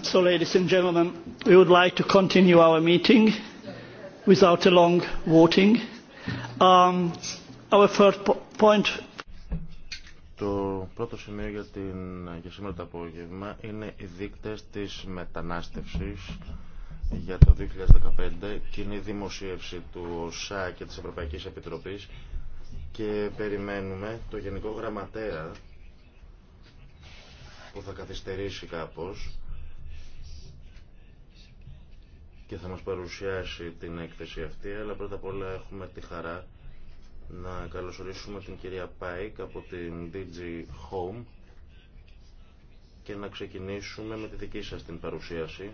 So, ladies and gentlemen, we would like to continue our meeting without a long voting. Um, our first point. Το πρώτο σημείο για, την, για σήμερα το απόγευμα είναι οι δείκτες της μετανάστευσης για το 2015, κοινή δημοσίευση του ΩΣΑ και της Ευρωπαϊκής Επιτροπής και περιμένουμε το Γενικό Γραμματέα που θα καθυστερήσει κάπως και θα μας παρουσιάσει την έκθεση αυτή, αλλά πρώτα απ' όλα έχουμε τη χαρά να καλωσορίσουμε την κυρία Πάικ από την DG Home και να ξεκινήσουμε με τη δική σας την παρουσίαση.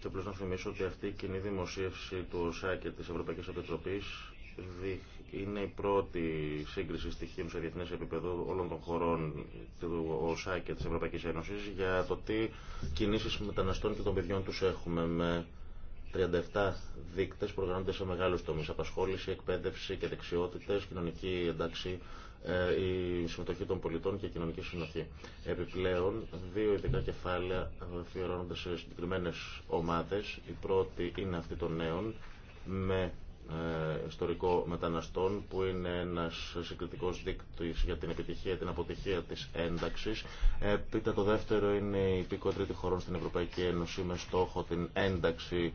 Και απλώς να θυμίσω ότι αυτή η κοινή δημοσίευση του ΟΣΑ και της Ευρωπαϊκής Επιτροπής είναι η πρώτη σύγκριση στοιχείων σε διεθνέ επίπεδο όλων των χωρών του ΟΣΑ και τη Ευρωπαϊκή Ένωση για το τι κινήσει μεταναστών και των παιδιών του έχουμε. Με 37 δείκτε προγραμμούνται σε μεγάλου τομεί. Απασχόληση, εκπαίδευση και δεξιότητε, κοινωνική εντάξει η συμμετοχή των πολιτών και η κοινωνική συνοχή. Επιπλέον, δύο ειδικά κεφάλαια αφιερώνονται σε συγκεκριμένε ομάδε. Η πρώτη είναι αυτή των νέων με ε, ιστορικό μεταναστών που είναι ένας συγκριτικός δείκτης για την επιτυχία την αποτυχία της ένταξης. Επίτα το δεύτερο είναι η πίκο τρίτη χωρών στην Ευρωπαϊκή Ένωση με στόχο την ένταξη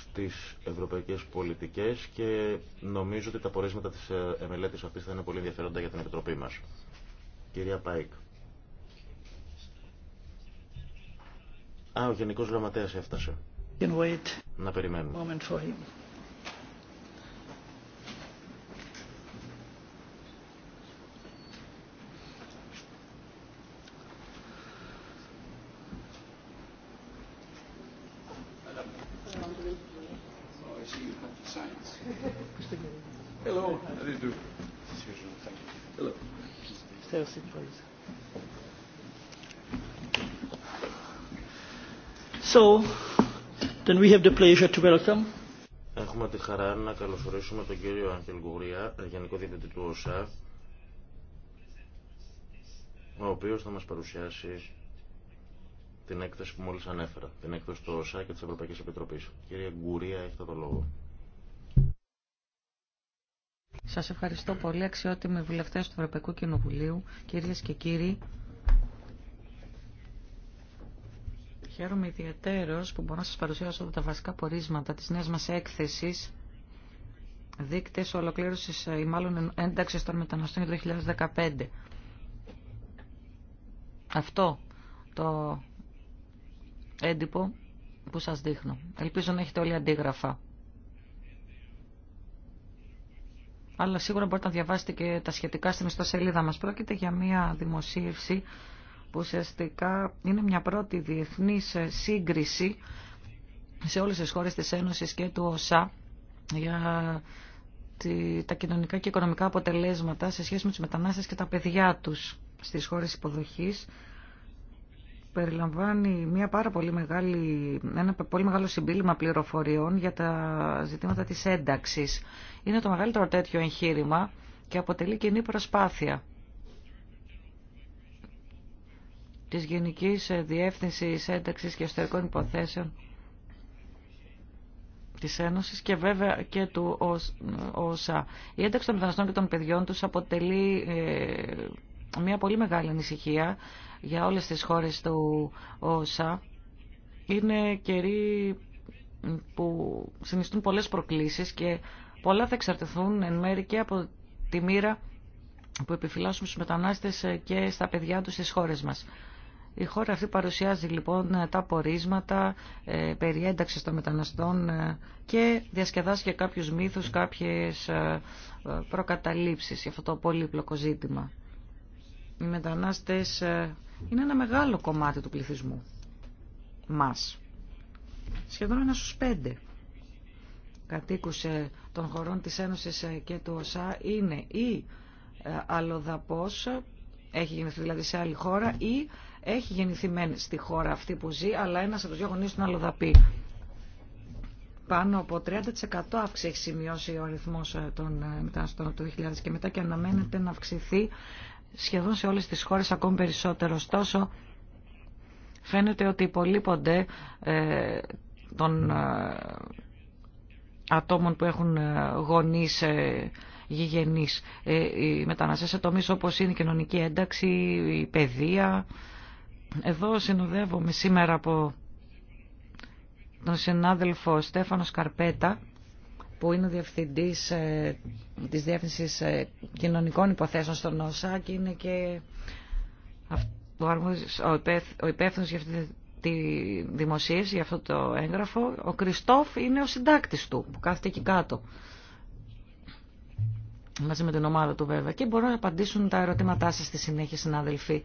στις ευρωπαϊκές πολιτικές και νομίζω ότι τα πορίσματα της ε, μελέτης αυτής θα είναι πολύ ενδιαφέροντα για την Επιτροπή μας. Κυρία Πάικ. Α, ο Γενικός Γραμματέας έφτασε. Να περιμένουμε. So, then Έχουμε τη χαρά να καλωσορίσουμε τον κύριο Άγγελ Γκουρία, Γενικό Διευθυντή του ΟΣΑ, ο οποίος θα μας παρουσιάσει την έκθεση που μόλις ανέφερα, την έκθεση του ΟΣΑ και της Ευρωπαϊκής Επιτροπής. Κύριε Γκουρία, έχετε το λόγο. Σας ευχαριστώ πολύ, αξιότιμοι βουλευτές του Ευρωπαϊκού Κοινοβουλίου, κυρίες και κύριοι. Χαίρομαι ιδιαίτερος που μπορώ να σας παρουσιάσω τα βασικά πορίσματα της νέας μας έκθεσης δείκτες ολοκλήρωσης ε, ή μάλλον ένταξης των μεταναστών για το 2015. Αυτό το έντυπο που σας δείχνω. Ελπίζω να έχετε όλοι αντίγραφα. Αλλά σίγουρα μπορείτε να διαβάσετε και τα σχετικά στην ιστοσελίδα μας. Πρόκειται για μια δημοσίευση που ουσιαστικά είναι μια πρώτη διεθνής σύγκριση σε όλες τις χώρες της Ένωσης και του ΟΣΑ για τα κοινωνικά και οικονομικά αποτελέσματα σε σχέση με τους μετανάστες και τα παιδιά τους στις χώρες υποδοχής περιλαμβάνει μια πάρα πολύ μεγάλη, ένα πολύ μεγάλο συμπίλημα πληροφοριών για τα ζητήματα της ένταξης. Είναι το μεγαλύτερο τέτοιο εγχείρημα και αποτελεί κοινή προσπάθεια της Γενικής διεύθυνση ένταξη και Ιστορικών Υποθέσεων της Ένωσης και βέβαια και του ΩΣΑ. Η ένταξη των μεταναστών και των παιδιών τους αποτελεί ε, μια πολύ μεγάλη ανησυχία για όλες τις χώρες του ΩΣΑ. Είναι καιροί που συνιστούν πολλές προκλήσεις και πολλά θα εξαρτηθούν εν μέρη και από τη μοίρα που επιφυλάσσουμε στους μετανάστες και στα παιδιά τους στις χώρες μας. Η χώρα αυτή παρουσιάζει λοιπόν τα πορίσματα ε, περί ένταξης των μεταναστών ε, και διασκεδάζει και κάποιους μύθους, κάποιες ε, ε, προκαταλήψεις για αυτό το πολύπλοκο ζήτημα. Οι μετανάστες είναι ένα μεγάλο κομμάτι του πληθυσμού μας. Σχεδόν ένα στους πέντε κατοίκους των χωρών της Ένωσης και του ΟΣΑ είναι ή αλλοδαπός, έχει γεννηθεί δηλαδή σε άλλη χώρα, ή έχει γεννηθεί μεν στη χώρα αυτή που ζει, αλλά ένας από του δύο γονεί του αλλοδαπή. Πάνω από 30% αύξηση έχει σημειώσει ο αριθμό ε, των ε, μεταναστών το 2000 και μετά και αναμένεται να αυξηθεί σχεδόν σε όλες τις χώρες ακόμη περισσότερο. Ωστόσο, φαίνεται ότι υπολείπονται ε, των ε, ατόμων που έχουν γονείς ε, γηγενείς. οι μεταναστές σε όπως είναι η κοινωνική ένταξη, η παιδεία, εδώ συνοδεύομαι σήμερα από τον συνάδελφο Στέφανο Σκαρπέτα, που είναι ο Διευθυντής ε, της Διεύθυνσης ε, Κοινωνικών Υποθέσεων στον ΩΣΑ και είναι και ο υπεύθυνος για αυτή τη δημοσίευση, για αυτό το έγγραφο. Ο Κριστόφ είναι ο συντάκτης του, που κάθεται εκεί κάτω. Μαζί με την ομάδα του βέβαια. Και μπορούν να απαντήσουν τα ερωτήματά σας στη συνέχεια, συνάδελφοι.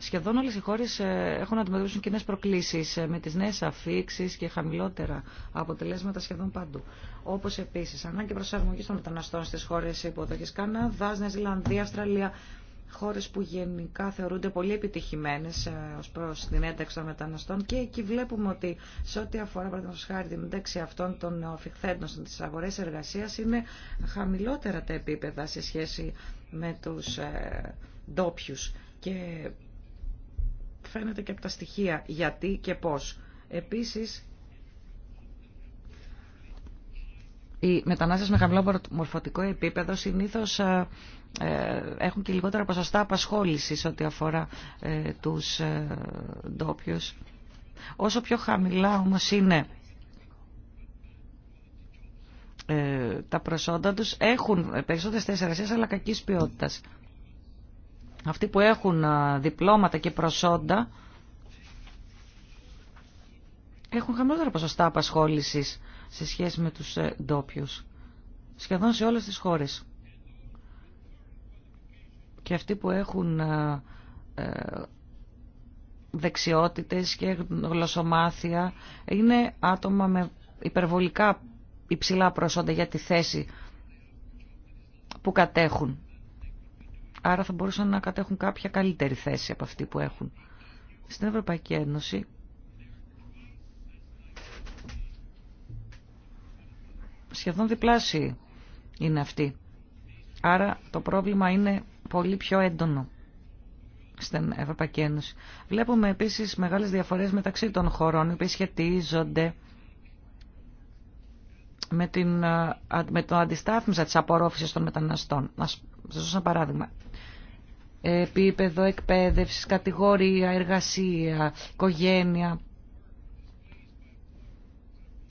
Σχεδόν όλες οι χώρες ε, έχουν να αντιμετωπίσουν κοινέ προκλήσεις ε, με τις νέες αφήξεις και χαμηλότερα αποτελέσματα σχεδόν παντού. Όπως επίσης ανάγκη προσαρμογής των μεταναστών στις χώρες υποδοχής Καναδάς, Νέα Ζηλανδία, Αυστραλία, χώρες που γενικά θεωρούνται πολύ επιτυχημένες ε, ως προς την ένταξη των μεταναστών και εκεί βλέπουμε ότι σε ό,τι αφορά παραδείγματος χάρη την ένταξη αυτών των οφηχθέντων στις αγορές εργασίας είναι χαμηλότερα τα επίπεδα σε σχέση με τους ντόπιου. Και φαίνεται και από τα στοιχεία γιατί και πώς. Επίσης, οι μετανάστες με χαμηλό μορφωτικό επίπεδο συνήθως ε, ε, έχουν και λιγότερα ποσοστά απασχόλησης ό,τι αφορά ε, τους ντόπιου. Όσο πιο χαμηλά όμως είναι τα προσόντα τους, έχουν περισσότερες θέσεις αλλά κακής ποιότητας αυτοί που έχουν διπλώματα και προσόντα έχουν χαμηλότερα ποσοστά απασχόλησης σε σχέση με τους ε, ντόπιου. Σχεδόν σε όλες τις χώρες. Και αυτοί που έχουν ε, δεξιότητες και γλωσσομάθεια είναι άτομα με υπερβολικά υψηλά προσόντα για τη θέση που κατέχουν. Άρα θα μπορούσαν να κατέχουν κάποια καλύτερη θέση από αυτή που έχουν. Στην Ευρωπαϊκή Ένωση σχεδόν διπλάσιοι είναι αυτοί. Άρα το πρόβλημα είναι πολύ πιο έντονο στην Ευρωπαϊκή Ένωση. Βλέπουμε επίσης μεγάλες διαφορές μεταξύ των χωρών που σχετίζονται με, την, με το αντιστάθμιζα της απορρόφησης των μεταναστών. Να σας δώσω ένα παράδειγμα επίπεδο εκπαίδευσης, κατηγορία, εργασία, οικογένεια.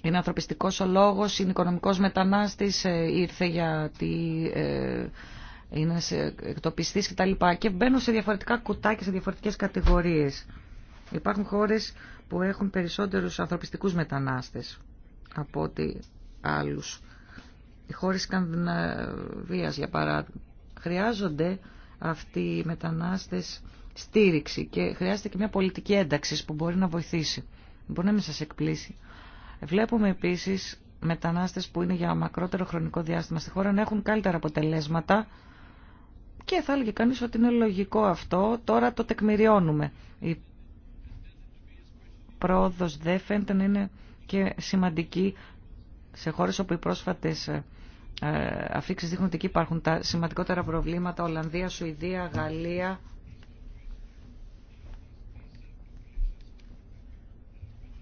Είναι ανθρωπιστικός ο λόγος, είναι οικονομικός μετανάστης, ε, ήρθε γιατί ε, είναι εκτοπιστής κτλ. Και μπαίνουν σε διαφορετικά κουτάκια, σε διαφορετικές κατηγορίες. Υπάρχουν χώρες που έχουν περισσότερους ανθρωπιστικούς μετανάστες από ότι άλλους. Οι χώρες Σκανδιναβίας, για παράδειγμα, χρειάζονται αυτοί οι μετανάστες στήριξη και χρειάζεται και μια πολιτική ένταξη που μπορεί να βοηθήσει. Μπορεί να μην σας εκπλήσει. Βλέπουμε επίσης μετανάστες που είναι για μακρότερο χρονικό διάστημα στη χώρα να έχουν καλύτερα αποτελέσματα και θα έλεγε κανείς ότι είναι λογικό αυτό, τώρα το τεκμηριώνουμε. Η πρόοδος δεν φαίνεται να είναι και σημαντική σε χώρες όπου οι πρόσφατες ε, ε, αφήξεις δείχνουν ότι εκεί υπάρχουν τα σημαντικότερα προβλήματα. Ολλανδία, Σουηδία, Γαλλία.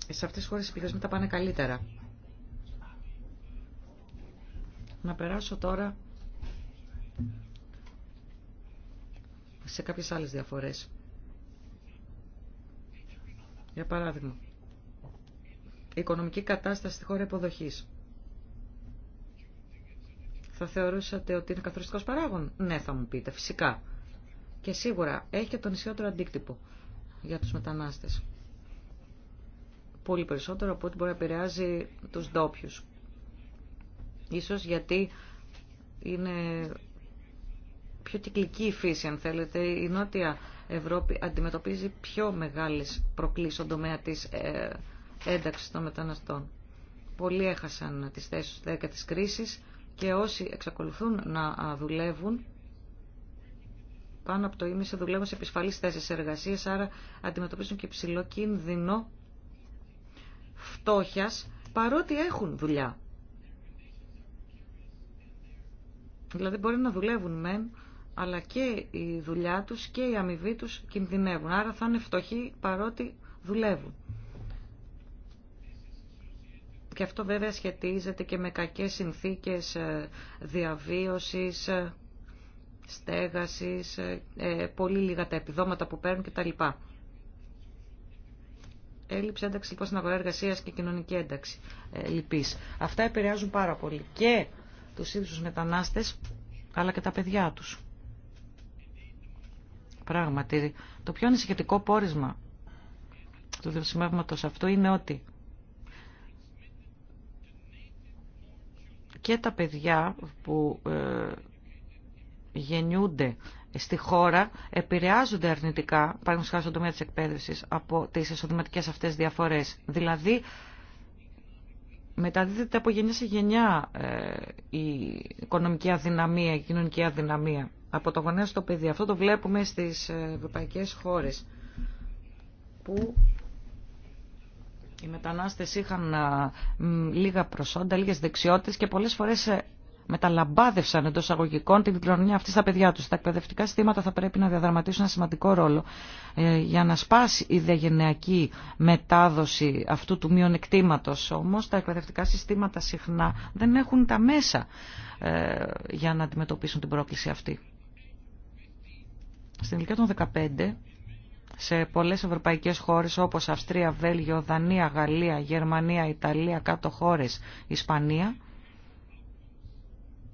Σε αυτές τις χώρες οι πληθυσμοί τα πάνε καλύτερα. Να περάσω τώρα σε κάποιες άλλες διαφορές. Για παράδειγμα, η οικονομική κατάσταση στη χώρα υποδοχής θα θεωρούσατε ότι είναι καθοριστικό παράγον. Ναι, θα μου πείτε, φυσικά. Και σίγουρα έχει και τον ισχυρότερο αντίκτυπο για τους μετανάστες. Πολύ περισσότερο από ό,τι μπορεί να επηρεάζει τους ντόπιου. Ίσως γιατί είναι πιο κυκλική η φύση, αν θέλετε. Η Νότια Ευρώπη αντιμετωπίζει πιο μεγάλες προκλήσεις στον τομέα της ε, ένταξης των μεταναστών. Πολλοί έχασαν τις θέσεις του 10 της και όσοι εξακολουθούν να δουλεύουν, πάνω από το ίμιση δουλεύουν σε επισφαλείς θέσεις εργασίας, άρα αντιμετωπίζουν και ψηλό κίνδυνο φτώχειας, παρότι έχουν δουλειά. Δηλαδή μπορεί να δουλεύουν μεν, αλλά και η δουλειά τους και η αμοιβή τους κινδυνεύουν. Άρα θα είναι φτωχοί παρότι δουλεύουν. Και αυτό βέβαια σχετίζεται και με κακές συνθήκες ε, διαβίωσης, ε, στέγασης, ε, πολύ λίγα τα επιδόματα που παίρνουν κτλ. Έλλειψη ένταξη λοιπόν στην αγορά εργασία και κοινωνική ένταξη λυπής. Αυτά επηρεάζουν πάρα πολύ και τους ίδιους μετανάστες, αλλά και τα παιδιά τους. Πράγματι, το πιο ανησυχητικό πόρισμα του δημοσιεύματος αυτού είναι ότι και τα παιδιά που ε, γεννιούνται στη χώρα επηρεάζονται αρνητικά, παραδείγματος χάρη στον τομέα της εκπαίδευσης, από τις εισοδηματικές αυτές διαφορές. Δηλαδή, μεταδίδεται από γενιά σε γενιά ε, η οικονομική αδυναμία, η κοινωνική αδυναμία από το γονέα στο παιδί. Αυτό το βλέπουμε στις ε, ευρωπαϊκές χώρες που οι μετανάστες είχαν λίγα προσόντα, λίγες δεξιότητες και πολλές φορές ε, μεταλαμπάδευσαν εντό αγωγικών την κοινωνία αυτή στα παιδιά τους. Τα εκπαιδευτικά συστήματα θα πρέπει να διαδραματίσουν ένα σημαντικό ρόλο ε, για να σπάσει η διαγενειακή μετάδοση αυτού του μειονεκτήματος. Όμως τα εκπαιδευτικά συστήματα συχνά δεν έχουν τα μέσα ε, για να αντιμετωπίσουν την πρόκληση αυτή. Στην ηλικία των 15 σε πολλές ευρωπαϊκές χώρες όπως Αυστρία, Βέλγιο, Δανία, Γαλλία, Γερμανία, Ιταλία, κάτω χώρες, Ισπανία.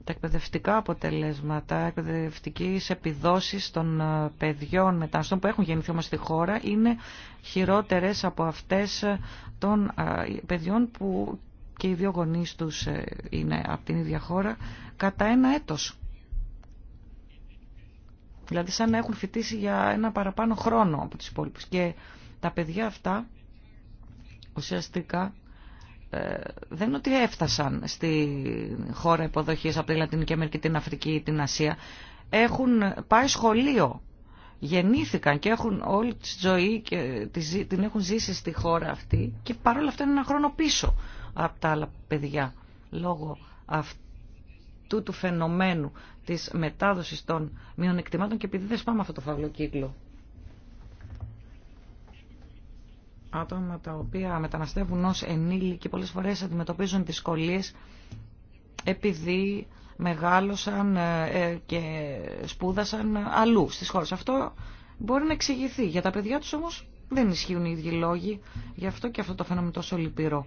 Τα εκπαιδευτικά αποτελέσματα, εκπαιδευτική επιδόσεις των ε, παιδιών μεταναστών που έχουν γεννηθεί όμως στη χώρα είναι χειρότερες από αυτές των ε, παιδιών που και οι δύο γονείς τους ε, είναι από την ίδια χώρα κατά ένα έτος. Δηλαδή σαν να έχουν φοιτήσει για ένα παραπάνω χρόνο από τις υπόλοιπες. Και τα παιδιά αυτά ουσιαστικά ε, δεν είναι ότι έφτασαν στη χώρα υποδοχής από τη Λατινική Αμερική, την Αφρική ή την Ασία. Έχουν πάει σχολείο, γεννήθηκαν και έχουν όλη τη ζωή και την έχουν ζήσει στη χώρα αυτή και παρόλα αυτά είναι ένα χρόνο πίσω από τα άλλα παιδιά λόγω αυτού του φαινομένου της μετάδοσης των μειονεκτημάτων και επειδή δεν σπάμε αυτό το φαύλο κύκλο. Άτομα τα οποία μεταναστεύουν ως ενήλικοι πολλές φορές αντιμετωπίζουν δυσκολίες επειδή μεγάλωσαν ε, ε, και σπούδασαν αλλού στις χώρες. Αυτό μπορεί να εξηγηθεί. Για τα παιδιά τους όμως δεν ισχύουν οι ίδιοι λόγοι. Γι' αυτό και αυτό το φαινόμενο τόσο λυπηρό.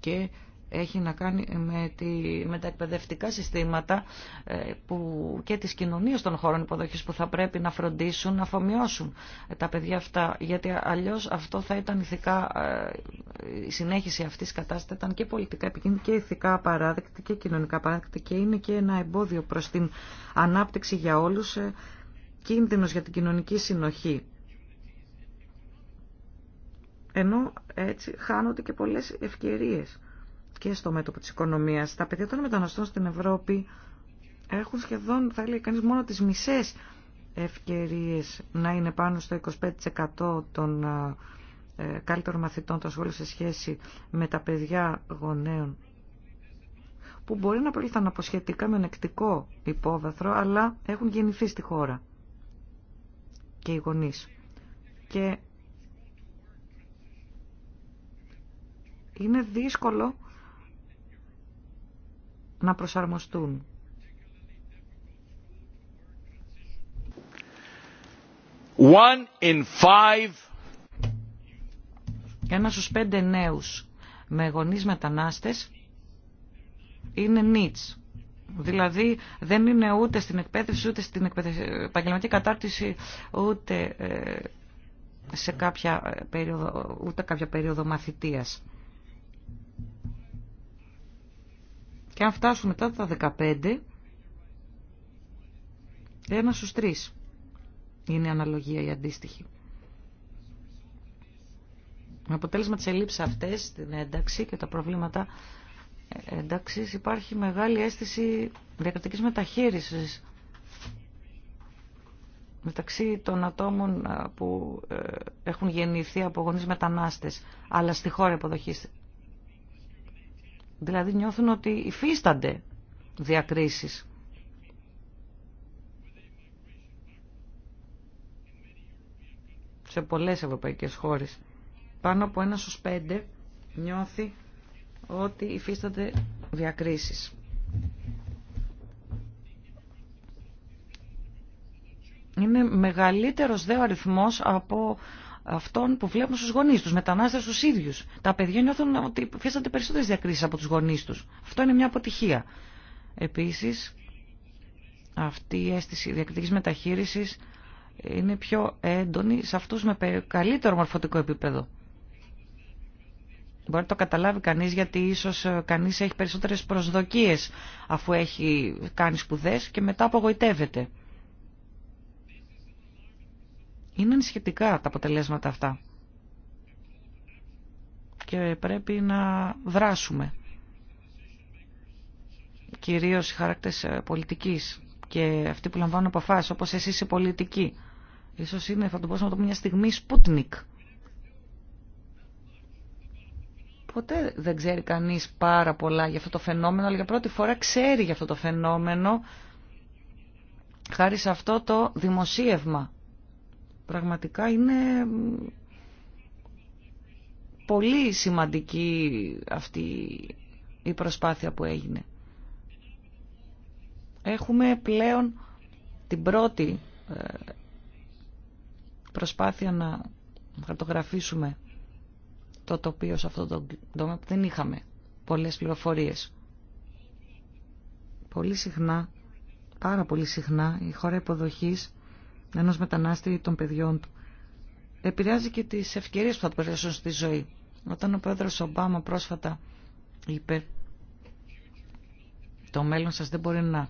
Και έχει να κάνει με, τη, τα εκπαιδευτικά συστήματα ε, που, και τις κοινωνίες των χώρων υποδοχής που θα πρέπει να φροντίσουν, να αφομοιώσουν τα παιδιά αυτά. Γιατί αλλιώς αυτό θα ήταν ηθικά, ε, η συνέχιση αυτής της κατάστασης ήταν και πολιτικά επικίνδυνη και ηθικά απαράδεκτη και κοινωνικά απαράδεκτη και είναι και ένα εμπόδιο προς την ανάπτυξη για όλους ε, κίνδυνος για την κοινωνική συνοχή. Ενώ έτσι χάνονται και πολλές ευκαιρίες και στο μέτωπο της οικονομίας. Τα παιδιά των μεταναστών στην Ευρώπη έχουν σχεδόν, θα έλεγε κανείς, μόνο τις μισές ευκαιρίες να είναι πάνω στο 25% των ε, ε, καλύτερων μαθητών των σχολείων σε σχέση με τα παιδιά γονέων που μπορεί να προήλθαν από σχετικά μειονεκτικό υπόβαθρο, αλλά έχουν γεννηθεί στη χώρα και οι γονείς. Και είναι δύσκολο να προσαρμοστούν. Ένα στους πέντε νέους με γονείς μετανάστες είναι νίτς. Δηλαδή δεν είναι ούτε στην εκπαίδευση, ούτε στην επαγγελματική κατάρτιση, ούτε ε, σε κάποια περίοδο, ούτε κάποια περίοδο μαθητείας. Και αν φτάσουμε μετά τα 15, ένα στους τρεις είναι η αναλογία η αντίστοιχη. Με αποτέλεσμα της ελλείψης αυτές, την ένταξη και τα προβλήματα ένταξης, υπάρχει μεγάλη αίσθηση διακριτικής μεταχείρισης μεταξύ των ατόμων ε, που ε, έχουν γεννηθεί από γονείς μετανάστες, αλλά στη χώρα υποδοχής Δηλαδή νιώθουν ότι υφίστανται διακρίσεις. Σε πολλές ευρωπαϊκές χώρες. Πάνω από ένα στους πέντε νιώθει ότι υφίστανται διακρίσεις. Είναι μεγαλύτερος δε αριθμός από αυτών που βλέπουν στου γονεί του, μετανάστες του ίδιου. Τα παιδιά νιώθουν ότι υφίστανται περισσότερε διακρίσεις από τους γονείς του. Αυτό είναι μια αποτυχία. Επίσης, αυτή η αίσθηση διακριτική μεταχείρισης είναι πιο έντονη σε αυτούς με καλύτερο μορφωτικό επίπεδο. Μπορεί να το καταλάβει κανεί γιατί ίσως ε, κανείς έχει περισσότερε προσδοκίε αφού έχει κάνει σπουδέ και μετά απογοητεύεται. Είναι ανησυχητικά τα αποτελέσματα αυτά. Και πρέπει να δράσουμε. Κυρίως οι χαράκτες ε, πολιτικής και αυτοί που λαμβάνουν αποφάσεις, όπως εσείς οι πολιτικοί. Ίσως είναι, θα το πω να το πούμε μια στιγμή, Σπούτνικ. Ποτέ δεν ξέρει κανείς πάρα πολλά για αυτό το φαινόμενο, αλλά για πρώτη φορά ξέρει για αυτό το φαινόμενο χάρη σε αυτό το δημοσίευμα Πραγματικά είναι πολύ σημαντική αυτή η προσπάθεια που έγινε. Έχουμε πλέον την πρώτη ε, προσπάθεια να χαρτογραφήσουμε το τοπίο σε αυτό το τομέα που δεν είχαμε πολλές πληροφορίες. Πολύ συχνά, πάρα πολύ συχνά, η χώρα υποδοχής ενός μετανάστη ή των παιδιών του. Επηρεάζει και τις ευκαιρίες που θα προσθέσουν στη ζωή. Όταν ο πρόεδρος Ομπάμα πρόσφατα είπε το μέλλον σας δεν μπορεί να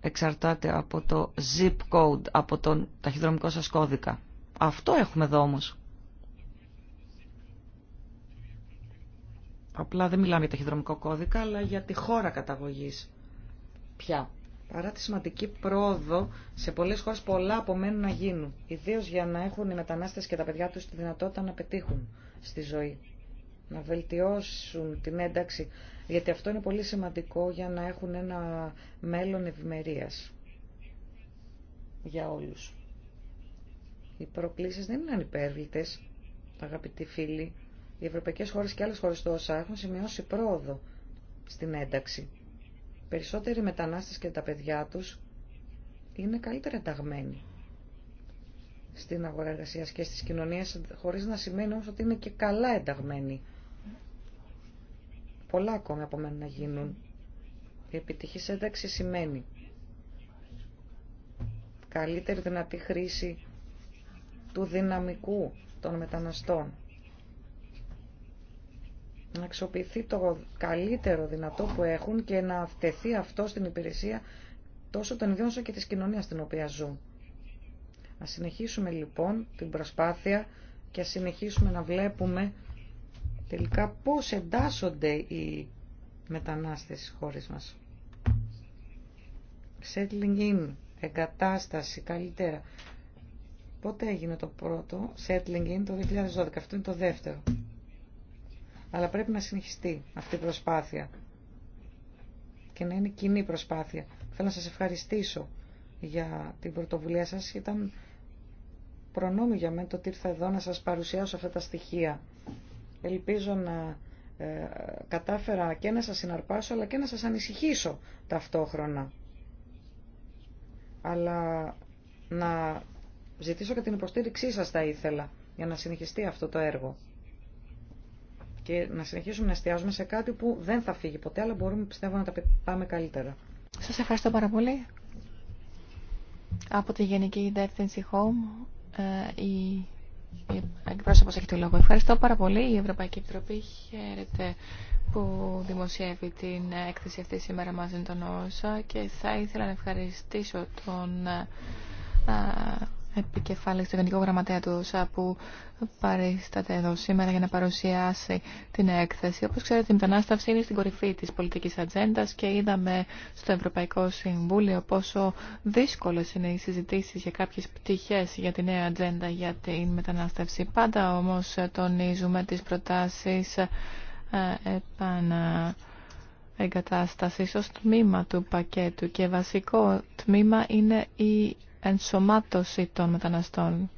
εξαρτάται από το zip code, από τον ταχυδρομικό σας κώδικα. Αυτό έχουμε εδώ όμως. Απλά δεν μιλάμε για ταχυδρομικό κώδικα, αλλά για τη χώρα καταγωγής πια Παρά τη σημαντική πρόοδο, σε πολλές χώρες πολλά απομένουν να γίνουν, Ιδίω για να έχουν οι μετανάστες και τα παιδιά τους τη δυνατότητα να πετύχουν στη ζωή, να βελτιώσουν την ένταξη, γιατί αυτό είναι πολύ σημαντικό για να έχουν ένα μέλλον ευημερία για όλους. Οι προκλήσει δεν είναι ανυπέρβλητε, αγαπητοί φίλοι. Οι Ευρωπαϊκέ χώρε και άλλες χώρες τόσα έχουν σημειώσει πρόοδο στην ένταξη. Περισσότεροι μετανάστες και τα παιδιά τους είναι καλύτερα ενταγμένοι στην αγορά εργασίας και στις κοινωνίες, χωρίς να σημαίνει όμως ότι είναι και καλά ενταγμένοι. Πολλά ακόμη απομένουν να γίνουν. Η επιτυχής ένταξη σημαίνει καλύτερη δυνατή χρήση του δυναμικού των μεταναστών να αξιοποιηθεί το καλύτερο δυνατό που έχουν και να φτεθεί αυτό στην υπηρεσία τόσο των ιδιών όσο και της κοινωνίας στην οποία ζουν. Να συνεχίσουμε λοιπόν την προσπάθεια και να συνεχίσουμε να βλέπουμε τελικά πώς εντάσσονται οι μετανάστες στις χώρες μας. Settling in, εγκατάσταση, καλύτερα. Πότε έγινε το πρώτο, settling in το 2012, αυτό είναι το δεύτερο αλλά πρέπει να συνεχιστεί αυτή η προσπάθεια και να είναι κοινή προσπάθεια. Θέλω να σας ευχαριστήσω για την πρωτοβουλία σας. Ήταν προνόμιο για μένα το ότι ήρθα εδώ να σας παρουσιάσω αυτά τα στοιχεία. Ελπίζω να ε, κατάφερα και να σας συναρπάσω αλλά και να σας ανησυχήσω ταυτόχρονα. Αλλά να ζητήσω και την υποστήριξή σας θα ήθελα για να συνεχιστεί αυτό το έργο και να συνεχίσουμε να εστιάζουμε σε κάτι που δεν θα φύγει ποτέ, αλλά μπορούμε πιστεύω να τα πάμε καλύτερα. Σα ευχαριστώ πάρα πολύ. Από τη Γενική Διεύθυνση Home, ε, η εκπρόσωπο έχει το λόγο. Ευχαριστώ πάρα πολύ. Η Ευρωπαϊκή Επιτροπή χαίρεται που δημοσιεύει την έκθεση αυτή σήμερα μαζί με τον ΩΣΑ και θα ήθελα να ευχαριστήσω τον ε, επικεφαλής του Γενικού Γραμματέα του ΩΣΑ που παρίσταται εδώ σήμερα για να παρουσιάσει την έκθεση. Όπως ξέρετε η μετανάστευση είναι στην κορυφή της πολιτικής ατζέντα και είδαμε στο Ευρωπαϊκό Συμβούλιο πόσο δύσκολες είναι οι συζητήσεις για κάποιες πτυχές για τη νέα ατζέντα για την μετανάστευση. Πάντα όμως τονίζουμε τις προτάσεις επανα εγκατάστασης τμήμα του πακέτου και βασικό τμήμα είναι η ενσωμάτωση των μεταναστών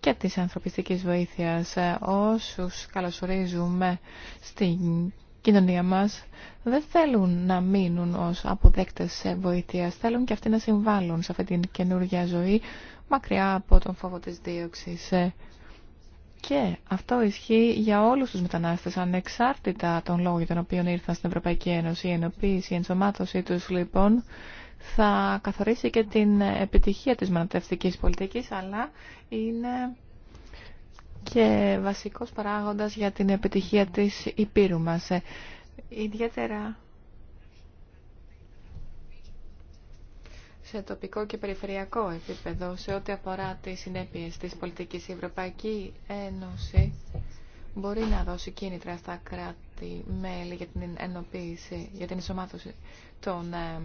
και της ανθρωπιστικής βοήθειας. Ε, όσους καλωσορίζουμε στην κοινωνία μας δεν θέλουν να μείνουν ως αποδέκτες βοήθειας. Θέλουν και αυτοί να συμβάλλουν σε αυτή την καινούργια ζωή μακριά από τον φόβο της δίωξης. Ε, και αυτό ισχύει για όλους τους μετανάστες, ανεξάρτητα των λόγων για τον οποίο ήρθαν στην Ευρωπαϊκή Ένωση. Η η ενσωμάτωσή τους λοιπόν θα καθορίσει και την επιτυχία της μεταναστευτικής πολιτικής, αλλά είναι και βασικός παράγοντας για την επιτυχία της Υπήρου μας. Ιδιαίτερα σε τοπικό και περιφερειακό επίπεδο, σε ό,τι αφορά τις συνέπειες της πολιτικής, η Ευρωπαϊκή Ένωση μπορεί να δώσει κίνητρα στα κράτη-μέλη για την ενοποίηση, για την ενσωμάτωση των ε,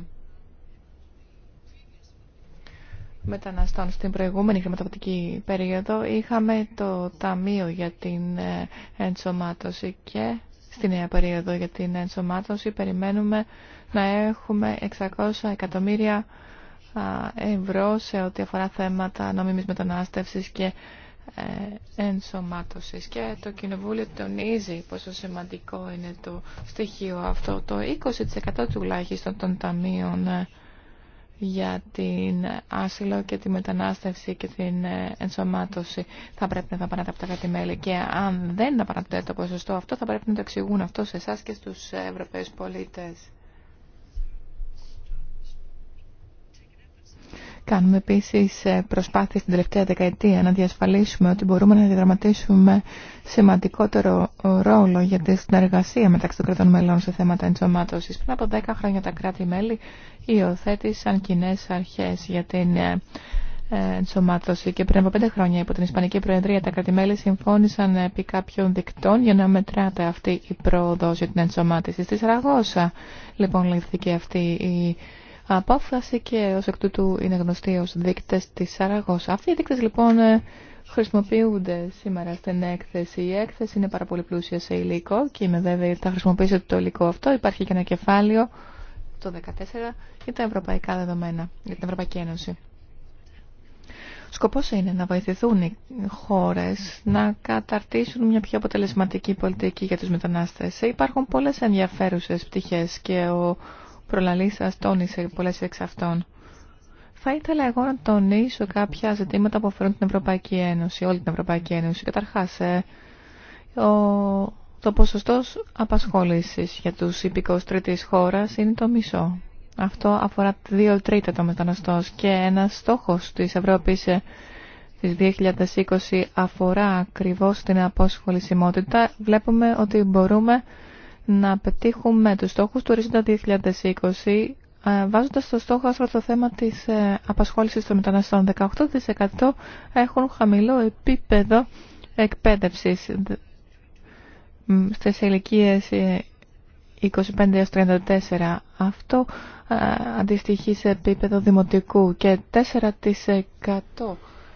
μεταναστών στην προηγούμενη χρηματοδοτική περίοδο είχαμε το Ταμείο για την ε, ενσωμάτωση και στη νέα περίοδο για την ενσωμάτωση περιμένουμε να έχουμε 600 εκατομμύρια ευρώ σε ό,τι αφορά θέματα νόμιμης μετανάστευσης και ε, ενσωμάτωσης και το Κοινοβούλιο τονίζει πόσο σημαντικό είναι το στοιχείο αυτό το 20% τουλάχιστον των ταμείων ε, για την άσυλο και τη μετανάστευση και την ε, ενσωμάτωση θα πρέπει να τα από τα μελη και αν δεν τα το ποσοστό αυτό θα πρέπει να το εξηγούν αυτό σε εσά και στους Ευρωπαίους πολίτες. Κάνουμε επίση ε, προσπάθειες την τελευταία δεκαετία να διασφαλίσουμε ότι μπορούμε να διαδραματίσουμε σημαντικότερο ρόλο για την συνεργασία μεταξύ των κρατών μελών σε θέματα ενσωμάτωση. Πριν από 10 χρόνια τα κράτη-μέλη υιοθέτησαν κοινέ αρχέ για την ε, ενσωμάτωση και πριν από 5 χρόνια υπό την Ισπανική Προεδρία τα κράτη-μέλη συμφώνησαν επί κάποιων δικτών για να μετράται αυτή η προοδό για την ενσωμάτωση. Στη Σαραγώσα λοιπόν ληφθήκε αυτή η απόφαση και ως εκ τούτου είναι γνωστή ως δείκτες της Σαραγός. Αυτοί οι δείκτες λοιπόν ε, χρησιμοποιούνται σήμερα στην έκθεση. Η έκθεση είναι πάρα πολύ πλούσια σε υλικό και είμαι βέβαιη ότι θα χρησιμοποιήσετε το υλικό αυτό. Υπάρχει και ένα κεφάλαιο το 2014 για τα ευρωπαϊκά δεδομένα, για την Ευρωπαϊκή Ένωση. Σκοπός είναι να βοηθηθούν οι χώρες να καταρτήσουν μια πιο αποτελεσματική πολιτική για τους μετανάστες. Υπάρχουν πολλές ενδιαφέρουσες πτυχές και ο προλαλή σα τόνισε πολλέ εξ αυτών. Θα ήθελα εγώ να τονίσω κάποια ζητήματα που αφορούν την Ευρωπαϊκή Ένωση, όλη την Ευρωπαϊκή Ένωση. Καταρχάς, ε, το ποσοστό απασχόληση για τους υπηκός τρίτη χώρας είναι το μισό. Αυτό αφορά δύο τρίτα των μεταναστών και ένας στόχος της Ευρώπης ε, της 2020 αφορά ακριβώς την αποσχολησιμότητα. Βλέπουμε ότι μπορούμε να πετύχουμε τους στόχους του 2020 ε, βάζοντας στο στόχο άστρο το θέμα της ε, απασχόλησης των μεταναστών. 18% έχουν χαμηλό επίπεδο εκπαίδευσης στις ηλικίε 25-34. Ε, Αυτό αντιστοιχεί σε επίπεδο δημοτικού και 4%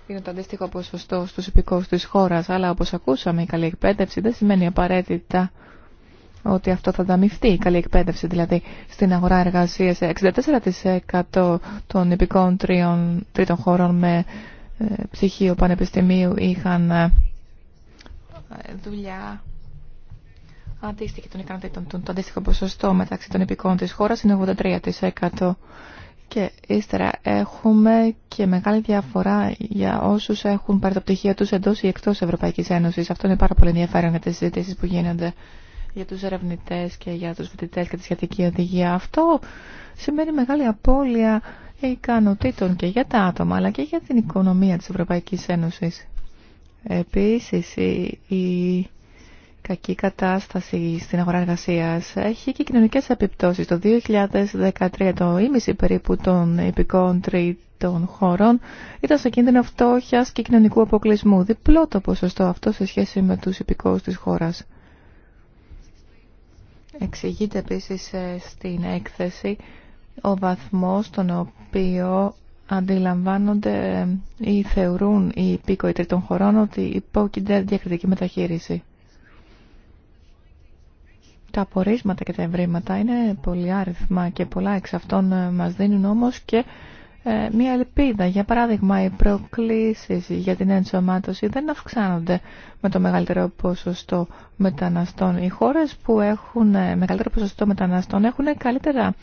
είναι το αντίστοιχο ποσοστό στους υπηκόους της χώρας, αλλά όπως ακούσαμε η καλή εκπαίδευση δεν σημαίνει απαραίτητα ότι αυτό θα δαμειφθεί η καλή εκπαίδευση, δηλαδή στην αγορά εργασίας 64% των υπηκών τρίων, τρίτων χωρών με ε, ψυχείο πανεπιστημίου είχαν ε, δουλειά αντίστοιχη των ικανοτήτων Το αντίστοιχο ποσοστό μεταξύ των υπηκών της χώρας είναι 83%. Και ύστερα έχουμε και μεγάλη διαφορά για όσους έχουν πάρει το πτυχίο τους εντός ή εκτός Ευρωπαϊκής Ένωσης. Αυτό είναι πάρα πολύ ενδιαφέρον για τις συζητήσεις που γίνονται για τους ερευνητέ και για τους φοιτητέ και τη σχετική οδηγία. Αυτό σημαίνει μεγάλη απώλεια ικανοτήτων και για τα άτομα αλλά και για την οικονομία της Ευρωπαϊκής Ένωσης. Επίσης, η κακή κατάσταση στην αγορά εργασία έχει και κοινωνικές επιπτώσεις. Το 2013 το ίμιση περίπου των υπηκών τρίτων χωρών ήταν σε κίνδυνο φτώχεια και κοινωνικού αποκλεισμού. Διπλό το ποσοστό αυτό σε σχέση με τους υπηκόους της χώρας. Εξηγείται επίσης ε, στην έκθεση ο βαθμός τον οποίο αντιλαμβάνονται ε, ή θεωρούν οι υπήκοοι τρίτων χωρών ότι υπόκεινται διακριτική μεταχείριση. Τα απορίσματα και τα ευρήματα είναι πολύ άριθμα και πολλά εξ αυτών ε, μας δίνουν όμως και ε, μια ελπίδα. Για παράδειγμα, οι προκλήσεις για την ενσωμάτωση δεν αυξάνονται με το μεγαλύτερο ποσοστό μεταναστών. Οι χώρες που έχουν ε, μεγαλύτερο ποσοστό μεταναστών έχουν καλύτερα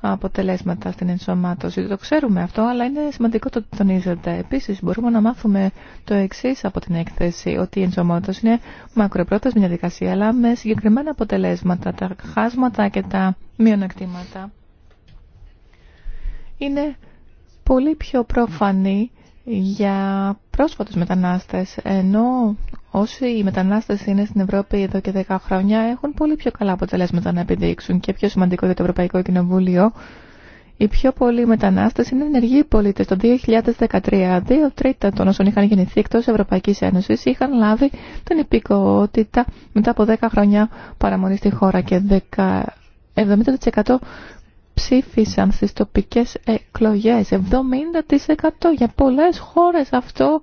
αποτελέσματα στην ενσωμάτωση. Το ξέρουμε αυτό, αλλά είναι σημαντικό το ότι τονίζεται. Επίσης, μπορούμε να μάθουμε το εξή από την έκθεση, ότι η ενσωμάτωση είναι μακροπρόθεσμη διαδικασία, αλλά με συγκεκριμένα αποτελέσματα, τα χάσματα και τα μειονεκτήματα. Είναι πολύ πιο προφανή για πρόσφατους μετανάστες, ενώ όσοι οι μετανάστες είναι στην Ευρώπη εδώ και 10 χρόνια έχουν πολύ πιο καλά αποτελέσματα να επιδείξουν και πιο σημαντικό για το Ευρωπαϊκό Κοινοβούλιο. Οι πιο πολλοί μετανάστες είναι ενεργοί πολίτες. Το 2013, δύο τρίτα των όσων είχαν γεννηθεί εκτός Ευρωπαϊκής Ένωσης είχαν λάβει την υπηκότητα μετά από 10 χρόνια παραμονή στη χώρα και 10... 70% ψήφισαν στις τοπικές εκλογές. 70% για πολλές χώρες αυτό,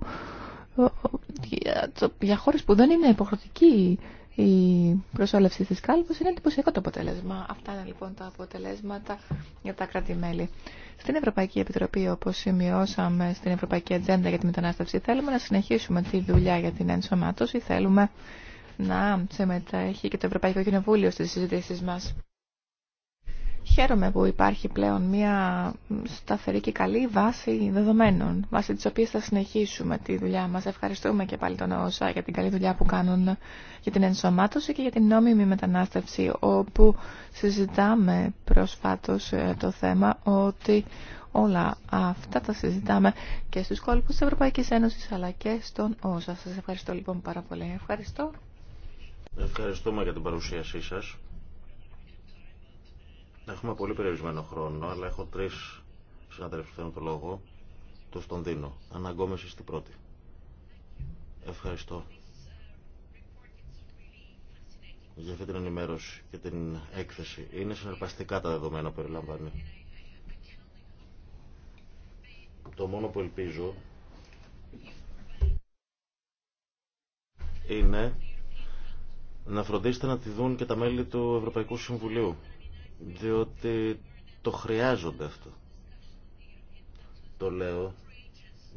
για χώρες που δεν είναι υποχρεωτική η προσόλευση της κάλπος είναι εντυπωσιακό το αποτέλεσμα. Αυτά είναι λοιπόν τα αποτελέσματα για τα κράτη-μέλη. Στην Ευρωπαϊκή Επιτροπή, όπως σημειώσαμε στην Ευρωπαϊκή Ατζέντα για τη Μετανάστευση, θέλουμε να συνεχίσουμε τη δουλειά για την ενσωμάτωση, θέλουμε να συμμετέχει και το Ευρωπαϊκό Κοινοβούλιο στις συζητήσεις μας. Χαίρομαι που υπάρχει πλέον μια σταθερή και καλή βάση δεδομένων, βάση της οποίας θα συνεχίσουμε τη δουλειά μας. Ευχαριστούμε και πάλι τον ΩΣΑ για την καλή δουλειά που κάνουν για την ενσωμάτωση και για την νόμιμη μετανάστευση, όπου συζητάμε προσφάτως ε, το θέμα ότι όλα αυτά τα συζητάμε και στους κόλπους της Ευρωπαϊκής Ένωσης αλλά και στον ΩΣΑ. Σας ευχαριστώ λοιπόν πάρα πολύ. Ευχαριστώ. Ευχαριστούμε για την παρουσίασή σας. Έχουμε πολύ περιορισμένο χρόνο, αλλά έχω τρει συναδέλφου που θέλουν το λόγο. Του τον δίνω. Αναγκόμεση στην πρώτη. Ευχαριστώ για αυτή την ενημέρωση και την έκθεση. Είναι συναρπαστικά τα δεδομένα που περιλαμβάνει. Το μόνο που ελπίζω είναι να φροντίσετε να τη δουν και τα μέλη του Ευρωπαϊκού Συμβουλίου διότι το χρειάζονται αυτό. Το λέω,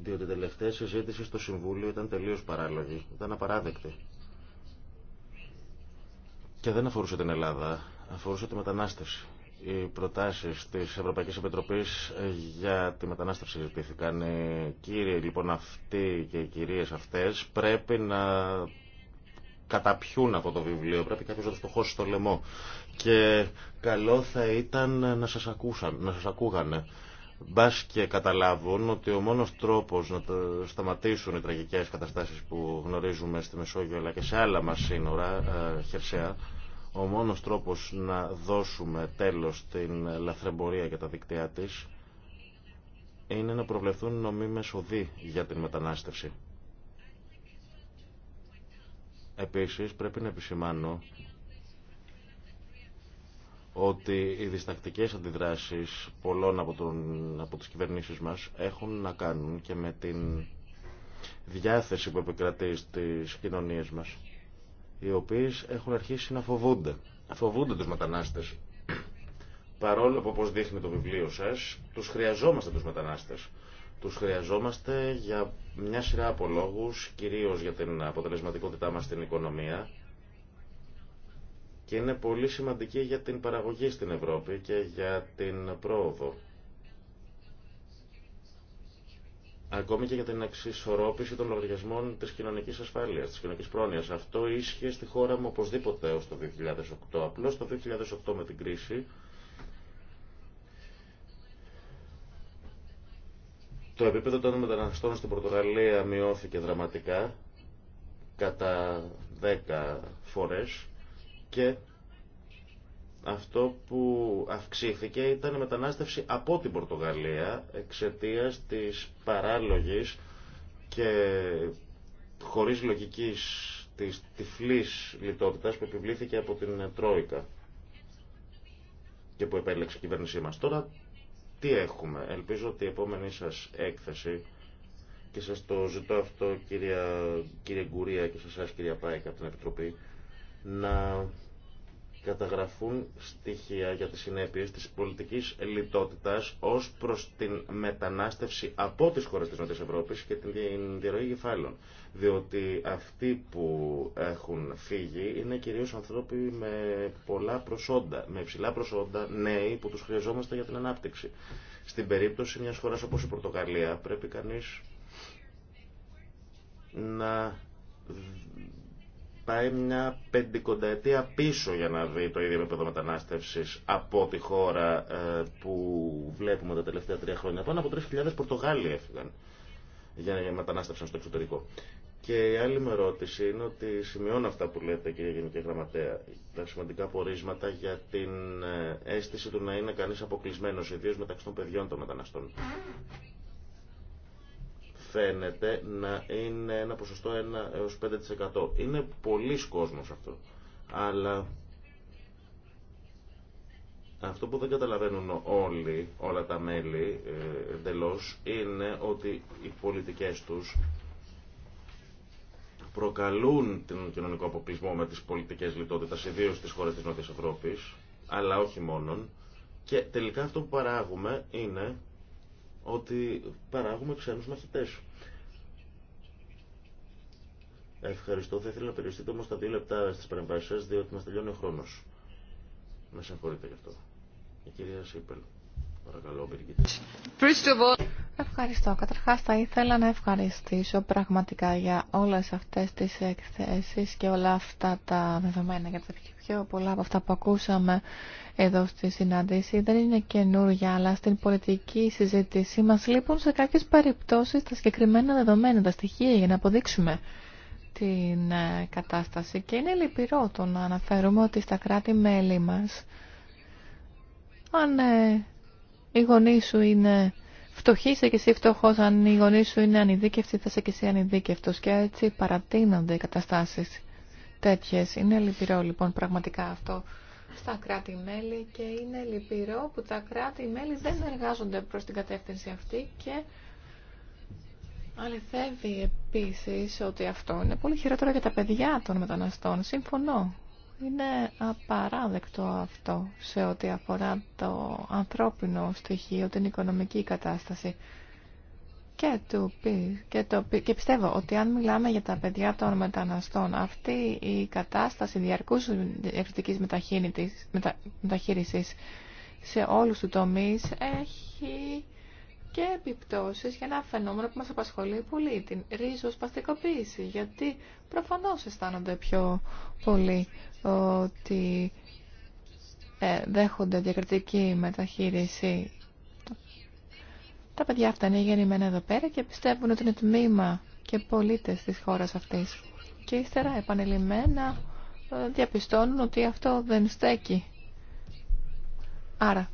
διότι η τελευταία συζήτηση στο Συμβούλιο ήταν τελείως παράλογη, ήταν απαράδεκτη. Και δεν αφορούσε την Ελλάδα, αφορούσε τη μετανάστευση. Οι προτάσεις της Ευρωπαϊκής Επιτροπής ε, για τη μετανάστευση ζητήθηκαν. Οι ε, κύριοι λοιπόν αυτοί και οι κυρίες αυτές πρέπει να καταπιούν από το βιβλίο. Πρέπει κάποιο να το χώσει στο λαιμό. Και καλό θα ήταν να σα ακούσαν, να σας ακούγανε. Μπα και καταλάβουν ότι ο μόνο τρόπο να σταματήσουν οι τραγικέ καταστάσει που γνωρίζουμε στη Μεσόγειο αλλά και σε άλλα μα σύνορα, ε, χερσαία, ο μόνο τρόπο να δώσουμε τέλος στην λαθρεμπορία και τα δίκτυά τη είναι να προβλεφθούν νομίμες οδοί για την μετανάστευση. Επίσης πρέπει να επισημάνω ότι οι διστακτικές αντιδράσεις πολλών από, τον, από τις κυβερνήσεις μας έχουν να κάνουν και με την διάθεση που επικρατεί στις κοινωνίες μας οι οποίες έχουν αρχίσει να φοβούνται. Φοβούνται τους μετανάστες. Παρόλο που όπως δείχνει το βιβλίο σας, τους χρειαζόμαστε τους μετανάστες. Τους χρειαζόμαστε για μια σειρά από λόγους, κυρίως για την αποτελεσματικότητά μας στην οικονομία και είναι πολύ σημαντική για την παραγωγή στην Ευρώπη και για την πρόοδο. Ακόμη και για την εξισορρόπηση των λογαριασμών της κοινωνικής ασφάλειας, της κοινωνικής πρόνοιας. Αυτό ίσχυε στη χώρα μου οπωσδήποτε έω το 2008. Απλώ το 2008 με την κρίση Το επίπεδο των μεταναστών στην Πορτογαλία μειώθηκε δραματικά κατά 10 φορές και αυτό που αυξήθηκε ήταν η μετανάστευση από την Πορτογαλία εξαιτίας της παράλογης και χωρίς λογικής της τυφλής λιτότητας που επιβλήθηκε από την Τρόικα και που επέλεξε η κυβέρνησή μας. Τώρα τι έχουμε. Ελπίζω ότι η επόμενη σας έκθεση και σας το ζητώ αυτό κυρία, κύριε Γκουρία και σας εσάς κυρία Πάικ από την Επιτροπή να καταγραφούν στοιχεία για τις συνέπειες της πολιτικής λιτότητας ως προς την μετανάστευση από τις χώρες της Νότιας Ευρώπης και την διαρροή γεφάλων. Διότι αυτοί που έχουν φύγει είναι κυρίως ανθρώποι με πολλά προσόντα, με υψηλά προσόντα, νέοι που τους χρειαζόμαστε για την ανάπτυξη. Στην περίπτωση μιας χώρας όπως η Πορτογαλία πρέπει κανείς να πάει μια πεντηκονταετία πίσω για να δει το ίδιο επίπεδο μετανάστευση από τη χώρα ε, που βλέπουμε τα τελευταία τρία χρόνια. Πάνω από 3.000 Πορτογάλοι έφυγαν για να μετανάστευσαν στο εξωτερικό. Και η άλλη μου ερώτηση είναι ότι σημειώνω αυτά που λέτε κύριε Γενική Γραμματέα, τα σημαντικά πορίσματα για την ε, αίσθηση του να είναι κανείς αποκλεισμένος, ιδίως μεταξύ των παιδιών των μεταναστών φαίνεται να είναι ένα ποσοστό 1 έως 5%. Είναι πολλοί κόσμος αυτό. Αλλά αυτό που δεν καταλαβαίνουν όλοι, όλα τα μέλη ε, εντελώ, είναι ότι οι πολιτικές τους προκαλούν τον κοινωνικό αποκλεισμό με τις πολιτικές λιτότητας, ιδίως στις χώρες της Νότιας Ευρώπης, αλλά όχι μόνον. Και τελικά αυτό που παράγουμε είναι ότι παράγουμε ξένους μαχητές. Ευχαριστώ. Θα ήθελα να περιοριστείτε όμω τα δύο λεπτά στις παρεμβάσεις σα, διότι μα τελειώνει ο χρόνο. Με συγχωρείτε γι' αυτό. Η κυρία Σίπελ. Παρακαλώ, all, Ευχαριστώ. Καταρχάς θα ήθελα να ευχαριστήσω πραγματικά για όλες αυτές τις εκθέσεις και όλα αυτά τα δεδομένα για τα πιο πολλά από αυτά που ακούσαμε εδώ στη συνάντηση δεν είναι καινούργια, αλλά στην πολιτική συζήτηση μας λείπουν σε κάποιες περιπτώσεις τα συγκεκριμένα δεδομένα, τα στοιχεία για να αποδείξουμε την ε, κατάσταση. Και είναι λυπηρό το να αναφέρουμε ότι στα κράτη-μέλη μας, αν ε, οι γονεί σου είναι φτωχοί, είσαι και εσύ φτωχό. Αν οι γονεί σου είναι ανειδίκευτοι, θα είσαι και εσύ ανειδίκευτο. Και έτσι παρατείνονται οι καταστάσει. Τέτοιε, Είναι λυπηρό λοιπόν πραγματικά αυτό στα κράτη-μέλη και είναι λυπηρό που τα κράτη-μέλη δεν εργάζονται προς την κατεύθυνση αυτή και αληθεύει επίσης ότι αυτό είναι πολύ χειρότερο για τα παιδιά των μεταναστών. Συμφωνώ. Είναι απαράδεκτο αυτό σε ό,τι αφορά το ανθρώπινο στοιχείο, την οικονομική κατάσταση και, πιστεύω ότι αν μιλάμε για τα παιδιά των μεταναστών, αυτή η κατάσταση διαρκούς ευθυντικής μεταχείρισης σε όλους τους τομείς έχει και επιπτώσεις για ένα φαινόμενο που μας απασχολεί πολύ, την ρίζοσπαστικοποίηση, γιατί προφανώς αισθάνονται πιο πολύ ότι ε, δέχονται διακριτική μεταχείριση τα παιδιά αυτά είναι γεννημένα εδώ πέρα και πιστεύουν ότι είναι τμήμα και πολίτες της χώρας αυτής. Και ύστερα επανελειμμένα ε, διαπιστώνουν ότι αυτό δεν στέκει. Άρα,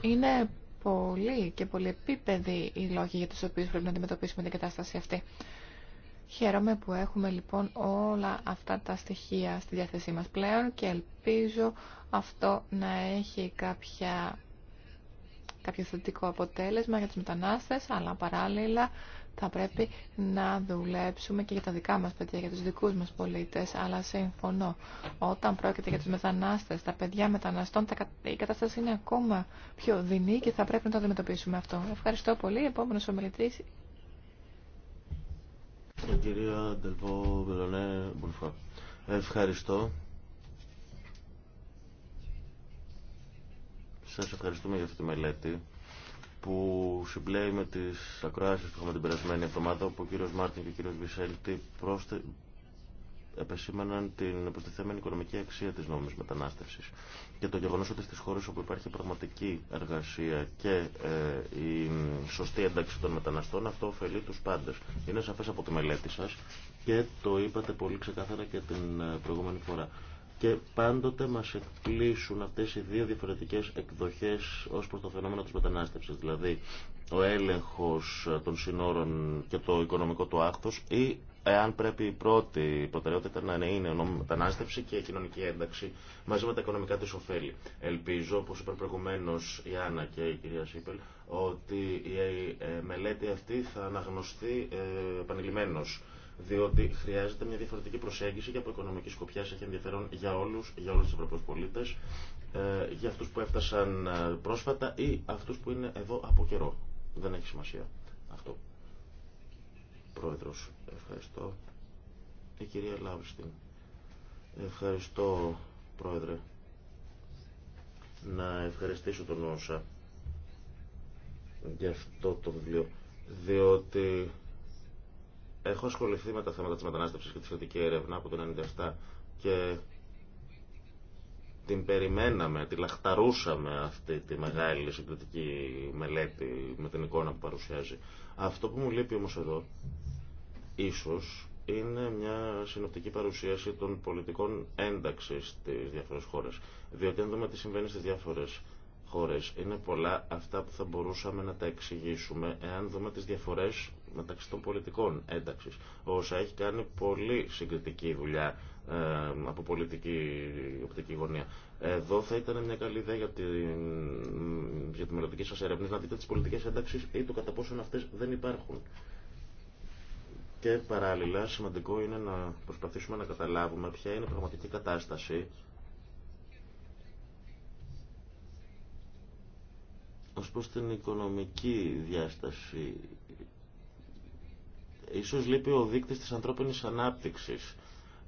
είναι πολύ και πολυεπίπεδοι οι λόγοι για τους οποίους πρέπει να αντιμετωπίσουμε την κατάσταση αυτή. Χαίρομαι που έχουμε λοιπόν όλα αυτά τα στοιχεία στη διάθεσή μας πλέον και ελπίζω αυτό να έχει κάποια κάποιο θετικό αποτέλεσμα για τους μετανάστες, αλλά παράλληλα θα πρέπει να δουλέψουμε και για τα δικά μας παιδιά, για τους δικούς μας πολίτες. Αλλά συμφωνώ, όταν πρόκειται για τους μετανάστες, τα παιδιά μεταναστών, η κατάσταση είναι ακόμα πιο δεινή και θα πρέπει να το αντιμετωπίσουμε αυτό. Ευχαριστώ πολύ. Επόμενος ομιλητής. Σας ευχαριστούμε για αυτή τη μελέτη που συμπλέει με τις ακροάσεις που είχαμε την περασμένη εβδομάδα όπου ο κύριος Μάρτιν και ο κύριος Βυσέλτη πρόσθε... επεσήμαναν την προστιθέμενη οικονομική αξία της νόμιμης μετανάστευσης και το γεγονός ότι στις χώρες όπου υπάρχει πραγματική εργασία και ε, η σωστή ένταξη των μεταναστών αυτό ωφελεί τους πάντες. Είναι σαφές από τη μελέτη σας και το είπατε πολύ ξεκάθαρα και την ε, προηγούμενη φορά και πάντοτε μας εκπλήσουν αυτές οι δύο διαφορετικές εκδοχές ως προς το φαινόμενο της μετανάστευσης, δηλαδή ο έλεγχος των συνόρων και το οικονομικό του άκτος ή εάν πρέπει η πρώτη προτεραιότητα να είναι η νόμιμη η μεταναστευση και η κοινωνική ένταξη μαζί με τα οικονομικά της ωφέλη. Ελπίζω, όπως είπαν προηγουμένως η Άννα και η κυρία Σίπελ, ότι η μελέτη αυτή θα αναγνωστεί ε, επανειλημμένως διότι χρειάζεται μια διαφορετική προσέγγιση και από οικονομική σκοπιά έχει ενδιαφέρον για όλου για όλους του Ευρωπαίου πολίτε, ε, για αυτού που έφτασαν ε, πρόσφατα ή αυτού που είναι εδώ από καιρό. Δεν έχει σημασία αυτό. Πρόεδρο, ευχαριστώ. Η κυρία Λάβριστην. Ευχαριστώ, Πρόεδρε. Να ευχαριστήσω τον Όσα για αυτό το βιβλίο. Διότι Έχω ασχοληθεί με τα θέματα της μετανάστευσης και τη σχετική έρευνα από το 1997 και την περιμέναμε, τη λαχταρούσαμε αυτή τη μεγάλη συγκριτική μελέτη με την εικόνα που παρουσιάζει. Αυτό που μου λείπει όμως εδώ, ίσως, είναι μια συνοπτική παρουσίαση των πολιτικών ένταξη στις διάφορες χώρες. Διότι αν δούμε τι συμβαίνει στις διάφορες χώρες, είναι πολλά αυτά που θα μπορούσαμε να τα εξηγήσουμε εάν δούμε τις διαφορές μεταξύ των πολιτικών ένταξη. Ο έχει κάνει πολύ συγκριτική δουλειά ε, από πολιτική οπτική γωνία. Εδώ θα ήταν μια καλή ιδέα για τη, για τη μελλοντική σας έρευνα να δείτε τις πολιτικές ένταξεις ή το κατά πόσον αυτές δεν υπάρχουν. Και παράλληλα, σημαντικό είναι να προσπαθήσουμε να καταλάβουμε ποια είναι η το κατα ποσον αυτέ δεν υπαρχουν και παραλληλα σημαντικο ειναι κατάσταση ως προς την οικονομική διάσταση Ίσως λείπει ο δείκτης της ανθρώπινης ανάπτυξης.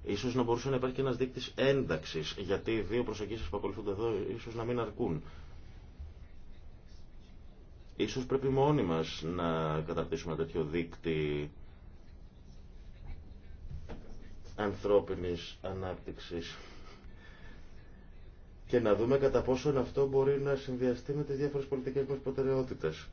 Ίσως να μπορούσε να υπάρχει και ένας δείκτης ένταξης, γιατί οι δύο προσεγγίσεις που ακολουθούνται εδώ ίσως να μην αρκούν. Ίσως πρέπει μόνοι μας να καταρτήσουμε ένα τέτοιο δείκτη ανθρώπινης ανάπτυξης και να δούμε κατά πόσο αυτό μπορεί να συνδυαστεί με τις διάφορες πολιτικές μας προτεραιότητες.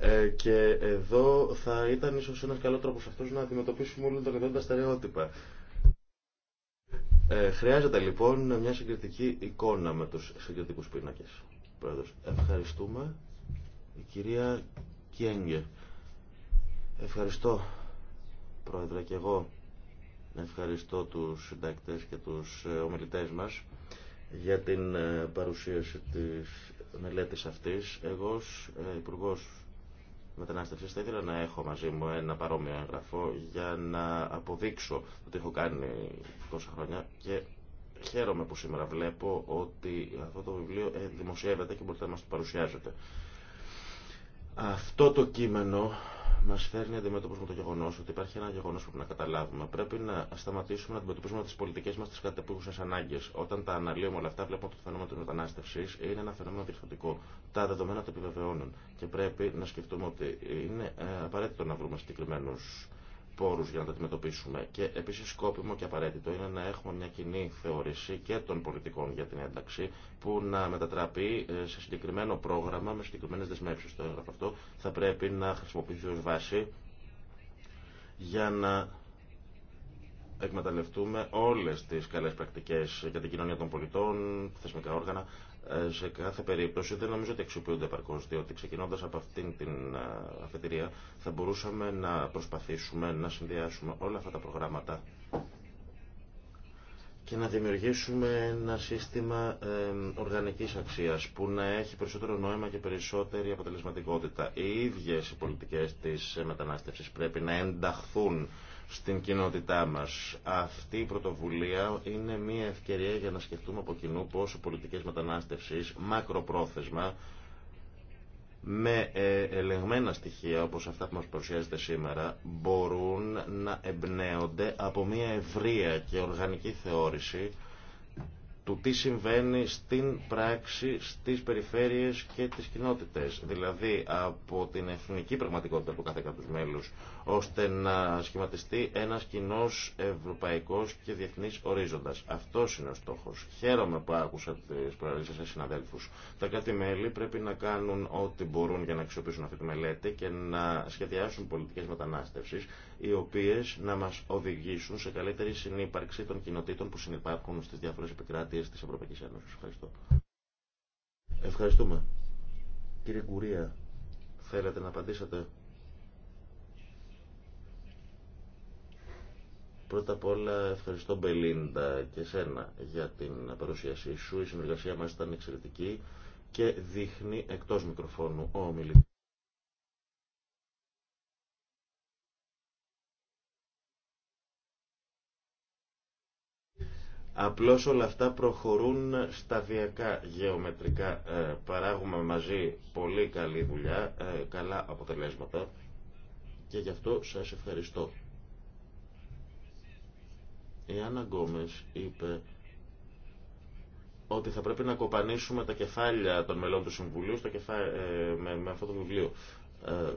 Ε, και εδώ θα ήταν ίσω ένας καλό τρόπο αυτό να αντιμετωπίσουμε όλων των ειδών τα στερεότυπα. Ε, χρειάζεται λοιπόν μια συγκριτική εικόνα με τους συγκριτικούς πίνακε. ευχαριστούμε. Η κυρία Κιέγγε. Ευχαριστώ, Πρόεδρε, και εγώ ευχαριστώ τους συντάκτες και τους ε, ομιλητές μας για την ε, παρουσίαση τη μελέτης αυτής. Εγώ, υπουργό μετανάστευση. Θα ήθελα να έχω μαζί μου ένα παρόμοιο έγγραφο για να αποδείξω ότι έχω κάνει τόσα χρόνια και χαίρομαι που σήμερα βλέπω ότι αυτό το βιβλίο ε, δημοσιεύεται και μπορείτε να μας το παρουσιάζετε. Αυτό το κείμενο μα φέρνει αντιμέτωπο με το γεγονό ότι υπάρχει ένα γεγονό που πρέπει να καταλάβουμε. Πρέπει να σταματήσουμε να αντιμετωπίσουμε τι πολιτικέ μα τι κατεπίγουσε ανάγκε. Όταν τα αναλύουμε όλα αυτά, βλέπουμε ότι το φαινόμενο τη μετανάστευση είναι ένα φαινόμενο διαφορετικό. Τα δεδομένα το επιβεβαιώνουν. Και πρέπει να σκεφτούμε ότι είναι ε, απαραίτητο να βρούμε συγκεκριμένου πόρους για να τα αντιμετωπίσουμε. Και επίσης σκόπιμο και απαραίτητο είναι να έχουμε μια κοινή θεώρηση και των πολιτικών για την ένταξη που να μετατραπεί ε, σε συγκεκριμένο πρόγραμμα με συγκεκριμένε δεσμεύσει. Το έγγραφο αυτό θα πρέπει να χρησιμοποιηθεί ω βάση για να εκμεταλλευτούμε όλες τις καλές πρακτικές για την κοινωνία των πολιτών, θεσμικά όργανα, ε, σε κάθε περίπτωση δεν νομίζω ότι αξιοποιούνται επαρκώ, διότι ξεκινώντα από αυτήν την ε, αφετηρία θα μπορούσαμε να προσπαθήσουμε να συνδυάσουμε όλα αυτά τα προγράμματα και να δημιουργήσουμε ένα σύστημα ε, οργανικής αξίας που να έχει περισσότερο νόημα και περισσότερη αποτελεσματικότητα. Οι ίδιες οι πολιτικές της μετανάστευσης πρέπει να ενταχθούν στην κοινότητά μας. Αυτή η πρωτοβουλία είναι μια ευκαιρία για να σκεφτούμε από κοινού πώς οι πολιτικές μετανάστευσης μακροπρόθεσμα με ε, ελεγμένα στοιχεία όπως αυτά που μας παρουσιάζεται σήμερα μπορούν να εμπνέονται από μια ευρεία και οργανική θεώρηση του τι συμβαίνει στην πράξη, στις περιφέρειες και τις κοινότητες. Δηλαδή από την εθνική πραγματικότητα του κάθε ώστε να σχηματιστεί ένας κοινό ευρωπαϊκός και διεθνής ορίζοντας. Αυτός είναι ο στόχος. Χαίρομαι που άκουσα τις προαλήσεις σας συναδέλφους. Τα κράτη-μέλη πρέπει να κάνουν ό,τι μπορούν για να αξιοποιήσουν αυτή τη μελέτη και να σχεδιάσουν πολιτικές μετανάστευσης, οι οποίες να μας οδηγήσουν σε καλύτερη συνύπαρξη των κοινοτήτων που συνεπάρχουν στις διάφορες επικράτειες της Ευρωπαϊκής Ένωσης. Ευχαριστώ. Ευχαριστούμε. Κύριε Κουρία, θέλετε να απαντήσετε. Πρώτα απ' όλα ευχαριστώ Μπελίντα και σένα για την παρουσίασή σου. Η συνεργασία μας ήταν εξαιρετική και δείχνει εκτός μικροφώνου ο ομιλητής. Απλώς όλα αυτά προχωρούν σταδιακά γεωμετρικά. Ε, παράγουμε μαζί πολύ καλή δουλειά, ε, καλά αποτελέσματα και γι' αυτό σας ευχαριστώ. Η Άννα Γκόμες είπε ότι θα πρέπει να κοπανίσουμε τα κεφάλια των μελών του Συμβουλίου ε, με, αυτό το βιβλίο. Ε,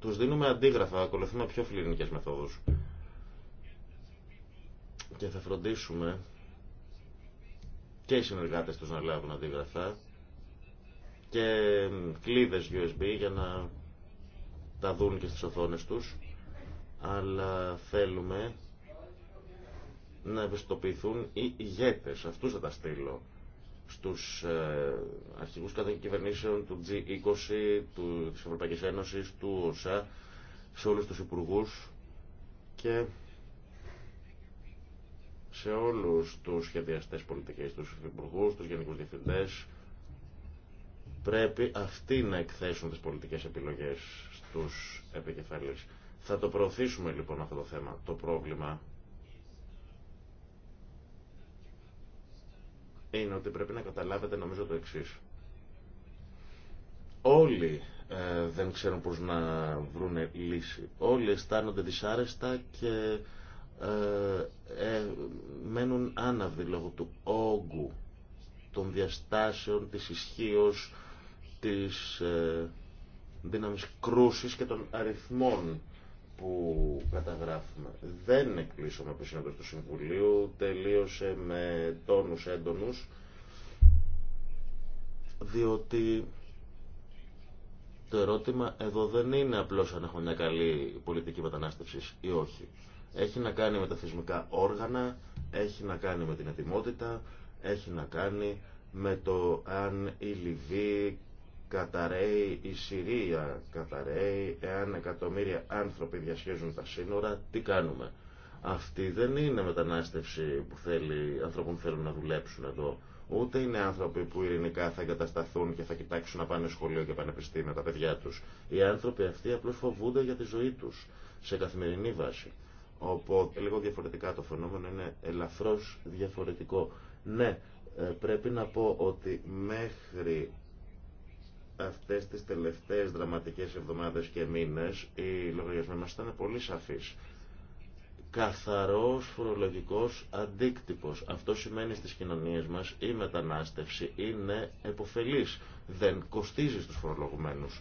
τους δίνουμε αντίγραφα, ακολουθούμε πιο φιλινικές μεθόδους. Και θα φροντίσουμε και οι συνεργάτες τους να λάβουν αντίγραφα και κλίδες USB για να τα δουν και στις οθόνες τους αλλά θέλουμε να ευαισθητοποιηθούν οι ηγέτες. Αυτούς θα τα στείλω στους ε, αρχηγούς κυβερνήσεων του G20, του, της Ευρωπαϊκής Ένωσης, του ΟΣΑ, σε όλους τους υπουργούς και σε όλους τους σχεδιαστές πολιτικές τους υπουργούς, τους γενικούς διευθυντές, πρέπει αυτοί να εκθέσουν τις πολιτικές επιλογές στους επικεφαλείς. Θα το προωθήσουμε λοιπόν αυτό το θέμα, το πρόβλημα είναι ότι πρέπει να καταλάβετε νομίζω το εξή. Όλοι ε, δεν ξέρουν πώς να βρουν λύση. Όλοι αισθάνονται δυσάρεστα και ε, ε, μένουν άναυδοι λόγω του όγκου των διαστάσεων, της ισχύω, της δύναμης κρούσης και των αριθμών που καταγράφουμε δεν εκπλήσωμε από στο του Συμβουλίου, τελείωσε με τόνους έντονους, διότι το ερώτημα εδώ δεν είναι απλώς αν έχουμε μια καλή πολιτική μετανάστευση ή όχι. Έχει να κάνει με τα θεσμικά όργανα, έχει να κάνει με την ετοιμότητα, έχει να κάνει με το αν η Λιβύη καταραίει η Συρία, καταραίει εάν εκατομμύρια άνθρωποι διασχίζουν τα σύνορα, τι κάνουμε. Αυτή δεν είναι μετανάστευση που θέλει, ανθρώπων που θέλουν να δουλέψουν εδώ. Ούτε είναι άνθρωποι που ειρηνικά θα εγκατασταθούν και θα κοιτάξουν να πάνε σχολείο και πανεπιστήμια τα παιδιά τους. Οι άνθρωποι αυτοί απλώς φοβούνται για τη ζωή τους, σε καθημερινή βάση. Οπότε λίγο διαφορετικά το φαινόμενο είναι ελαφρώς διαφορετικό. Ναι, ε, πρέπει να πω ότι μέχρι αυτές τις τελευταίες δραματικές εβδομάδες και μήνες οι λογαριασμοί μας ήταν πολύ σαφείς. Καθαρός φορολογικός αντίκτυπος. Αυτό σημαίνει στις κοινωνίες μας η μετανάστευση είναι εποφελής. Δεν κοστίζει στους φορολογουμένους.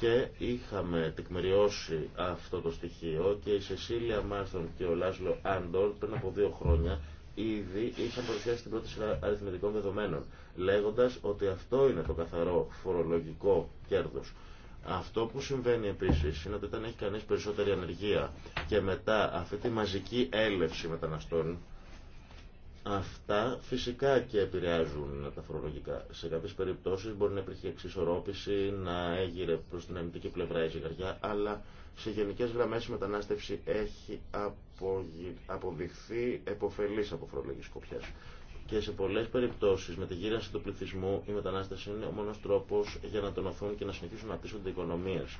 Και είχαμε τεκμηριώσει αυτό το στοιχείο και η Σεσίλια Μάρθον και ο Λάσλο Άντορ πριν από δύο χρόνια ήδη είχαν παρουσιάσει την πρώτη αριθμητικών δεδομένων, λέγοντας ότι αυτό είναι το καθαρό φορολογικό κέρδος. Αυτό που συμβαίνει επίσης είναι ότι όταν έχει κανείς περισσότερη ανεργία και μετά αυτή τη μαζική έλευση μεταναστών, Αυτά φυσικά και επηρεάζουν τα φορολογικά. Σε κάποιες περιπτώσεις μπορεί να υπήρχε εξισορρόπηση, να έγειρε προς την αμυντική πλευρά η ζυγαριά, αλλά σε γενικές γραμμές η μετανάστευση έχει αποδειχθεί επωφελής από φορολογική σκοπιά. Και σε πολλές περιπτώσεις με τη γύρανση του πληθυσμού η μετανάστευση είναι ο μόνος τρόπος για να τονωθούν και να συνεχίσουν να πτήσονται οι οικονομίες.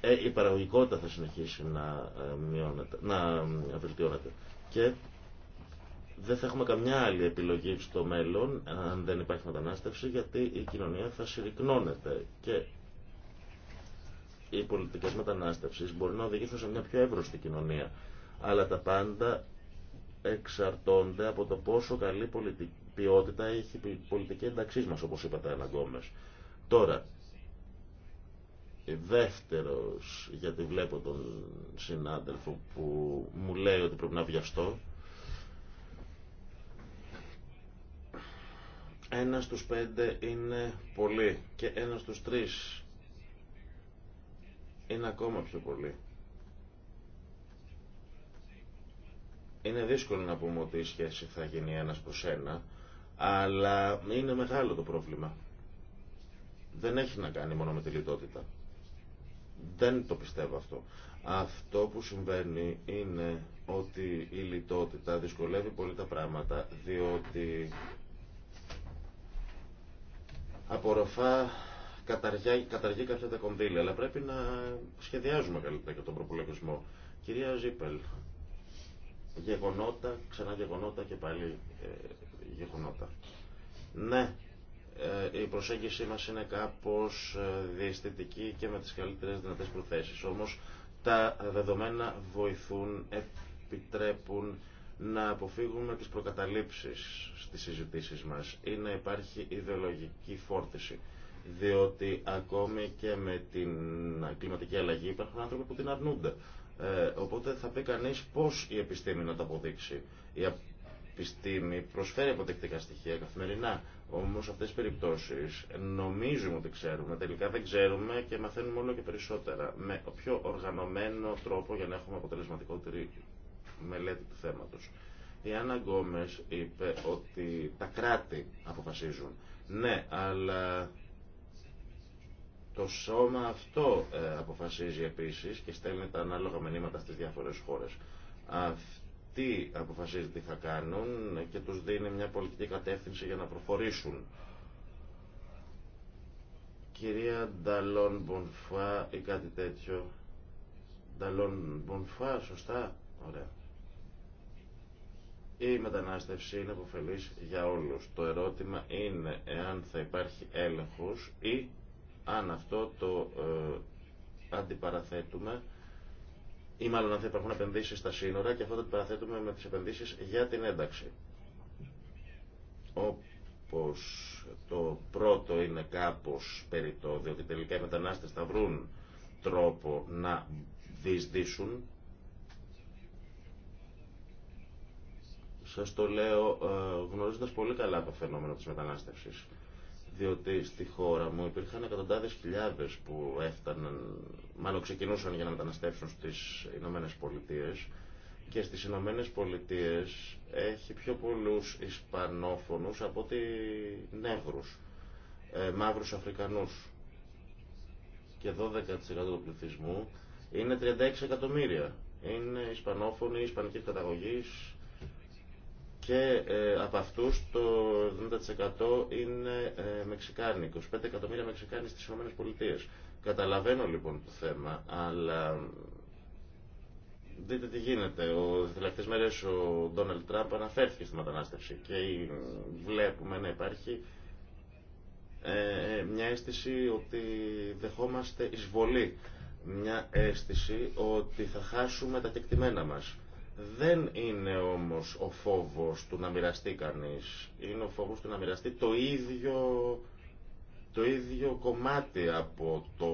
Ε, η παραγωγικότητα θα συνεχίσει να, ε, μειώνεται, να ε, βελτιώνεται. Και δεν θα έχουμε καμιά άλλη επιλογή στο μέλλον αν δεν υπάρχει μετανάστευση γιατί η κοινωνία θα συρρυκνώνεται και οι πολιτικέ μετανάστευση μπορεί να οδηγήσουν σε μια πιο εύρωστη κοινωνία. Αλλά τα πάντα εξαρτώνται από το πόσο καλή ποιότητα έχει η πολιτική ενταξή μα, όπω είπατε, Αναγκόμε. Τώρα, δεύτερο γιατί βλέπω τον συνάδελφο που μου λέει ότι πρέπει να βιαστώ, ένα στους πέντε είναι πολύ και ένα στους τρεις είναι ακόμα πιο πολύ. Είναι δύσκολο να πούμε ότι η σχέση θα γίνει ένας προς ένα, αλλά είναι μεγάλο το πρόβλημα. Δεν έχει να κάνει μόνο με τη λιτότητα. Δεν το πιστεύω αυτό. Αυτό που συμβαίνει είναι ότι η λιτότητα δυσκολεύει πολύ τα πράγματα, διότι απορροφά καταργεί, καταργεί κάποια τα κονδύλια, αλλά πρέπει να σχεδιάζουμε καλύτερα και τον προπολογισμό. Κυρία Ζήπελ, γεγονότα, ξανά γεγονότα και πάλι ε, γεγονότα. Ναι, ε, η προσέγγιση μας είναι κάπως ε, διαισθητική και με τις καλύτερες δυνατές προθέσεις, όμως τα δεδομένα βοηθούν, επιτρέπουν να αποφύγουμε τις προκαταλήψεις στις συζητήσεις μας ή να υπάρχει ιδεολογική φόρτιση διότι ακόμη και με την κλιματική αλλαγή υπάρχουν άνθρωποι που την αρνούνται. Ε, οπότε θα πει κανείς πώς η επιστήμη να το αποδείξει. Η επιστήμη προσφέρει αποδεικτικά στοιχεία καθημερινά. Όμως σε αυτές τις περιπτώσεις νομίζουμε ότι ξέρουμε, τελικά δεν ξέρουμε και μαθαίνουμε όλο και περισσότερα. Με πιο οργανωμένο τρόπο για να έχουμε αποτελεσματικότερη μελέτη του θέματος. Η Άννα Γκόμες είπε ότι τα κράτη αποφασίζουν. Ναι, αλλά το σώμα αυτό ε, αποφασίζει επίσης και στέλνει τα ανάλογα μηνύματα στις διάφορες χώρες. Αυτοί αποφασίζουν τι θα κάνουν και τους δίνει μια πολιτική κατεύθυνση για να προχωρήσουν. Κυρία Νταλόν Μπονφά ή κάτι τέτοιο. Νταλόν Μπονφά, σωστά. Ωραία. Η μετανάστευση είναι αποφελής για όλους. Το ερώτημα είναι εάν θα υπάρχει έλεγχος ή αν αυτό το ε, αντιπαραθέτουμε ή μάλλον αν θα υπάρχουν επενδύσεις στα σύνορα και αυτό το αντιπαραθέτουμε με τις επενδύσεις για την ένταξη. Όπως το πρώτο είναι κάπως περιττό, διότι τελικά οι μετανάστες θα βρουν τρόπο να δυσδύσουν Σας το λέω ε, γνωρίζοντας πολύ καλά το φαινόμενο της μετανάστευσης διότι στη χώρα μου υπήρχαν εκατοντάδες χιλιάδες που έφταναν, μάλλον ξεκινούσαν για να μεταναστεύσουν στις Ηνωμένε Πολιτείε και στις Ηνωμένε Πολιτείε έχει πιο πολλούς Ισπανόφωνους από ότι νεύρους, ε, μαύρους Αφρικανούς και 12% του πληθυσμού είναι 36 εκατομμύρια. Είναι Ισπανόφωνοι, ισπανική καταγωγής, και ε, από αυτούς το 70% είναι ε, Μεξικάνοι, 25 εκατομμύρια Μεξικάνοι στις ΗΠΑ. Καταλαβαίνω λοιπόν το θέμα, αλλά δείτε τι γίνεται. Ο τελευταίες μέρες ο Ντόναλτ Τραμπ αναφέρθηκε στη μετανάστευση και βλέπουμε να υπάρχει ε, μια αίσθηση ότι δεχόμαστε εισβολή. Μια αίσθηση ότι θα χάσουμε τα κεκτημένα μας. Δεν είναι όμως ο φόβος του να μοιραστεί κανείς. Είναι ο φόβος του να μοιραστεί το ίδιο, το ίδιο κομμάτι από το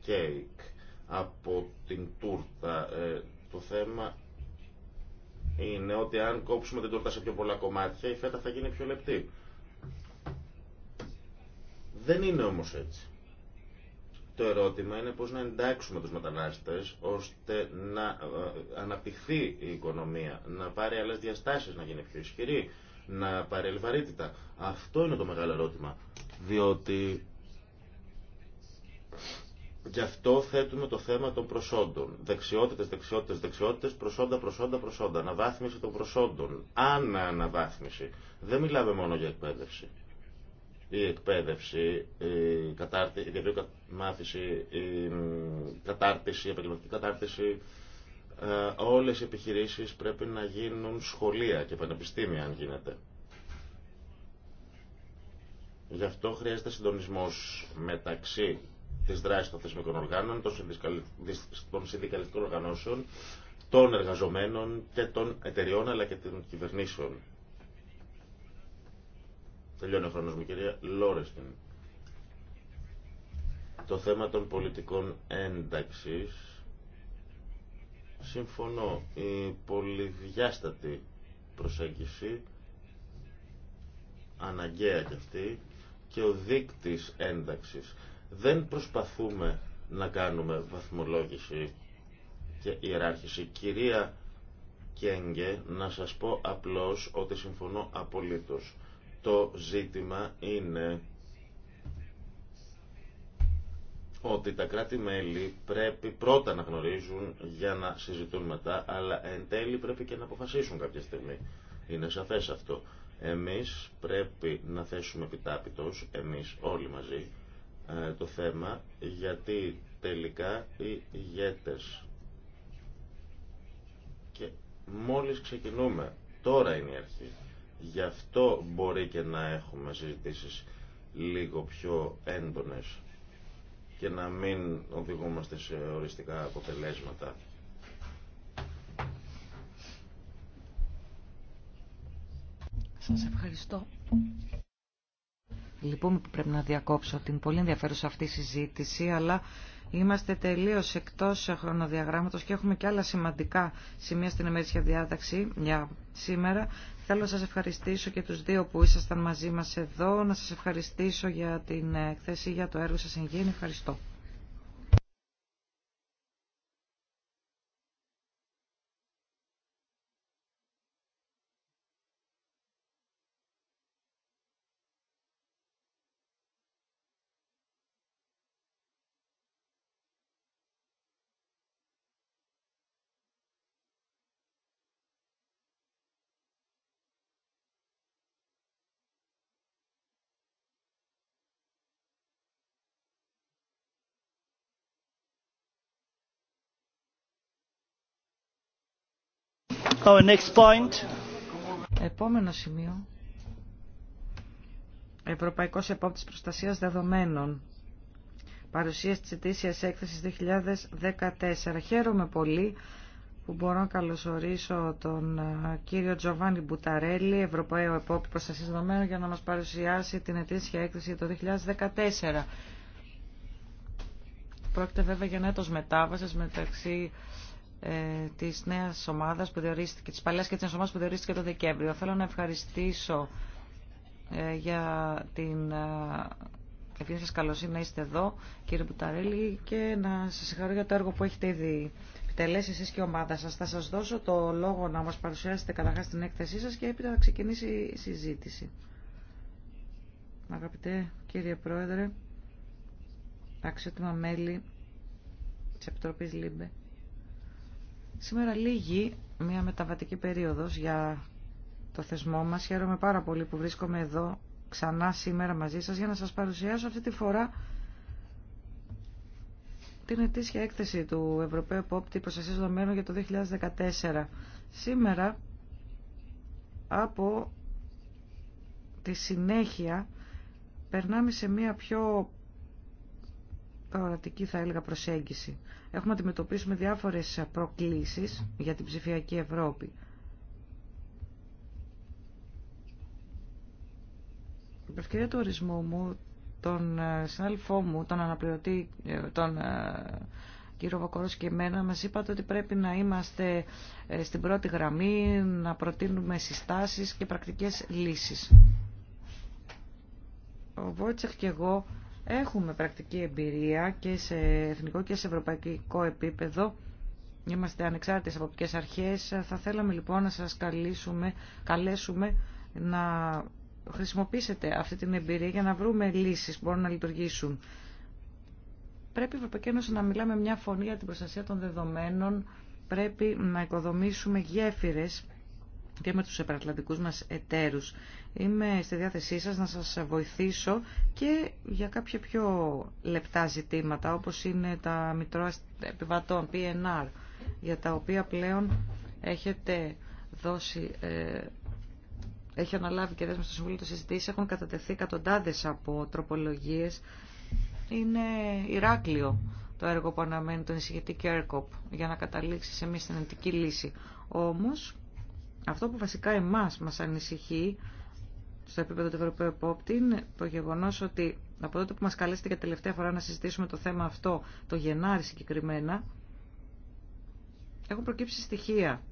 κέικ, από την τούρτα. Ε, το θέμα είναι ότι αν κόψουμε την τούρτα σε πιο πολλά κομμάτια η φέτα θα γίνει πιο λεπτή. Δεν είναι όμως έτσι το ερώτημα είναι πώς να εντάξουμε τους μετανάστες ώστε να ε, αναπτυχθεί η οικονομία, να πάρει άλλες διαστάσεις, να γίνει πιο ισχυρή, να πάρει ελβαρύτητα. Αυτό είναι το μεγάλο ερώτημα, διότι γι' αυτό θέτουμε το θέμα των προσόντων. Δεξιότητες, δεξιότητες, δεξιότητες, προσόντα, προσόντα, προσόντα. Αναβάθμιση των προσόντων. Άνα αναβάθμιση. Δεν μιλάμε μόνο για εκπαίδευση η εκπαίδευση, η, κατάρτι, η μάθηση, η κατάρτιση, η επαγγελματική κατάρτιση, ε, όλες οι επιχειρήσεις πρέπει να γίνουν σχολεία και πανεπιστήμια αν γίνεται. Γι' αυτό χρειάζεται συντονισμός μεταξύ της δράσης των θεσμικών οργάνων, των συνδικαλιστικών οργανώσεων, των εργαζομένων και των εταιριών αλλά και των κυβερνήσεων. Τελειώνει ο χρόνο μου, κυρία Λόρεστιν. Το θέμα των πολιτικών ένταξης. Συμφωνώ, η πολυδιάστατη προσέγγιση, αναγκαία κι αυτή, και ο δείκτης ένταξης. Δεν προσπαθούμε να κάνουμε βαθμολόγηση και ιεράρχηση. Κυρία Κέγγε, να σας πω απλώς ότι συμφωνώ απολύτως. Το ζήτημα είναι ότι τα κράτη-μέλη πρέπει πρώτα να γνωρίζουν για να συζητούν μετά, αλλά εν τέλει πρέπει και να αποφασίσουν κάποια στιγμή. Είναι σαφές αυτό. Εμείς πρέπει να θέσουμε επιτάπητος, εμείς όλοι μαζί, ε, το θέμα, γιατί τελικά οι ηγέτες και μόλις ξεκινούμε, τώρα είναι η αρχή. Γι' αυτό μπορεί και να έχουμε συζητήσεις λίγο πιο έντονες και να μην οδηγούμαστε σε οριστικά αποτελέσματα. Σας ευχαριστώ. Λυπούμε που πρέπει να διακόψω την πολύ ενδιαφέρουσα αυτή συζήτηση, αλλά είμαστε τελείως εκτός χρονοδιαγράμματος και έχουμε και άλλα σημαντικά σημεία στην ημερήσια διάταξη για σήμερα. Θέλω να σας ευχαριστήσω και τους δύο που ήσασταν μαζί μας εδώ, να σας ευχαριστήσω για την εκθέση, για το έργο σας εν Ευχαριστώ. Επόμενο σημείο. Ευρωπαϊκό Επόπτη Προστασία Δεδομένων. Παρουσία τη ετήσια έκθεση 2014. Χαίρομαι πολύ που μπορώ να καλωσορίσω τον κύριο Τζοβάνι Μπουταρέλη, ευρωπαϊκό Επόπτη Προστασία Δεδομένων, για να μα παρουσιάσει την ετήσια έκθεση το 2014. Πρόκειται βέβαια για ένα έτος μετάβασης μεταξύ ε, τη νέα ομάδα που διορίστηκε, τη και τη νέας που διορίστηκε το Δεκέμβριο. Θέλω να ευχαριστήσω ε, για την ε, Ευχαριστώ σας καλοσύνη να είστε εδώ κύριε Μπουταρέλη και να σα συγχαρώ για το έργο που έχετε ήδη επιτελέσει εσεί και η ομάδα σα Θα σας δώσω το λόγο να μα παρουσιάσετε καταρχά την έκθεσή σα και έπειτα να ξεκινήσει η συζήτηση. Αγαπητέ κύριε Πρόεδρε, αξιότιμα μέλη της Επιτροπής ΛΥΜΠΕ, Σήμερα λίγη μια μεταβατική περίοδος για το θεσμό μας. Χαίρομαι πάρα πολύ που βρίσκομαι εδώ ξανά σήμερα μαζί σας για να σας παρουσιάσω αυτή τη φορά την ετήσια έκθεση του Ευρωπαίου πόπτη Προστασίας Δομένου για το 2014. Σήμερα από τη συνέχεια περνάμε σε μια πιο ορατική θα έλεγα προσέγγιση. Έχουμε να αντιμετωπίσουμε διάφορες προκλήσεις για την ψηφιακή Ευρώπη. Η ευκαιρία του ορισμού μου, τον ε, συνάδελφό μου, τον αναπληρωτή, ε, τον ε, κύριο και εμένα, μας είπατε ότι πρέπει να είμαστε στην πρώτη γραμμή, να προτείνουμε συστάσεις και πρακτικές λύσεις. Ο Βότσεχ και εγώ Έχουμε πρακτική εμπειρία και σε εθνικό και σε ευρωπαϊκό επίπεδο. Είμαστε ανεξάρτητες από ποιες αρχές. Θα θέλαμε λοιπόν να σας καλήσουμε, καλέσουμε να χρησιμοποιήσετε αυτή την εμπειρία για να βρούμε λύσεις που μπορούν να λειτουργήσουν. Πρέπει η Ευρωπαϊκή Ένωση να μιλάμε μια φωνή για την προστασία των δεδομένων. Πρέπει να οικοδομήσουμε γέφυρες και με τους επανατλαντικούς μας εταίρους. Είμαι στη διάθεσή σας να σας βοηθήσω και για κάποια πιο λεπτά ζητήματα όπως είναι τα Μητρώα Επιβατών, PNR, για τα οποία πλέον έχετε δώσει... Ε, έχει αναλάβει και δεν στο Συμβούλιο το συζητήσει, έχουν κατατεθεί εκατοντάδε από τροπολογίε, Είναι Ηράκλειο το έργο που αναμένει το εισηγητή Κέρκοπ για να καταλήξει σε μια συνεντική λύση. Όμως, αυτό που βασικά εμάς μας ανησυχεί στο επίπεδο του Ευρωπαίου Επόπτη είναι το γεγονός ότι από τότε που μας καλέσετε για τελευταία φορά να συζητήσουμε το θέμα αυτό, το Γενάρη συγκεκριμένα, έχουν προκύψει στοιχεία.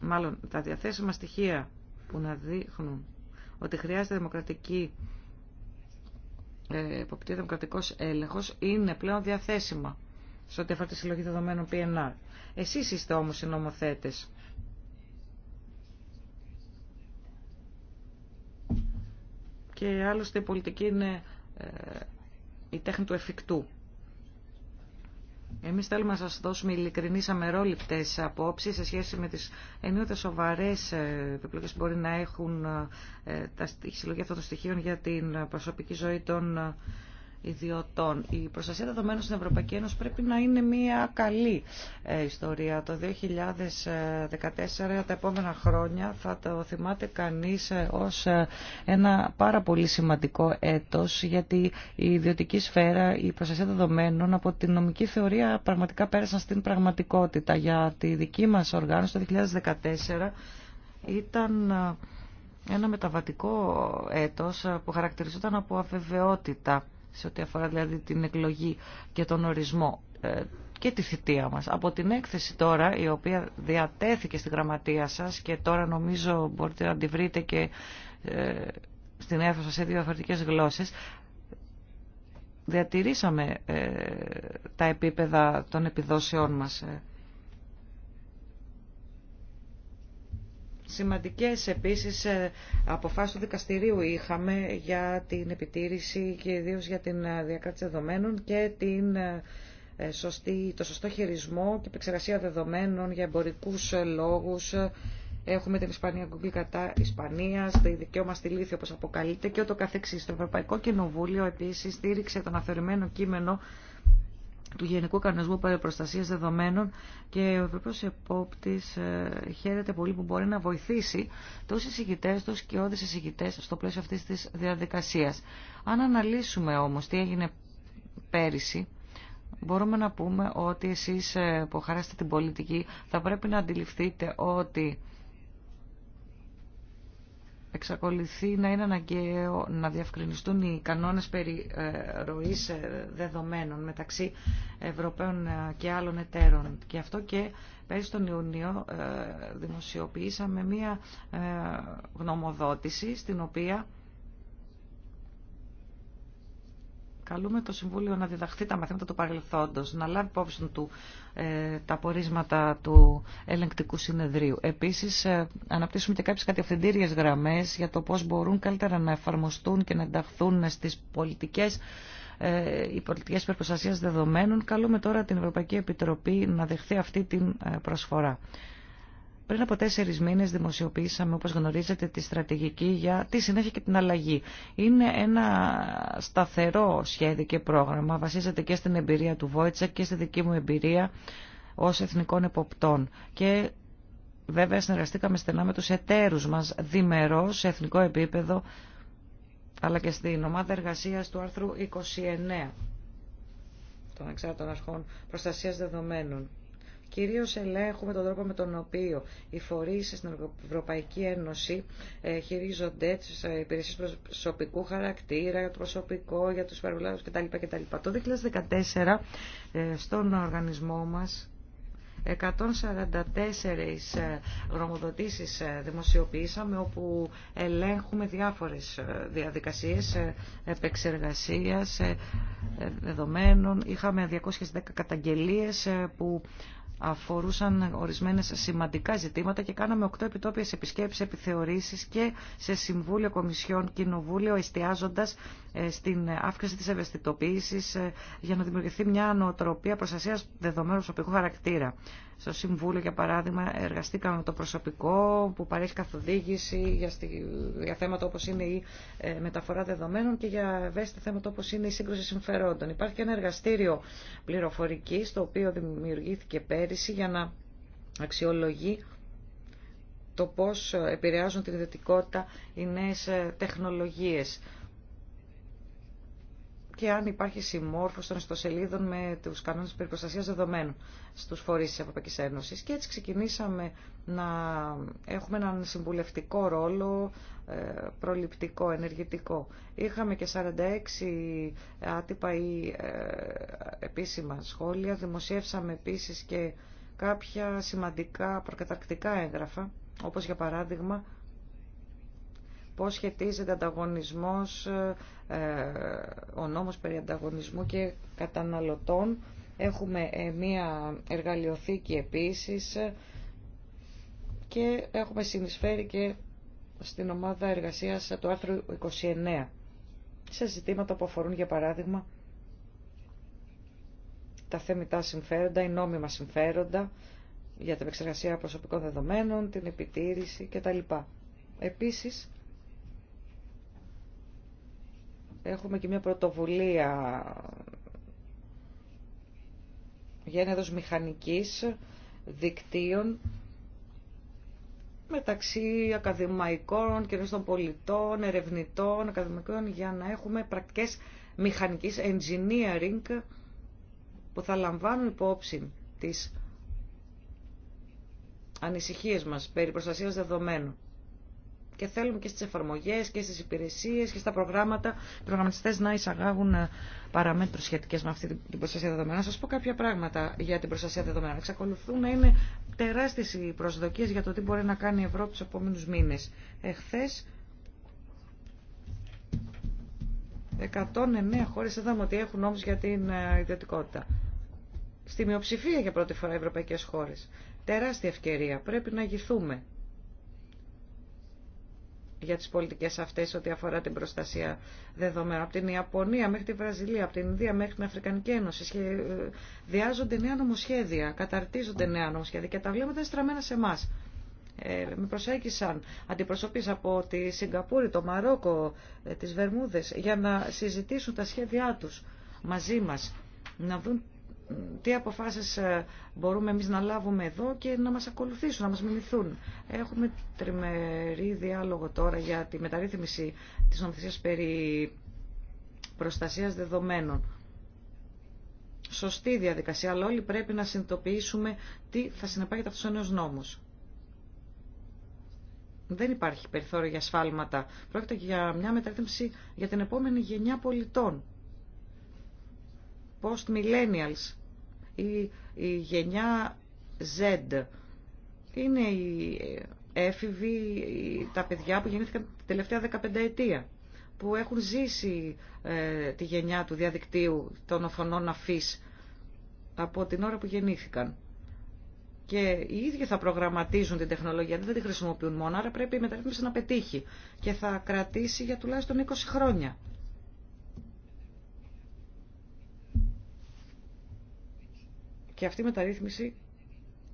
Μάλλον τα διαθέσιμα στοιχεία που να δείχνουν ότι χρειάζεται δημοκρατική ε, εποπτεία, δημοκρατικός έλεγχος, είναι πλέον διαθέσιμα σε ό,τι αφορά τη συλλογή δεδομένων PNR. Εσείς είστε όμως οι νομοθέτες. Και άλλωστε η πολιτική είναι ε, η τέχνη του εφικτού. Εμείς θέλουμε να σας δώσουμε ειλικρινείς αμερόληπτες απόψεις σε σχέση με τις ενίοτε σοβαρές ε, επιπλοκές που μπορεί να έχουν ε, τα συλλογή αυτών των στοιχείων για την προσωπική ζωή των η προστασία δεδομένων στην Ευρωπαϊκή Ένωση πρέπει να είναι μια καλή ε, ιστορία. Το 2014, τα επόμενα χρόνια, θα το θυμάται κανείς ε, ως ε, ένα πάρα πολύ σημαντικό έτος, γιατί η ιδιωτική σφαίρα, η προστασία δεδομένων από την νομική θεωρία πραγματικά πέρασαν στην πραγματικότητα. Για τη δική μας οργάνωση το 2014 ήταν ένα μεταβατικό έτος που χαρακτηριζόταν από αβεβαιότητα σε ό,τι αφορά δηλαδή την εκλογή και τον ορισμό ε, και τη θητεία μας. Από την έκθεση τώρα, η οποία διατέθηκε στη γραμματεία σας και τώρα νομίζω μπορείτε να τη βρείτε και ε, στην αίθουσα σε δύο διαφορετικές γλώσσες, διατηρήσαμε ε, τα επίπεδα των επιδόσεών μας Σημαντικές επίσης ε, αποφάσεις του δικαστηρίου είχαμε για την επιτήρηση και ιδίω για την ε, διακράτηση δεδομένων και την ε, σωστή, το σωστό χειρισμό και επεξεργασία δεδομένων για εμπορικούς λόγους. Έχουμε την Ισπανία Google κατά Ισπανία, το δικαίωμα στη λύθη όπως αποκαλείται και ούτω καθεξής. Το Ευρωπαϊκό Κοινοβούλιο επίσης στήριξε τον αφαιρημένο κείμενο του Γενικού Κανονισμού Προστασίας Δεδομένων και ο Ευρωπαίος Επόπτης ε, χαίρεται πολύ που μπορεί να βοηθήσει τους εισηγητές, τους και όντες εισηγητές στο πλαίσιο αυτής της διαδικασίας. Αν αναλύσουμε όμως τι έγινε πέρυσι, μπορούμε να πούμε ότι εσείς ε, που χαράσετε την πολιτική θα πρέπει να αντιληφθείτε ότι εξακολουθεί να είναι αναγκαίο να διευκρινιστούν οι κανόνες περί ε, ροής ε, δεδομένων μεταξύ Ευρωπαίων ε, και άλλων εταίρων. Και αυτό και πέρυσι τον Ιουνίο δημοσιοποιήσαμε μία γνωμοδότηση στην οποία Καλούμε το Συμβούλιο να διδαχθεί τα μαθήματα του παρελθόντος, να λάβει υπόψη του ε, τα πορίσματα του ελεγκτικού συνεδρίου. Επίσης, ε, αναπτύσσουμε και κάποιες κατευθυντήριες γραμμές για το πώς μπορούν καλύτερα να εφαρμοστούν και να ενταχθούν στις πολιτικές ε, οι πολιτικέ υπερπροστασία δεδομένων. Καλούμε τώρα την Ευρωπαϊκή Επιτροπή να δεχθεί αυτή την ε, προσφορά. Πριν από τέσσερι μήνε δημοσιοποιήσαμε, όπω γνωρίζετε, τη στρατηγική για τη συνέχεια και την αλλαγή. Είναι ένα σταθερό σχέδιο και πρόγραμμα. Βασίζεται και στην εμπειρία του Βόιτσα και στη δική μου εμπειρία ω εθνικών εποπτών. Και βέβαια συνεργαστήκαμε στενά με τους εταίρου μα διμερό σε εθνικό επίπεδο αλλά και στην ομάδα εργασίας του άρθρου 29 των εξάρτων Αρχών Προστασίας Δεδομένων. Κυρίως ελέγχουμε τον τρόπο με τον οποίο οι φορείς στην Ευρωπαϊκή Ένωση ε, χειρίζονται τις ε, υπηρεσίε προσωπικού χαρακτήρα, για το προσωπικό, για τους παραγωγούς κτλ. κτλ. Το 2014 ε, στον οργανισμό μας 144 γνωμοδοτήσεις δημοσιοποιήσαμε όπου ελέγχουμε διάφορες διαδικασίες επεξεργασίας δεδομένων. Είχαμε 210 καταγγελίες που αφορούσαν ορισμένες σημαντικά ζητήματα και κάναμε οκτώ επιτόπιες επισκέψεις, επιθεωρήσεις και σε Συμβούλιο Κομισιών Κοινοβούλιο εστιάζοντας ε, στην αύξηση της ευαισθητοποίησης ε, για να δημιουργηθεί μια νοοτροπία προστασίας δεδομένου προσωπικού χαρακτήρα. Στο Συμβούλιο, για παράδειγμα, εργαστήκαμε με το προσωπικό που παρέχει καθοδήγηση για, για θέματα όπως είναι η ε, μεταφορά δεδομένων και για ευαίσθητα θέματα όπως είναι η σύγκρουση συμφερόντων. Υπάρχει και ένα εργαστήριο πληροφορική το οποίο δημιουργήθηκε πέρυσι για να αξιολογεί το πώς επηρεάζουν την ιδιωτικότητα οι νέες τεχνολογίες και αν υπάρχει συμμόρφωση των ιστοσελίδων με του κανόνε περιπροστασία δεδομένων στου φορεί τη Ευρωπαϊκή Ένωση. Και έτσι ξεκινήσαμε να έχουμε έναν συμβουλευτικό ρόλο, ε, προληπτικό, ενεργητικό. Είχαμε και 46 άτυπα ή ε, επίσημα σχόλια. Δημοσιεύσαμε επίση και κάποια σημαντικά προκαταρκτικά έγγραφα, όπως για παράδειγμα πώς σχετίζεται ανταγωνισμός, ε, ο νόμος περί ανταγωνισμού και καταναλωτών. Έχουμε ε, μία εργαλειοθήκη επίσης και έχουμε συνεισφέρει και στην ομάδα εργασίας του άρθρου 29 σε ζητήματα που αφορούν για παράδειγμα τα θεμητά συμφέροντα, οι νόμιμα συμφέροντα για την επεξεργασία προσωπικών δεδομένων, την επιτήρηση κτλ. Επίσης, Έχουμε και μια πρωτοβουλία για ένα μηχανικής δικτύων μεταξύ ακαδημαϊκών, των πολιτών, ερευνητών, ακαδημαϊκών για να έχουμε πρακτικές μηχανικής engineering που θα λαμβάνουν υπόψη τις ανησυχίες μας περί προστασίας δεδομένων και θέλουμε και στις εφαρμογές και στις υπηρεσίες και στα προγράμματα οι προγραμματιστές να εισαγάγουν ε, παραμέτρους σχετικές με αυτή την προστασία δεδομένων. Να σας πω κάποια πράγματα για την προστασία δεδομένων. Εξακολουθούν να είναι τεράστιες οι προσδοκίες για το τι μπορεί να κάνει η Ευρώπη στους επόμενους μήνες. Εχθές 109 χώρες είδαμε ότι έχουν νόμους για την ε, ιδιωτικότητα. Στη μειοψηφία για πρώτη φορά οι ευρωπαϊκές χώρες. Τεράστια ευκαιρία. Πρέπει να αγηθούμε για τις πολιτικές αυτές ό,τι αφορά την προστασία δεδομένων. Από την Ιαπωνία μέχρι τη Βραζιλία, από την Ινδία μέχρι την Αφρικανική Ένωση διάζονται νέα νομοσχέδια, καταρτίζονται νέα νομοσχέδια και τα είναι στραμμένα σε εμά. Ε, με προσέγγισαν αντιπροσωπείς από τη Σιγκαπούρη, το Μαρόκο, ε, τις Βερμούδες για να συζητήσουν τα σχέδιά τους μαζί μας να δουν τι αποφάσεις ε, μπορούμε εμείς να λάβουμε εδώ και να μας ακολουθήσουν, να μας μιμηθούν. Έχουμε τριμερή διάλογο τώρα για τη μεταρρύθμιση της νομοθεσίας περί προστασίας δεδομένων. Σωστή διαδικασία, αλλά όλοι πρέπει να συνειδητοποιήσουμε τι θα συνεπάγεται αυτός ο νέος νόμος. Δεν υπάρχει περιθώριο για σφάλματα. Πρόκειται για μια μεταρρύθμιση για την επόμενη γενιά πολιτών. Post-millennials ή η γενια Z. Είναι οι έφηβοι, τα παιδιά που γεννήθηκαν την τελευταία 15 ετία, που έχουν ζήσει ε, τη γενιά του διαδικτύου των οφωνών αφής από την ώρα που γεννήθηκαν. Και οι ίδιοι θα προγραμματίζουν την τεχνολογία, δεν τη χρησιμοποιούν μόνο, άρα πρέπει η μεταρρύθμιση να πετύχει και θα κρατήσει για τουλάχιστον 20 χρόνια. Και αυτή η μεταρρύθμιση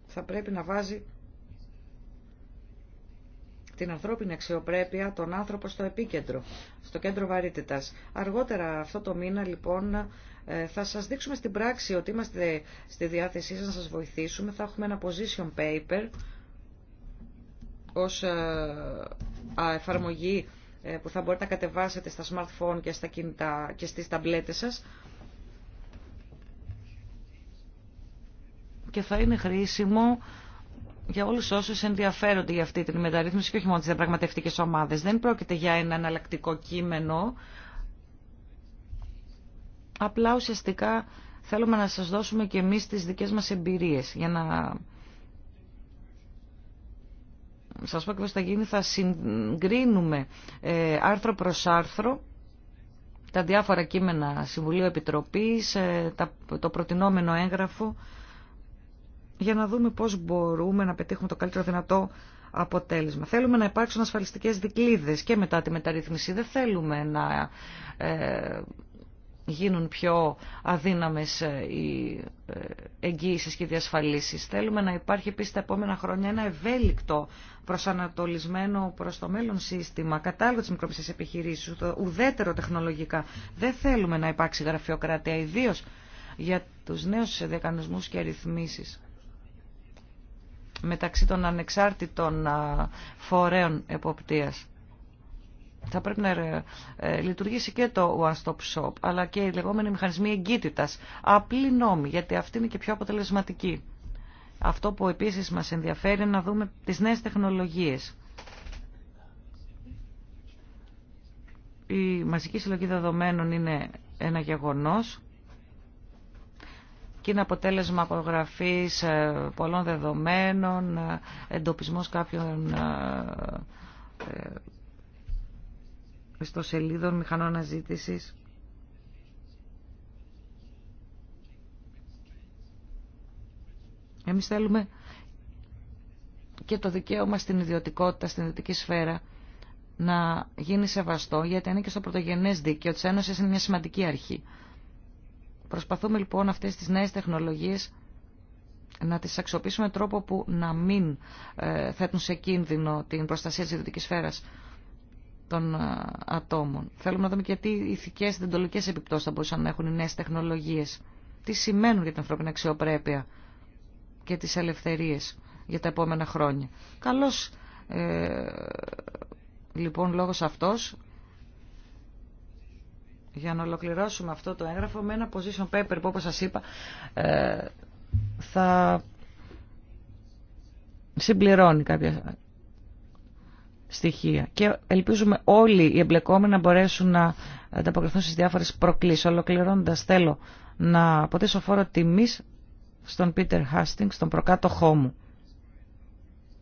θα πρέπει να βάζει την ανθρώπινη αξιοπρέπεια, τον άνθρωπο στο επίκεντρο, στο κέντρο βαρύτητας. Αργότερα αυτό το μήνα λοιπόν ε, θα σας δείξουμε στην πράξη ότι είμαστε στη διάθεσή σας να σας βοηθήσουμε. Θα έχουμε ένα position paper ως ε, εφαρμογή ε, που θα μπορείτε να κατεβάσετε στα smartphone και στα κινητά και στις ταμπλέτες σας και θα είναι χρήσιμο για όλου όσου ενδιαφέρονται για αυτή την μεταρρύθμιση και όχι μόνο τι διαπραγματευτικέ ομάδε. Δεν πρόκειται για ένα εναλλακτικό κείμενο. Απλά ουσιαστικά θέλουμε να σας δώσουμε και εμείς τις δικές μας εμπειρίες για να σας πω πώς θα γίνει, θα συγκρίνουμε ε, άρθρο προς άρθρο τα διάφορα κείμενα Συμβουλίου Επιτροπής, ε, το προτινόμενο έγγραφο για να δούμε πώς μπορούμε να πετύχουμε το καλύτερο δυνατό αποτέλεσμα. Θέλουμε να υπάρξουν ασφαλιστικές δικλείδες και μετά τη μεταρρύθμιση. Δεν θέλουμε να ε, γίνουν πιο αδύναμες ε, οι ε, εγγύησεις και οι διασφαλίσεις. Θέλουμε να υπάρχει επίσης τα επόμενα χρόνια ένα ευέλικτο προσανατολισμένο προς το μέλλον σύστημα, κατάλληλο της μικροπιστής επιχειρήσης, ουδέτερο τεχνολογικά. Δεν θέλουμε να υπάρξει γραφειοκρατία, ιδίω για τους νέους δεκανισμούς και ρυθμίσεις μεταξύ των ανεξάρτητων φορέων εποπτείας. Θα πρέπει να ε, ε, λειτουργήσει και το one-stop shop, αλλά και οι λεγόμενοι μηχανισμοί εγκύτητας. Απλή νόμη, γιατί αυτή είναι και πιο αποτελεσματική. Αυτό που επίσης μας ενδιαφέρει είναι να δούμε τις νέες τεχνολογίες. Η μαζική συλλογή δεδομένων είναι ένα γεγονός και είναι αποτέλεσμα απογραφής ε, πολλών δεδομένων, ε, εντοπισμός κάποιων ε, ιστοσελίδων μηχανών αναζήτησης. Εμείς θέλουμε και το δικαίωμα στην ιδιωτικότητα, στην ιδιωτική σφαίρα, να γίνει σεβαστό, γιατί είναι και στο πρωτογενές δίκαιο της Ένωσης είναι μια σημαντική αρχή. Προσπαθούμε λοιπόν αυτές τις νέες τεχνολογίες να τις αξιοποιήσουμε τρόπο που να μην ε, θέτουν σε κίνδυνο την προστασία της ιδιωτικής σφαίρας των ε, ατόμων. Θέλουμε να δούμε και τι ηθικές δεντολικές επιπτώσεις θα μπορούσαν να έχουν οι νέες τεχνολογίες. Τι σημαίνουν για την ανθρώπινη αξιοπρέπεια και τις ελευθερίες για τα επόμενα χρόνια. Καλώς ε, λοιπόν λόγος αυτός για να ολοκληρώσουμε αυτό το έγγραφο με ένα position paper που όπως σας είπα ε, θα συμπληρώνει κάποια στοιχεία. Και ελπίζουμε όλοι οι εμπλεκόμενοι να μπορέσουν να ανταποκριθούν στις διάφορες προκλήσεις. Ολοκληρώνοντας θέλω να αποτέσω φόρο τιμής στον Πίτερ Χάστινγκ, στον προκάτοχό μου.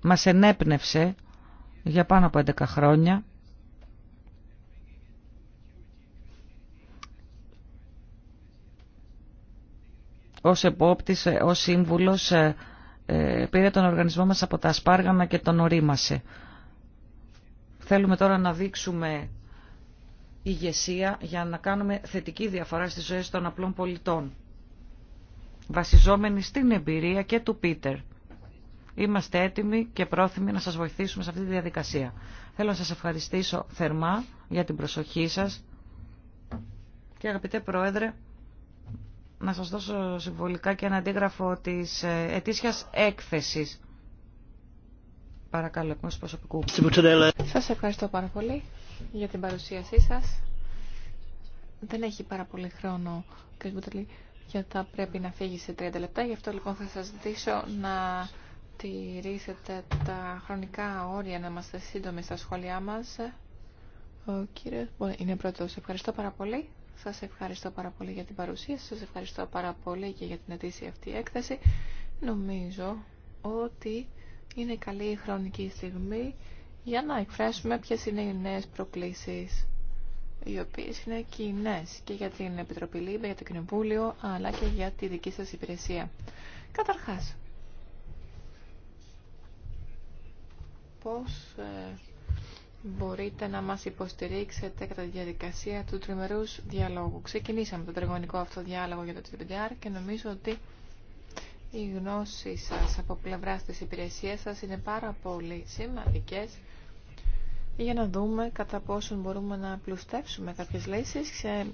Μας ενέπνευσε για πάνω από 11 χρόνια ως επόπτης, ως σύμβουλος ε, ε, πήρε τον οργανισμό μας από τα σπάργανα και τον ορίμασε. Θέλουμε τώρα να δείξουμε ηγεσία για να κάνουμε θετική διαφορά στις ζωές των απλών πολιτών. Βασιζόμενοι στην εμπειρία και του Πίτερ. Είμαστε έτοιμοι και πρόθυμοι να σας βοηθήσουμε σε αυτή τη διαδικασία. Θέλω να σας ευχαριστήσω θερμά για την προσοχή σας. Και αγαπητέ Πρόεδρε, να σας δώσω συμβολικά και ένα αντίγραφο της ε, ετήσιας έκθεσης. Παρακαλώ, εκ προσωπικού. Σας ευχαριστώ πάρα πολύ για την παρουσίασή σας. Δεν έχει πάρα πολύ χρόνο, κ. Μπουτελή, γιατί θα πρέπει να φύγει σε 30 λεπτά. Γι' αυτό λοιπόν θα σας ζητήσω να τηρήσετε τα χρονικά όρια, να είμαστε σύντομοι στα σχόλιά μας. Ο κύριος είναι πρώτος. Ευχαριστώ πάρα πολύ. Σας ευχαριστώ πάρα πολύ για την παρουσία σας, ευχαριστώ πάρα πολύ και για την αιτήσια αυτή έκθεση. Νομίζω ότι είναι καλή η χρονική στιγμή για να εκφράσουμε ποιες είναι οι νέες προκλήσεις οι οποίες είναι κοινέ και για την Επιτροπή Λίμπε, για το Κοινοβούλιο, αλλά και για τη δική σας υπηρεσία. Καταρχάς, πώς ε, μπορείτε να μας υποστηρίξετε κατά τη διαδικασία του τριμερούς διαλόγου. Ξεκινήσαμε τον τριγωνικό αυτό διάλογο για το TPDR και νομίζω ότι η γνώση σας από πλευράς της υπηρεσίας σας είναι πάρα πολύ σημαντικές για να δούμε κατά πόσον μπορούμε να πλουστεύσουμε κάποιες λύσεις σε ε,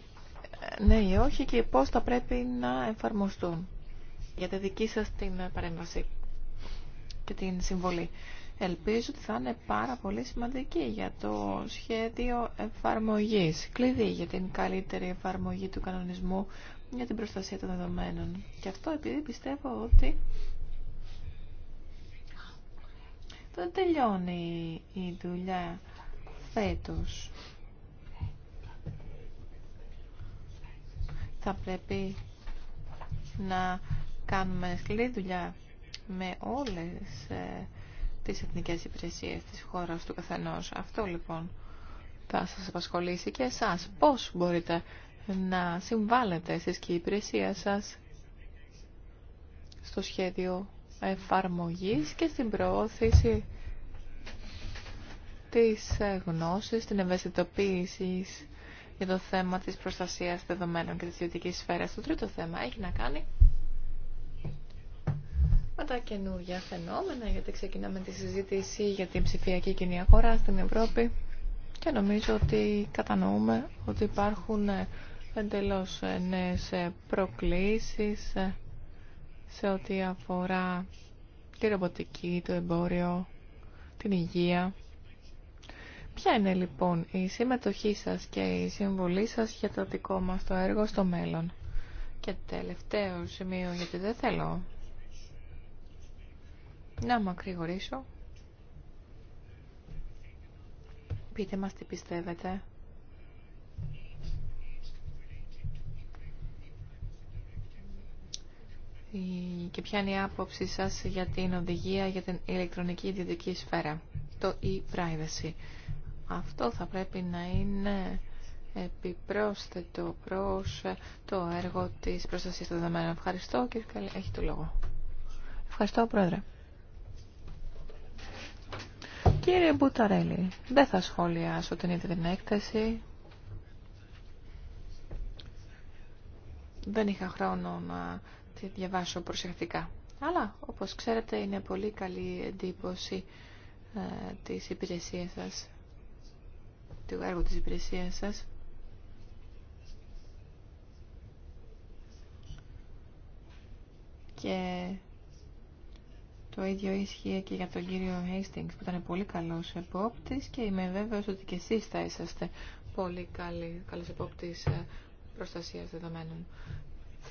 ναι ή όχι και πώς θα πρέπει να εφαρμοστούν για τη δική σας την παρέμβαση και την συμβολή ελπίζω ότι θα είναι πάρα πολύ σημαντική για το σχέδιο εφαρμογής, κλειδί για την καλύτερη εφαρμογή του κανονισμού για την προστασία των δεδομένων. Και αυτό επειδή πιστεύω ότι δεν τελειώνει η δουλειά φέτος. Θα πρέπει να κάνουμε σκληρή δουλειά με όλες ε, τις εθνικές υπηρεσίες της χώρας του καθενός. Αυτό λοιπόν θα σας απασχολήσει και εσάς. Πώς μπορείτε να συμβάλλετε εσείς και η υπηρεσία σας στο σχέδιο εφαρμογής και στην προώθηση της ε, γνώσης, την ευαισθητοποίηση για το θέμα της προστασίας δεδομένων και της ιδιωτικής σφαίρας. Το τρίτο θέμα έχει να κάνει με τα καινούργια φαινόμενα, γιατί ξεκινάμε τη συζήτηση για την ψηφιακή κοινή αγορά στην Ευρώπη και νομίζω ότι κατανοούμε ότι υπάρχουν ε, εντελώς ε, νέες ε, προκλήσεις σε ό,τι αφορά τη ρομποτική, το εμπόριο, την υγεία. Ποια είναι λοιπόν η συμμετοχή σας και η συμβολή σας για το δικό μας το έργο στο μέλλον. Και τελευταίο σημείο, γιατί δεν θέλω να ακρηγορήσω. Πείτε μας τι πιστεύετε. Και ποια είναι η άποψή σας για την οδηγία για την ηλεκτρονική ιδιωτική σφαίρα, το e-privacy. Αυτό θα πρέπει να είναι επιπρόσθετο προς το έργο της προστασίας των δεδομένων. Ευχαριστώ και έχει το λόγο. Ευχαριστώ, Πρόεδρε. Κύριε Μπουταρέλη, δεν θα σχολιάσω την ίδια την έκθεση. Δεν είχα χρόνο να τη διαβάσω προσεκτικά. Αλλά, όπως ξέρετε, είναι πολύ καλή εντύπωση ε, της υπηρεσίας σας, του έργου της υπηρεσίας σας. Και το ίδιο ίσχυε και για τον κύριο Hastings που ήταν πολύ καλός επόπτης και είμαι βέβαιος ότι και εσείς θα είσαστε πολύ καλό καλός επόπτης ε, προστασίας δεδομένων.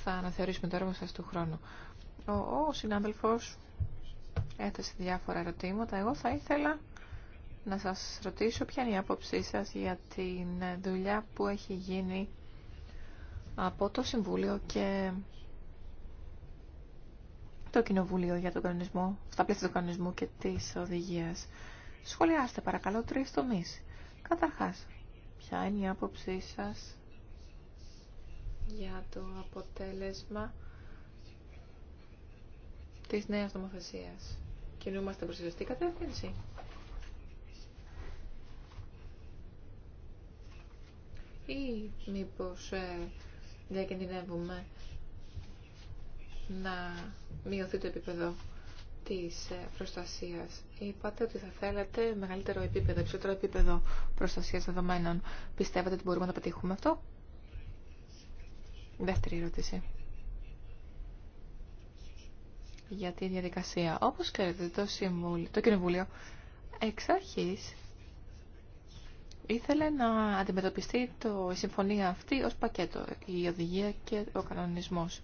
Θα αναθεωρήσουμε το έργο σας του χρόνου. Ο, ο συνάδελφος έθεσε διάφορα ερωτήματα. Εγώ θα ήθελα να σας ρωτήσω ποια είναι η άποψή σας για την δουλειά που έχει γίνει από το Συμβούλιο και το Κοινοβούλιο για τον κανονισμό, στα πλαίσια του κανονισμού και τη οδηγία. Σχολιάστε παρακαλώ τρει τομεί. Καταρχάς, ποια είναι η άποψή σα για το αποτέλεσμα τη νέα νομοθεσία. Κινούμαστε προ τη σωστή κατεύθυνση. Ή μήπως ε, διακινδυνεύουμε να μειωθεί το επίπεδο της ε, προστασίας. Είπατε ότι θα θέλατε μεγαλύτερο επίπεδο, υψηλότερο επίπεδο προστασίας δεδομένων. Πιστεύετε ότι μπορούμε να το πετύχουμε αυτό? Δεύτερη ερώτηση. Για τη διαδικασία. Όπως ξέρετε, το, συμβούλιο, το Κοινοβούλιο εξ αρχής ήθελε να αντιμετωπιστεί το, η συμφωνία αυτή ως πακέτο, η οδηγία και ο κανονισμός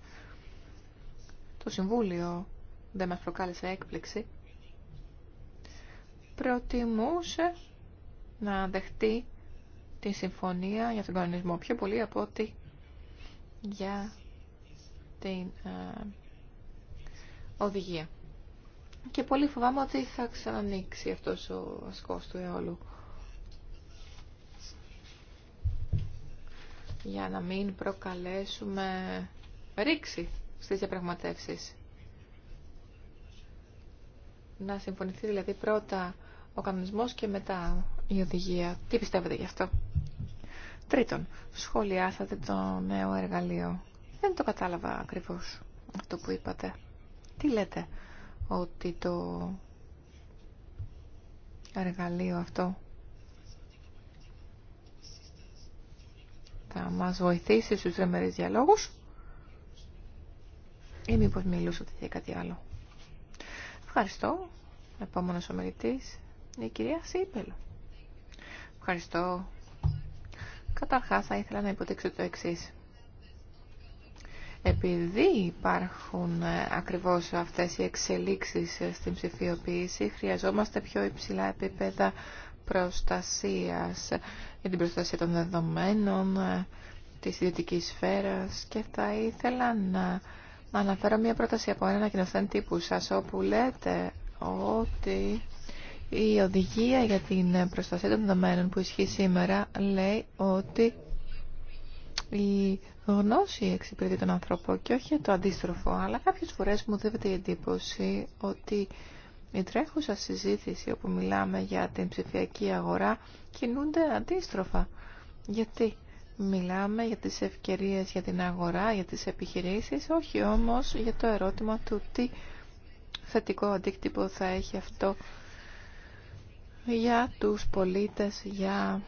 το Συμβούλιο δεν μας προκάλεσε έκπληξη, προτιμούσε να δεχτεί τη συμφωνία για τον κανονισμό πιο πολύ από ότι για την ε, οδηγία. Και πολύ φοβάμαι ότι θα ξανανοίξει αυτός ο ασκός του αιώλου. Για να μην προκαλέσουμε ρήξη στις διαπραγματεύσεις. Να συμφωνηθεί δηλαδή πρώτα ο κανονισμός και μετά η οδηγία. Τι πιστεύετε γι' αυτό. Τρίτον, σχολιάσατε το νέο εργαλείο. Δεν το κατάλαβα ακριβώς αυτό που είπατε. Τι λέτε ότι το εργαλείο αυτό θα μας βοηθήσει στους δρεμερείς διαλόγους ή ε, μήπω μιλούσατε για κάτι άλλο. Ευχαριστώ. Επόμενο ομιλητή, η κυρία Σίπελ. Ευχαριστώ. Καταρχά, θα ήθελα να υποδείξω το εξή. Επειδή υπάρχουν ε, ακριβώς αυτές οι εξελίξεις ε, στην ψηφιοποίηση, χρειαζόμαστε πιο υψηλά επίπεδα προστασίας για την προστασία των δεδομένων, της ιδιωτικής σφαίρας και θα ήθελα να Αναφέρω μια πρόταση από έναν ανακοινωθέν τύπου σας όπου λέτε ότι η οδηγία για την προστασία των δεδομένων που ισχύει σήμερα λέει ότι η γνώση εξυπηρετεί τον άνθρωπο και όχι το αντίστροφο, αλλά κάποιες φορές μου δίνεται η εντύπωση ότι η τρέχουσα συζήτηση όπου μιλάμε για την ψηφιακή αγορά κινούνται αντίστροφα. Γιατί Μιλάμε για τις ευκαιρίες για την αγορά, για τις επιχειρήσεις, όχι όμως για το ερώτημα του τι θετικό αντίκτυπο θα έχει αυτό για τους πολίτες, για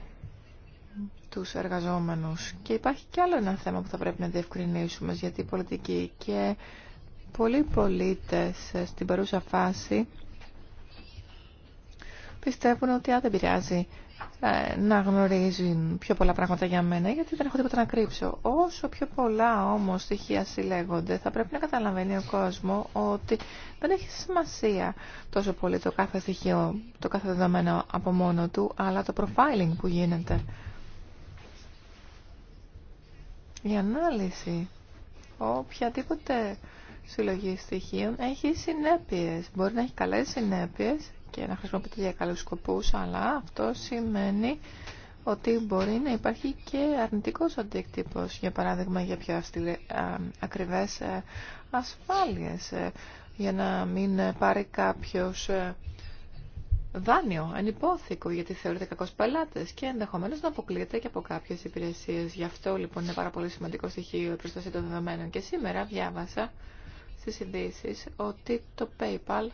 τους εργαζόμενους. Και υπάρχει κι άλλο ένα θέμα που θα πρέπει να διευκρινίσουμε, γιατί οι πολιτικοί και πολλοί πολίτες στην παρούσα φάση πιστεύουν ότι δεν πειράζει ε, να γνωρίζουν πιο πολλά πράγματα για μένα, γιατί δεν έχω τίποτα να κρύψω. Όσο πιο πολλά όμως στοιχεία συλλέγονται, θα πρέπει να καταλαβαίνει ο κόσμο ότι δεν έχει σημασία τόσο πολύ το κάθε στοιχείο, το κάθε δεδομένο από μόνο του, αλλά το profiling που γίνεται. Η ανάλυση οποιαδήποτε συλλογή στοιχείων έχει συνέπειες. Μπορεί να έχει καλές συνέπειες και να χρησιμοποιείται για καλούς σκοπούς, αλλά αυτό σημαίνει ότι μπορεί να υπάρχει και αρνητικός αντίκτυπος, για παράδειγμα για πιο ακριβές ε, ασφάλειες, ε, για να μην πάρει κάποιος ε, δάνειο, ανυπόθηκο, γιατί θεωρείται κακός πελάτης και ενδεχομένως να αποκλείεται και από κάποιες υπηρεσίες. Γι' αυτό λοιπόν είναι πάρα πολύ σημαντικό στοιχείο η προστασία των δεδομένων. Και σήμερα διάβασα στις ειδήσει ότι το PayPal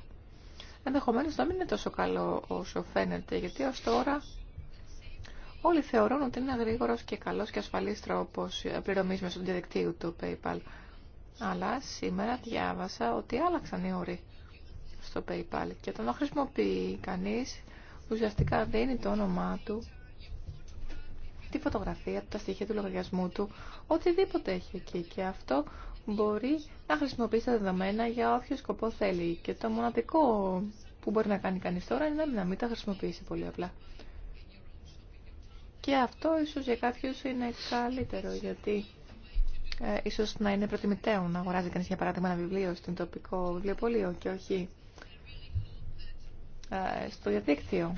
ενδεχομένω να μην είναι τόσο καλό όσο φαίνεται, γιατί ω τώρα όλοι θεωρούν ότι είναι γρήγορο και καλός και ασφαλής τρόπο πληρωμής μέσω του διαδικτύου του PayPal. Αλλά σήμερα διάβασα ότι άλλαξαν οι όροι στο PayPal και όταν χρησιμοποιεί κανείς ουσιαστικά δίνει το όνομά του τη φωτογραφία τα στοιχεία του λογαριασμού του, οτιδήποτε έχει εκεί. Και αυτό μπορεί να χρησιμοποιήσει τα δεδομένα για όποιο σκοπό θέλει. Και το μοναδικό που μπορεί να κάνει κανείς τώρα είναι να μην τα χρησιμοποιήσει πολύ απλά. Και αυτό ίσως για κάποιους είναι καλύτερο, γιατί ε, ίσως να είναι προτιμητέο να αγοράζει κανείς για παράδειγμα ένα βιβλίο στην τοπικό βιβλιοπωλείο και όχι ε, στο διαδίκτυο.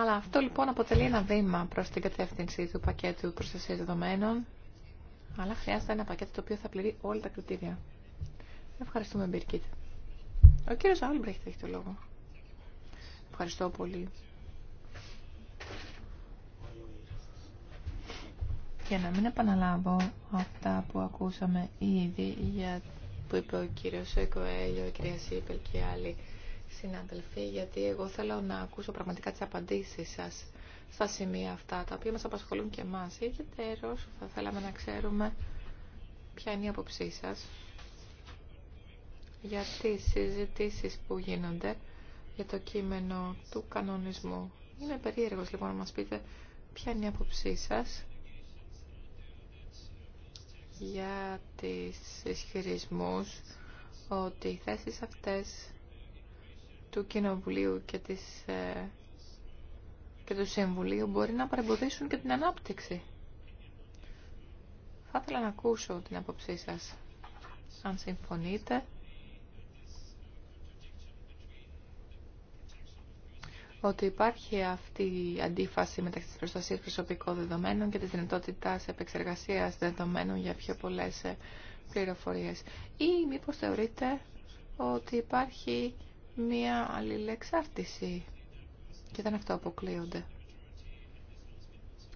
Αλλά αυτό λοιπόν αποτελεί ένα βήμα προς την κατεύθυνση του πακέτου προστασία δεδομένων, αλλά χρειάζεται ένα πακέτο το οποίο θα πληρεί όλα τα κριτήρια. Ευχαριστούμε, Μπίρκιτ. Ο κύριος Άλμπρεχτ έχει το λόγο. Ευχαριστώ πολύ. Για να μην επαναλάβω αυτά που ακούσαμε ήδη για που είπε ο κύριος Σοϊκοέλιο, η κυρία Σίπελ και άλλοι συνάδελφοι, γιατί εγώ θέλω να ακούσω πραγματικά τις απαντήσεις σας στα σημεία αυτά, τα οποία μας απασχολούν και εμάς. τέρος, θα θέλαμε να ξέρουμε ποια είναι η άποψή σας για τις συζητήσεις που γίνονται για το κείμενο του κανονισμού. Είναι περίεργος λοιπόν να μας πείτε ποια είναι η άποψή σας για τις ισχυρισμούς ότι οι θέσεις αυτές του Κοινοβουλίου και, της, ε, και του Συμβουλίου μπορεί να παρεμποδίσουν και την ανάπτυξη. Θα ήθελα να ακούσω την απόψή σας. Αν συμφωνείτε, ότι υπάρχει αυτή η αντίφαση μεταξύ της προστασίας προσωπικών δεδομένων και της δυνατότητας επεξεργασίας δεδομένων για πιο πολλές ε, πληροφορίες. Ή μήπως θεωρείτε ότι υπάρχει μία αλληλεξάρτηση. Και δεν αυτό αποκλείονται.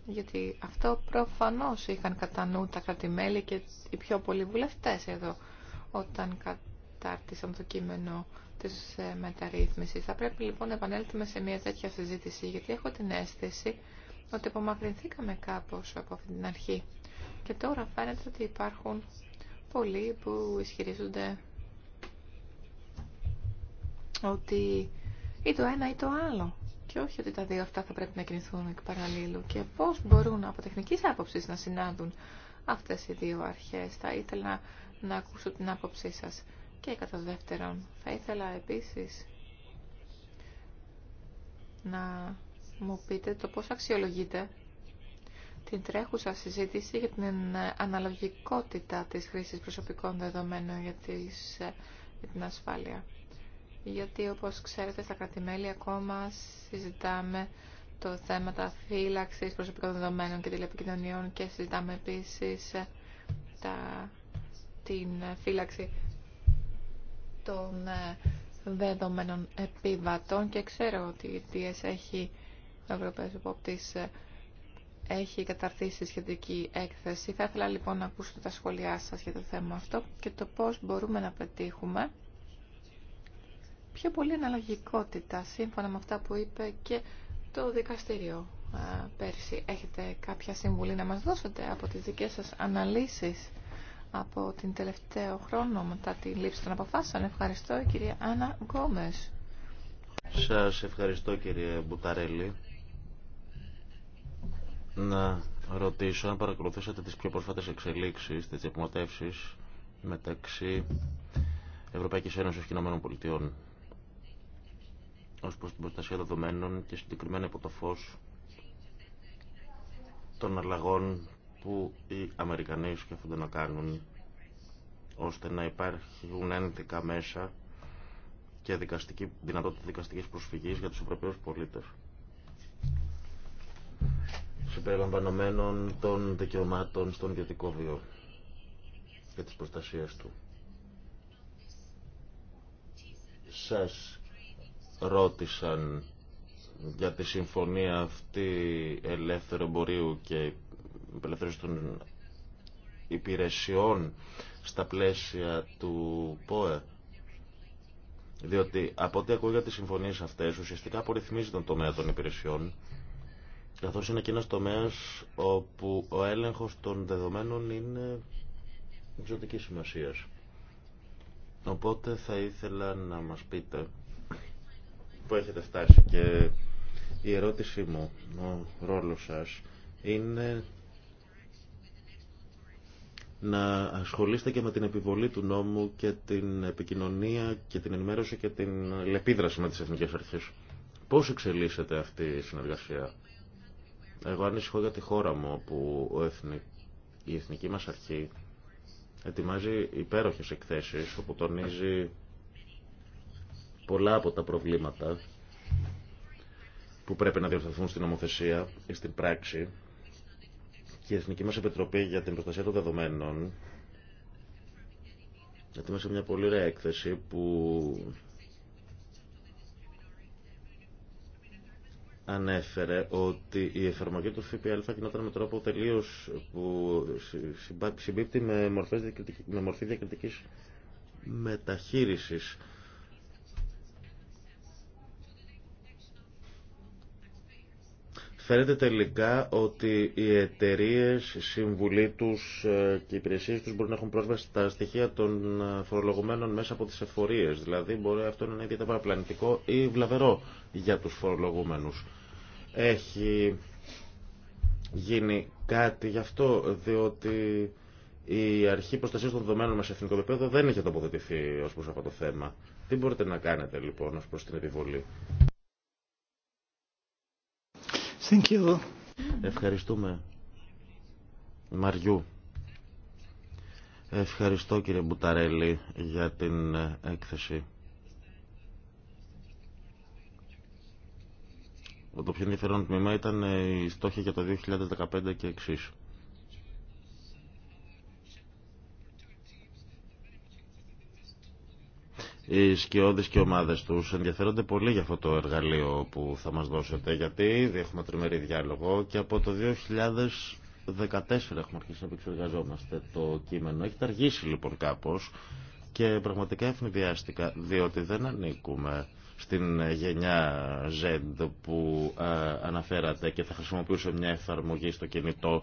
Γιατί αυτό προφανώς είχαν κατά νου τα κρατημέλη και οι πιο πολλοί βουλευτές εδώ όταν κατάρτισαν το κείμενο της ε, μεταρρύθμισης. Θα πρέπει λοιπόν να επανέλθουμε σε μια τέτοια συζήτηση γιατί έχω την αίσθηση ότι απομακρυνθήκαμε κάπως από αυτή την αρχή. Και τώρα φαίνεται ότι υπάρχουν πολλοί που ισχυρίζονται ότι ή το ένα ή το άλλο. Και όχι ότι τα δύο αυτά θα πρέπει να κινηθούν εκ παραλλήλου. Και πώς μπορούν από τεχνικής άποψης να συνάντουν αυτές οι δύο αρχές. Θα ήθελα να ακούσω την άποψή σας. Και κατά δεύτερον, θα ήθελα επίσης να μου πείτε το πώς αξιολογείτε την τρέχουσα συζήτηση για την αναλογικότητα της χρήσης προσωπικών δεδομένων για την ασφάλεια γιατί όπως ξέρετε στα κρατημέλη ακόμα συζητάμε το θέμα τα φύλαξη προσωπικών δεδομένων και τηλεπικοινωνιών και συζητάμε επίσης ε, τα, την φύλαξη των ε, δεδομένων επιβατών και ξέρω ότι η έχει ο Ευρωπαίος ε, έχει καταρτήσει σχετική έκθεση. Θα ήθελα λοιπόν να ακούσω τα σχόλιά σας για το θέμα αυτό και το πώς μπορούμε να πετύχουμε πιο πολύ εναλλαγικότητα σύμφωνα με αυτά που είπε και το δικαστήριο πέρσι. Έχετε κάποια συμβουλή να μας δώσετε από τις δικές σας αναλύσεις από την τελευταίο χρόνο μετά τη λήψη των αποφάσεων. Ευχαριστώ κυρία Άννα Γκόμες. Σας ευχαριστώ κυρία Μπουταρέλη. Να ρωτήσω αν παρακολουθήσατε τις πιο πρόσφατες εξελίξεις, τις διαπομοτεύσεις μεταξύ Ευρωπαϊκής Ένωσης και Ηνωμένων Πολιτειών ως προς την προστασία δεδομένων και συγκεκριμένα υπό το φως των αλλαγών που οι Αμερικανοί σκέφτονται να κάνουν ώστε να υπάρχουν ένδεικα μέσα και δικαστική, δυνατότητα δικαστικής προσφυγής για τους Ευρωπαίους πολίτες συμπεριλαμβανομένων των δικαιωμάτων στον ιδιωτικό βίο και της προστασίας του. Σας ρώτησαν για τη συμφωνία αυτή ελεύθερου εμπορίου και απελευθέρωση των υπηρεσιών στα πλαίσια του ΠΟΕ. Διότι από ό,τι ακούω για τις συμφωνίες αυτές ουσιαστικά απορριθμίζει τον τομέα των υπηρεσιών καθώς είναι ένας τομέας όπου ο έλεγχος των δεδομένων είναι ζωτική σημασίας. Οπότε θα ήθελα να μας πείτε που έχετε φτάσει και η ερώτησή μου, ο ρόλος σας, είναι να ασχολείστε και με την επιβολή του νόμου και την επικοινωνία και την ενημέρωση και την λεπίδραση με τις εθνικές αρχές. Πώς εξελίσσεται αυτή η συνεργασία. Εγώ ανησυχώ για τη χώρα μου όπου ο η εθνική μας αρχή ετοιμάζει υπέροχες εκθέσεις όπου τονίζει πολλά από τα προβλήματα που πρέπει να διορθωθούν στην νομοθεσία ή στην πράξη και η Εθνική μας Επιτροπή για την Προστασία των Δεδομένων γιατί μια πολύ ωραία έκθεση που ανέφερε ότι η εφαρμογή του ΦΠΑ γινόταν με τρόπο τελείω που συμπίπτει με, μορφή διακριτικής μεταχείρισης Φαίνεται τελικά ότι οι εταιρείε, οι συμβουλοί του ε, και οι υπηρεσίε του μπορεί να έχουν πρόσβαση στα στοιχεία των ε, φορολογουμένων μέσα από τι εφορίε. Δηλαδή, μπορεί αυτό να είναι ιδιαίτερα παραπλανητικό ή βλαβερό για του φορολογούμενου. Έχει γίνει κάτι γι' αυτό, διότι η αρχή προστασία των δεδομένων μα σε εθνικό επίπεδο δεν είχε τοποθετηθεί ω προ αυτό το θέμα. Τι μπορείτε να κάνετε λοιπόν ω προ την επιβολή. Ευχαριστούμε. Μαριού. Ευχαριστώ κύριε Μπουταρέλη για την ε, έκθεση. Το πιο ενδιαφέρον τμήμα ήταν οι ε, στόχοι για το 2015 και εξής. Οι σκιώδεις και ομάδες τους ενδιαφέρονται πολύ για αυτό το εργαλείο που θα μας δώσετε, γιατί ήδη έχουμε τριμερή διάλογο και από το 2014 έχουμε αρχίσει να επεξεργαζόμαστε το κείμενο. Έχετε αργήσει λοιπόν κάπως και πραγματικά ευνηδιάστηκα, διότι δεν ανήκουμε στην γενιά Z που ε, αναφέρατε και θα χρησιμοποιούσε μια εφαρμογή στο κινητό.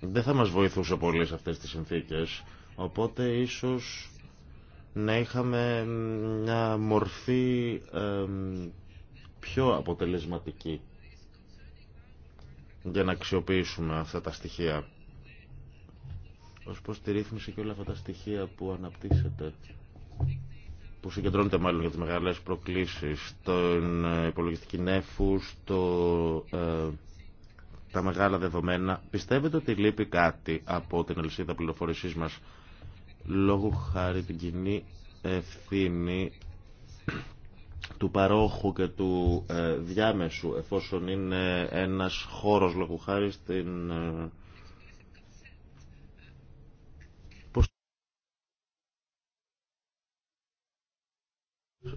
Δεν θα μας βοηθούσε πολύ σε αυτές τις συνθήκες, οπότε ίσως να είχαμε μια μορφή πιο αποτελεσματική για να αξιοποιήσουμε αυτά τα στοιχεία. Ως προς τη ρύθμιση και όλα αυτά τα στοιχεία που αναπτύσσεται, που συγκεντρώνεται μάλλον για τις μεγάλες προκλήσεις, τον ε, υπολογιστική νέφου, το, ε, τα μεγάλα δεδομένα, πιστεύετε ότι λείπει κάτι από την αλυσίδα πληροφορησής μας λόγω χάρη την κοινή ευθύνη του παρόχου και του ε, διάμεσου εφόσον είναι ένας χώρος λόγου χάρη στην ε,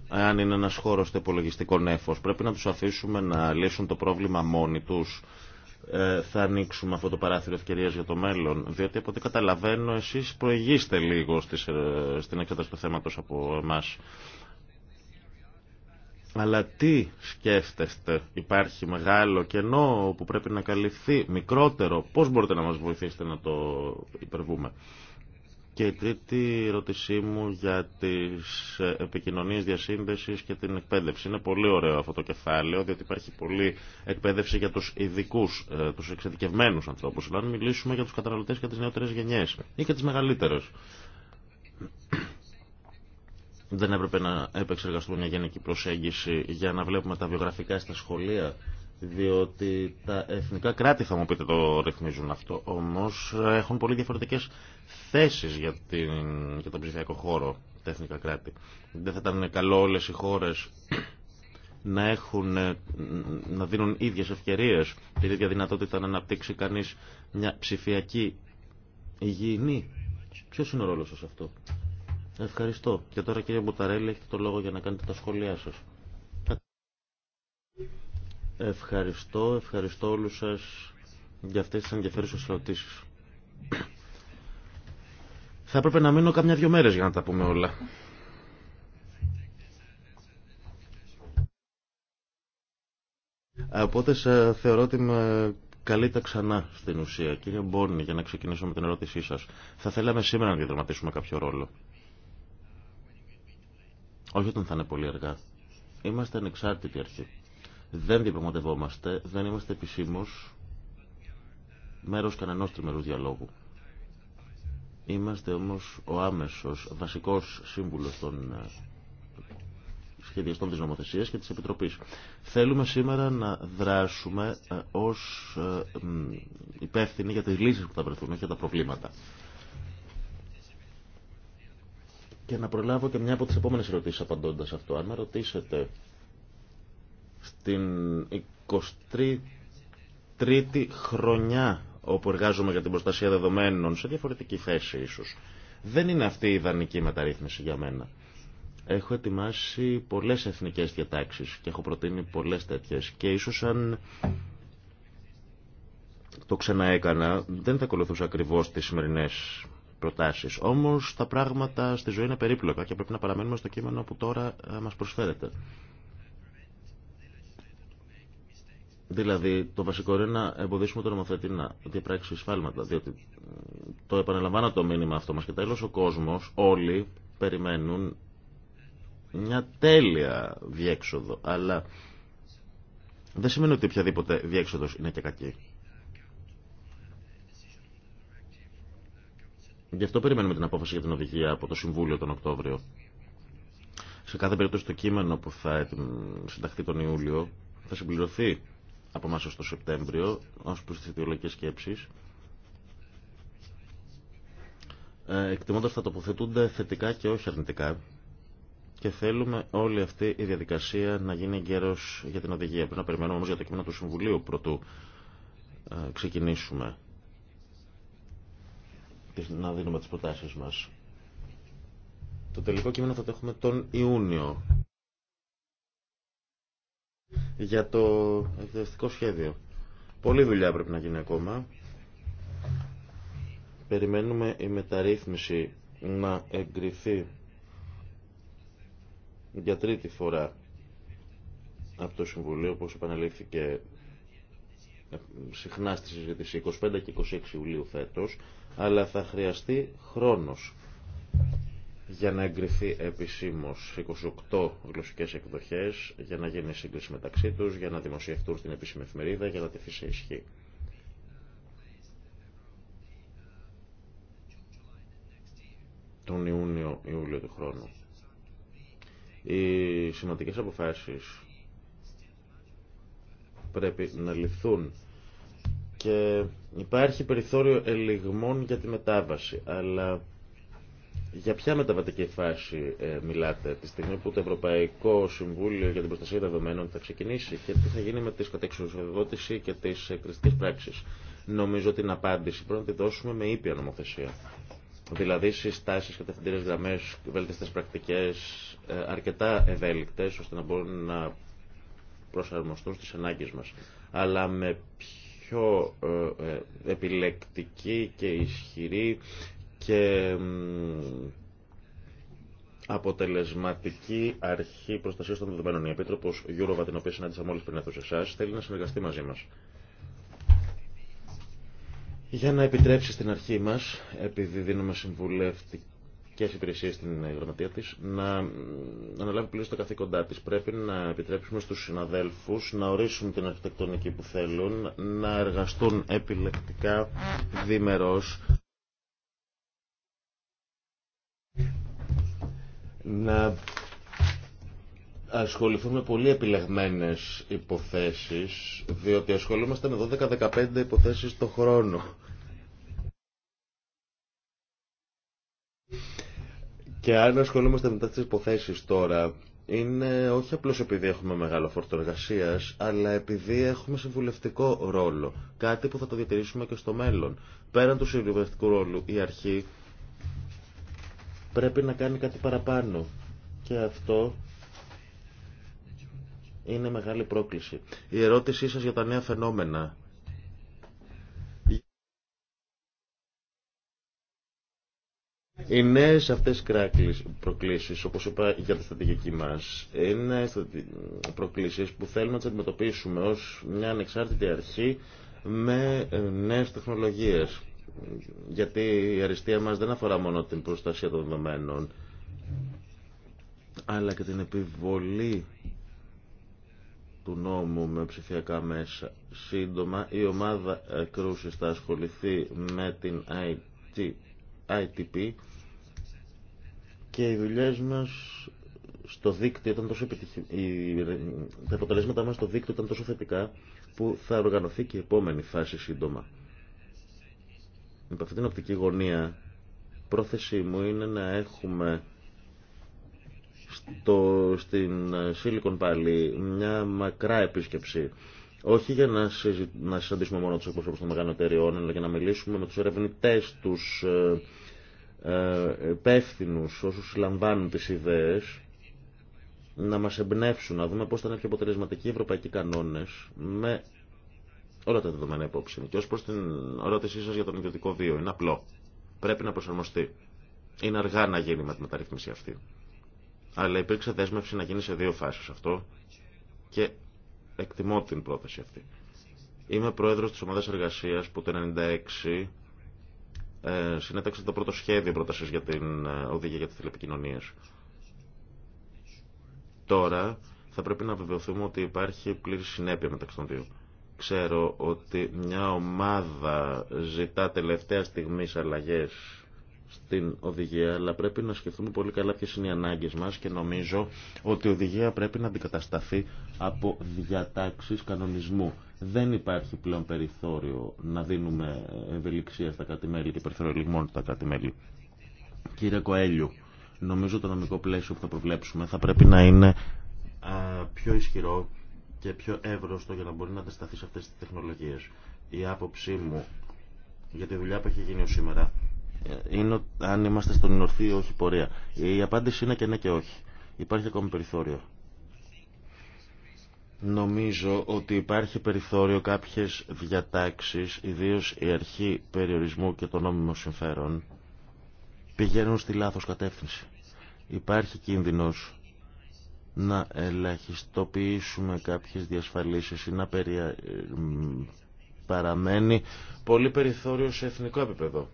αν είναι ένας χώρος στο υπολογιστικό νέφος, πρέπει να τους αφήσουμε να λύσουν το πρόβλημα μόνοι τους. Ε, θα ανοίξουμε αυτό το παράθυρο ευκαιρία για το μέλλον. Διότι από ό,τι καταλαβαίνω εσείς προηγείστε λίγο στις, ε, στην εξέταση του θέματο από εμά. Αλλά τι σκέφτεστε, υπάρχει μεγάλο κενό που πρέπει να καλυφθεί, μικρότερο, πώς μπορείτε να μας βοηθήσετε να το υπερβούμε. Και η τρίτη ερώτησή μου για τις ε, επικοινωνίες διασύνδεσης και την εκπαίδευση. Είναι πολύ ωραίο αυτό το κεφάλαιο, διότι υπάρχει πολλή εκπαίδευση για τους ειδικού, ε, τους εξειδικευμένους ανθρώπους. Αλλά αν μιλήσουμε για τους καταναλωτές και τις νεότερες γενιές ή και τις μεγαλύτερες. Δεν έπρεπε να επεξεργαστούμε μια γενική προσέγγιση για να βλέπουμε τα βιογραφικά στα σχολεία διότι τα εθνικά κράτη θα μου πείτε το ρυθμίζουν αυτό, όμως έχουν πολύ διαφορετικές θέσεις για, την, για τον ψηφιακό χώρο τα εθνικά κράτη. Δεν θα ήταν καλό όλες οι χώρες να, έχουν, να δίνουν ίδιες ευκαιρίες, την ίδια δυνατότητα να αναπτύξει κανείς μια ψηφιακή υγιεινή. Ποιος είναι ο ρόλος σας αυτό. Ευχαριστώ. Και τώρα κύριε Μπουταρέλη έχετε το λόγο για να κάνετε τα σχόλιά σας. Ευχαριστώ, ευχαριστώ όλους σας για αυτές τις ενδιαφέρουσες ερωτήσεις. Θα έπρεπε να μείνω κάμια δυο μέρες για να τα πούμε όλα. Οπότε θεωρώ ότι με καλείτε ξανά στην ουσία. Κύριε Μπόρνη, για να ξεκινήσω με την ερώτησή σας. Θα θέλαμε σήμερα να διαδραματίσουμε κάποιο ρόλο. Όχι όταν θα είναι πολύ αργά. Είμαστε ανεξάρτητοι αρχή δεν διαπραγματευόμαστε, δεν είμαστε επισήμω μέρος κανενό τριμερού διαλόγου. Είμαστε όμως ο άμεσος βασικός σύμβουλος των ε, σχεδιαστών της νομοθεσίας και της Επιτροπής. Θέλουμε σήμερα να δράσουμε ε, ως ε, υπεύθυνοι για τις λύσεις που θα βρεθούν και τα προβλήματα. Και να προλάβω και μια από τις επόμενες ερωτήσεις απαντώντας αυτό. Αν με ρωτήσετε στην 23η χρονιά όπου εργάζομαι για την προστασία δεδομένων σε διαφορετική θέση ίσως. Δεν είναι αυτή η ιδανική μεταρρύθμιση για μένα. Έχω ετοιμάσει πολλές εθνικές διατάξεις και έχω προτείνει πολλές τέτοιες και ίσως αν το ξαναέκανα δεν θα ακολουθούσα ακριβώς τις σημερινές προτάσεις. Όμως τα πράγματα στη ζωή είναι περίπλοκα και πρέπει να παραμένουμε στο κείμενο που τώρα ε, μας προσφέρεται. Δηλαδή, το βασικό είναι να εμποδίσουμε τον νομοθέτη να διαπράξει σφάλματα. Διότι το επαναλαμβάνω το μήνυμα αυτό μα και τέλο ο κόσμο, όλοι περιμένουν μια τέλεια διέξοδο. Αλλά δεν σημαίνει ότι οποιαδήποτε διέξοδο είναι και κακή. Γι' αυτό περιμένουμε την απόφαση για την οδηγία από το Συμβούλιο τον Οκτώβριο. Σε κάθε περίπτωση το κείμενο που θα συνταχθεί τον Ιούλιο θα συμπληρωθεί από εμάς ως το Σεπτέμβριο ως προς τις ιδεολογικές σκέψεις ε, εκτιμώντας θα τοποθετούνται θετικά και όχι αρνητικά και θέλουμε όλη αυτή η διαδικασία να γίνει γέρος για την οδηγία. Πρέπει να περιμένουμε όμως για το κείμενο του Συμβουλίου πρωτού ε, ξεκινήσουμε να δίνουμε τις προτάσεις μας. Το τελικό κείμενο θα το έχουμε τον Ιούνιο για το εκτελεστικό σχέδιο. Πολύ δουλειά πρέπει να γίνει ακόμα. Περιμένουμε η μεταρρύθμιση να εγκριθεί για τρίτη φορά από το Συμβουλίο, όπως επαναλήφθηκε συχνά στη συζήτηση 25 και 26 Ιουλίου φέτος, αλλά θα χρειαστεί χρόνος για να εγκριθεί επισήμω 28 γλωσσικές εκδοχές, για να γίνει σύγκριση μεταξύ του, για να δημοσιευτούν στην επίσημη εφημερίδα, για να τεθεί σε ισχύ. Τον Ιούνιο-Ιούλιο του χρόνου. Οι σημαντικές αποφάσεις πρέπει να ληφθούν και υπάρχει περιθώριο ελιγμών για τη μετάβαση, αλλά για ποια μεταβατική φάση ε, μιλάτε, τη στιγμή που το Ευρωπαϊκό Συμβούλιο για την Προστασία των Δεδομένων θα ξεκινήσει και τι θα γίνει με τις κατεξοδότηση και τις κριτικέ πράξει. Νομίζω την απάντηση πρέπει να τη δώσουμε με ήπια νομοθεσία. Δηλαδή συστάσεις, κατευθυντήρες γραμμές, πρακτικέ πρακτικές, ε, αρκετά ευέλικτε, ώστε να μπορούν να προσαρμοστούν στι ανάγκε μα, Αλλά με πιο ε, επιλεκτική και ισχυρή και αποτελεσματική αρχή προστασία των δεδομένων. Η Επίτροπο Γιούροβα, την οποία συνάντησα μόλι πριν από εσά, θέλει να συνεργαστεί μαζί μα. Για να επιτρέψει στην αρχή μα, επειδή δίνουμε συμβουλευτική και στι υπηρεσίε στην γραμματεία τη να αναλάβει πλήρω το καθήκοντά τη. Πρέπει να επιτρέψουμε στου συναδέλφου να ορίσουν την αρχιτεκτονική που θέλουν, να εργαστούν επιλεκτικά, διμερό να ασχοληθούμε με πολύ επιλεγμένες υποθέσεις, διότι ασχολούμαστε με 12-15 υποθέσεις το χρόνο. Και αν ασχολούμαστε με τέτοιες υποθέσεις τώρα, είναι όχι απλώς επειδή έχουμε μεγάλο φόρτο εργασία, αλλά επειδή έχουμε συμβουλευτικό ρόλο. Κάτι που θα το διατηρήσουμε και στο μέλλον. Πέραν του συμβουλευτικού ρόλου, η αρχή πρέπει να κάνει κάτι παραπάνω. Και αυτό είναι μεγάλη πρόκληση. Η ερώτησή σας για τα νέα φαινόμενα. Οι νέε αυτές προκλήσεις, όπως είπα για τη στρατηγική μας, είναι προκλήσεις που θέλουμε να τις αντιμετωπίσουμε ως μια ανεξάρτητη αρχή με ε, νέες τεχνολογίες γιατί η αριστεία μας δεν αφορά μόνο την προστασία των δεδομένων, αλλά και την επιβολή του νόμου με ψηφιακά μέσα. Σύντομα, η ομάδα κρούσης θα ασχοληθεί με την IT, ITP και οι δουλειές μας στο δίκτυο ήταν τόσο τα αποτελέσματα μας στο δίκτυο ήταν τόσο θετικά που θα οργανωθεί και η επόμενη φάση σύντομα με αυτή την οπτική γωνία πρόθεσή μου είναι να έχουμε στο, στην ε, Silicon Valley μια μακρά επίσκεψη όχι για να, συζη... να συναντήσουμε μόνο τους εκπροσώπους των μεγάλων εταιριών, αλλά για να μιλήσουμε με τους ερευνητέ, τους ε, ε υπεύθυνου, όσους λαμβάνουν τις ιδέες, να μας εμπνεύσουν, να δούμε πώς θα είναι πιο αποτελεσματικοί οι ευρωπαϊκοί κανόνες με όλα τα δεδομένα υπόψη. Και ω προ την ερώτησή σα για τον ιδιωτικό βίο, είναι απλό. Πρέπει να προσαρμοστεί. Είναι αργά να γίνει με τη μεταρρύθμιση αυτή. Αλλά υπήρξε δέσμευση να γίνει σε δύο φάσει αυτό και εκτιμώ την πρόθεση αυτή. Είμαι πρόεδρο τη ομάδα εργασία που το 1996 ε, συνέταξε το πρώτο σχέδιο πρόταση για την ε, οδηγία για τι τηλεπικοινωνίε. Τώρα θα πρέπει να βεβαιωθούμε ότι υπάρχει πλήρη συνέπεια μεταξύ των δύο ξέρω ότι μια ομάδα ζητά τελευταία στιγμή αλλαγέ στην οδηγία, αλλά πρέπει να σκεφτούμε πολύ καλά ποιε είναι οι ανάγκε μα και νομίζω ότι η οδηγία πρέπει να αντικατασταθεί από διατάξει κανονισμού. Δεν υπάρχει πλέον περιθώριο να δίνουμε ευελιξία στα κράτη-μέλη και περιθώριο τα στα μελη Κύριε Κοέλιου, νομίζω το νομικό πλαίσιο που θα προβλέψουμε θα πρέπει να είναι πιο ισχυρό και πιο εύρωστο για να μπορεί να αντισταθεί σε αυτές τις τεχνολογίες. Η άποψή μου για τη δουλειά που έχει γίνει σήμερα ε, είναι αν είμαστε στον ορθή ή όχι πορεία. Η απάντηση είναι και ναι και όχι. Υπάρχει ακόμη περιθώριο. Νομίζω ότι υπάρχει περιθώριο κάποιες διατάξεις, ιδίως η αρχή περιορισμού και των νόμιμων συμφέρων, πηγαίνουν στη λάθος κατεύθυνση. Υπάρχει κίνδυνος να ελαχιστοποιήσουμε κάποιες διασφαλίσεις ή να ε, παραμένει πολύ περιθώριο σε εθνικό επίπεδο.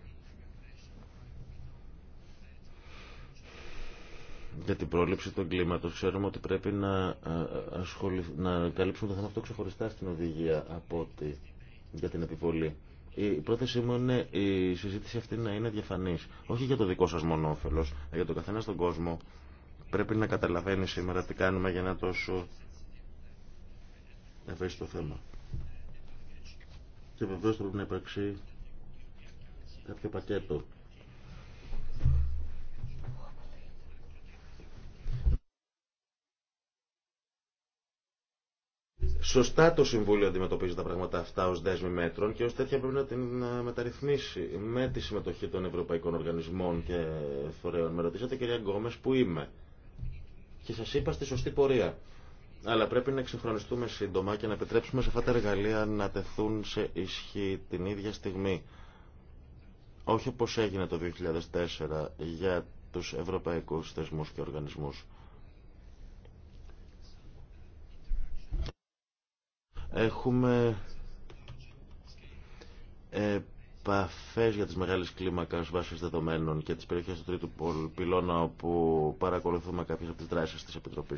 Για την πρόληψη των κλίματος ξέρουμε ότι πρέπει να, ε, ασχολη... να καλύψουμε το θέμα αυτό ξεχωριστά στην οδηγία από ότι για την επιβολή. Η πρόθεσή μου είναι η συζήτηση αυτή να είναι διαφανής. Όχι για το δικό σας μονόφελος, αλλά για τον καθένα στον κόσμο Πρέπει να καταλαβαίνει σήμερα τι κάνουμε για ένα τόσο ευαίσθητο θέμα. Και βεβαίω πρέπει να υπάρξει κάποιο πακέτο. Σωστά το Συμβούλιο αντιμετωπίζει τα πράγματα αυτά ως δέσμη μέτρων και ως τέτοια πρέπει να την ε, μεταρρυθμίσει με τη συμμετοχή των ευρωπαϊκών οργανισμών και φορέων. Με ρωτήσατε κυρία Γκόμες που είμαι και σας είπα στη σωστή πορεία. Αλλά πρέπει να εξυγχρονιστούμε σύντομα και να επιτρέψουμε σε αυτά τα εργαλεία να τεθούν σε ισχύ την ίδια στιγμή. Όχι όπως έγινε το 2004 για τους ευρωπαϊκούς θεσμούς και οργανισμούς. Έχουμε ε, Παφέ για τι μεγάλε κλίμακες βάσει δεδομένων και τι περιοχέ του τρίτου πυλώνα όπου παρακολουθούμε κάποιε από τι δράσεις τη Επιτροπή.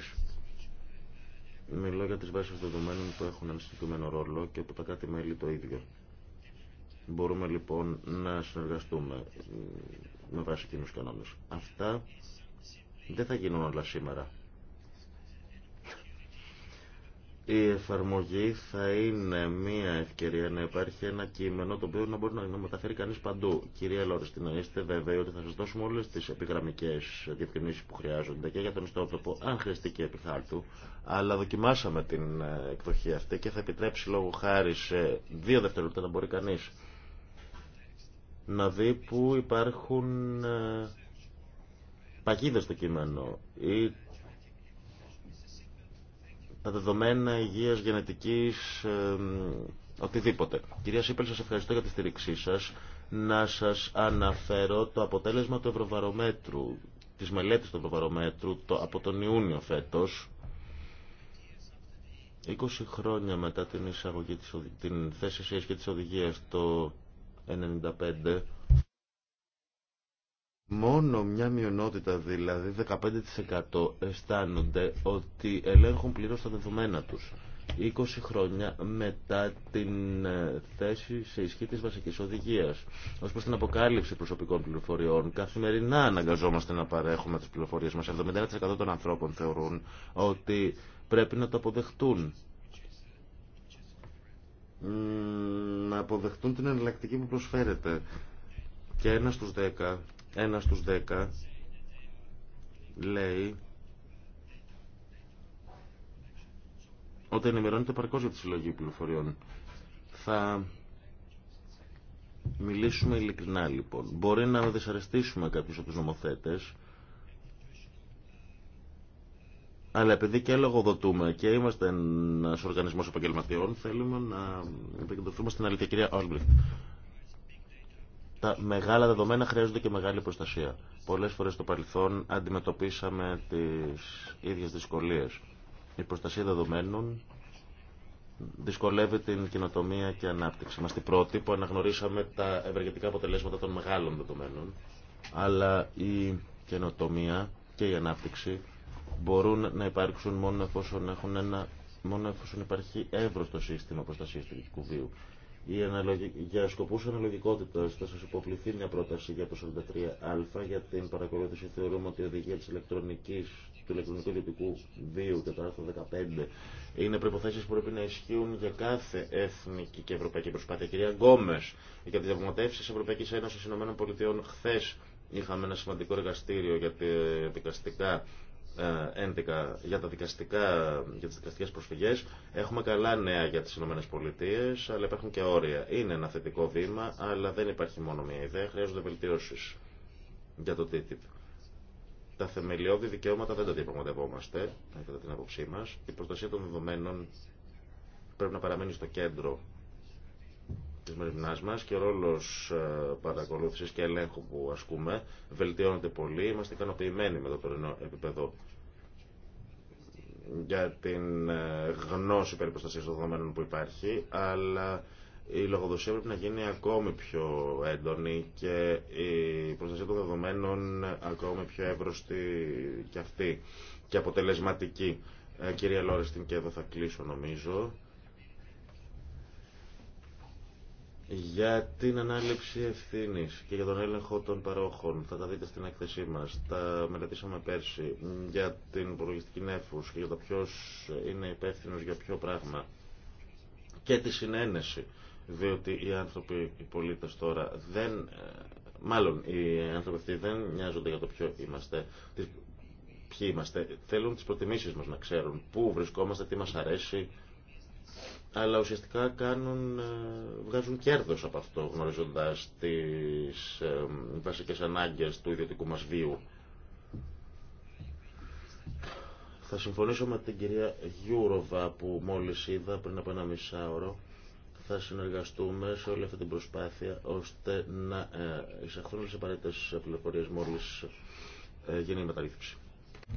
Μιλώ για τις βάσεις δεδομένων που έχουν ένα συγκεκριμένο ρόλο και από τα κάτι μέλη το ίδιο. Μπορούμε λοιπόν να συνεργαστούμε με βάση κοινού κανόνε. Αυτά δεν θα γίνουν όλα σήμερα. Η εφαρμογή θα είναι μια ευκαιρία να υπάρχει ένα κείμενο το οποίο να μπορεί να μεταφέρει κανεί παντού. Κυρία Λόριστη, να είστε βέβαιοι ότι θα σα δώσουμε όλε τι επιγραμμικέ διευκρινήσει που χρειάζονται και για τον ιστότοπο, αν χρειαστεί και επιθάρτου. Αλλά δοκιμάσαμε την ε, εκδοχή αυτή και θα επιτρέψει λόγω χάρη σε δύο δευτερόλεπτα να μπορεί κανεί να δει που υπάρχουν ε, παγίδε στο κείμενο τα δεδομένα υγείας, γενετικής, οτιδήποτε. Κυρία Σίπελ, σας ευχαριστώ για τη στήριξή σας. Να σας αναφέρω το αποτέλεσμα του Ευρωβαρομέτρου, της μελέτης του Ευρωβαρομέτρου το, από τον Ιούνιο φέτος, 20 χρόνια μετά την, εισαγωγή της, την θέση και της οδηγίας το 1995, Μόνο μια μειονότητα δηλαδή, 15% αισθάνονται ότι ελέγχουν πλήρως τα δεδομένα τους. 20 χρόνια μετά την ε, θέση σε ισχύ της βασικής οδηγίας. Ως προς την αποκάλυψη προσωπικών πληροφοριών, καθημερινά αναγκαζόμαστε να παρέχουμε τις πληροφορίες μας. 71% των ανθρώπων θεωρούν ότι πρέπει να το αποδεχτούν. Να αποδεχτούν την εναλλακτική που προσφέρεται. Και ένα στους 10 ένα στους δέκα λέει ότι ενημερώνεται παρκώς για τη συλλογή πληροφοριών. Θα μιλήσουμε ειλικρινά λοιπόν. Μπορεί να δυσαρεστήσουμε κάποιους από τους νομοθέτες, αλλά επειδή και λογοδοτούμε και είμαστε ένα οργανισμό επαγγελματιών, θέλουμε να επικεντρωθούμε στην αλήθεια. Κυρία τα μεγάλα δεδομένα χρειάζονται και μεγάλη προστασία. Πολλές φορές στο παρελθόν αντιμετωπίσαμε τις ίδιες δυσκολίες. Η προστασία δεδομένων δυσκολεύει την κοινοτομία και ανάπτυξη. Είμαστε οι πρώτοι που αναγνωρίσαμε τα ευεργετικά αποτελέσματα των μεγάλων δεδομένων, αλλά η καινοτομία και η ανάπτυξη μπορούν να υπάρξουν μόνο εφόσον, έχουν ένα, μόνο εφόσον υπάρχει εύρωστο σύστημα προστασίας του βίου. Για σκοπούς αναλογικότητας θα σας υποκληθεί μια πρόταση για το 43α για την παρακολούθηση θεωρούμε ότι η οδηγία της ηλεκτρονικής του ηλεκτρονικού ιδιωτικού βίου και το άρθρο 15 είναι προϋποθέσεις που πρέπει να ισχύουν για κάθε εθνική και ευρωπαϊκή προσπάθεια. Κυρία Γκόμες, για τις διαπραγματεύσεις Ευρωπαϊκής Ένωσης Πολιτειών χθες είχαμε ένα σημαντικό εργαστήριο για τα δικαστικά για, τα δικαστικά, για τις δικαστικές προσφυγές. Έχουμε καλά νέα για τις ΗΠΑ αλλά υπάρχουν και όρια. Είναι ένα θετικό βήμα, αλλά δεν υπάρχει μόνο μία ιδέα. Χρειάζονται βελτιώσεις για το TTIP. Τα θεμελιώδη δικαιώματα δεν τα διαπραγματευόμαστε, κατά την άποψή μας. Η προστασία των δεδομένων πρέπει να παραμένει στο κέντρο της μεριμνάς μας και ο ρόλος ε, παρακολούθησης και ελέγχου που ασκούμε βελτιώνεται πολύ. Είμαστε ικανοποιημένοι με το τωρινό επίπεδο για την ε, γνώση περί προστασίας των δεδομένων που υπάρχει, αλλά η λογοδοσία πρέπει να γίνει ακόμη πιο έντονη και η προστασία των δεδομένων ακόμη πιο εύρωστη και αυτή και αποτελεσματική. Ε, κυρία Λόρεστιν, και εδώ θα κλείσω νομίζω. για την ανάληψη ευθύνη και για τον έλεγχο των παρόχων. Θα τα δείτε στην έκθεσή μα. Τα μελετήσαμε πέρσι για την υπολογιστική νέφου και για το ποιο είναι υπεύθυνο για ποιο πράγμα. Και τη συνένεση. Διότι οι άνθρωποι, οι πολίτε τώρα δεν. Ε, μάλλον οι άνθρωποι αυτοί δεν νοιάζονται για το ποιο είμαστε. Ποιοι είμαστε. Θέλουν τι προτιμήσει μα να ξέρουν. Πού βρισκόμαστε, τι μα αρέσει αλλά ουσιαστικά κάνουν, ε, βγάζουν κέρδος από αυτό γνωρίζοντας τις ε, βασικές ανάγκες του ιδιωτικού μας βίου. Θα συμφωνήσω με την κυρία Γιούροβα που μόλις είδα πριν από ένα μισάωρο. Θα συνεργαστούμε σε όλη αυτή την προσπάθεια ώστε να ε, εισαχθούν όλες τις απαραίτητες πληροφορίες μόλις γίνει η μεταρρύθμιση.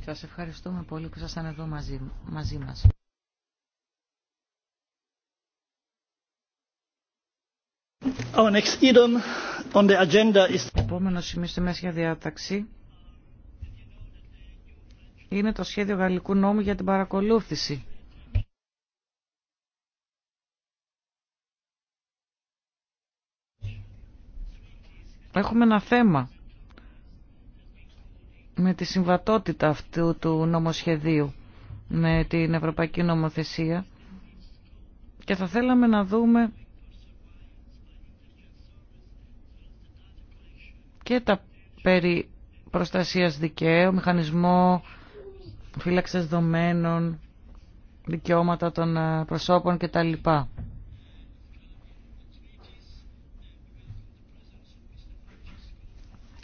Σας ευχαριστούμε πολύ που ήσασταν εδώ μαζί, μαζί μας. Our next item Επόμενο σημείο στη μέση διάταξη είναι το σχέδιο γαλλικού νόμου για την παρακολούθηση. Έχουμε ένα θέμα με τη συμβατότητα αυτού του νομοσχεδίου με την Ευρωπαϊκή Νομοθεσία και θα θέλαμε να δούμε και τα περί προστασίας δικαίου, μηχανισμό φύλαξης δομένων, δικαιώματα των ε, προσώπων κτλ.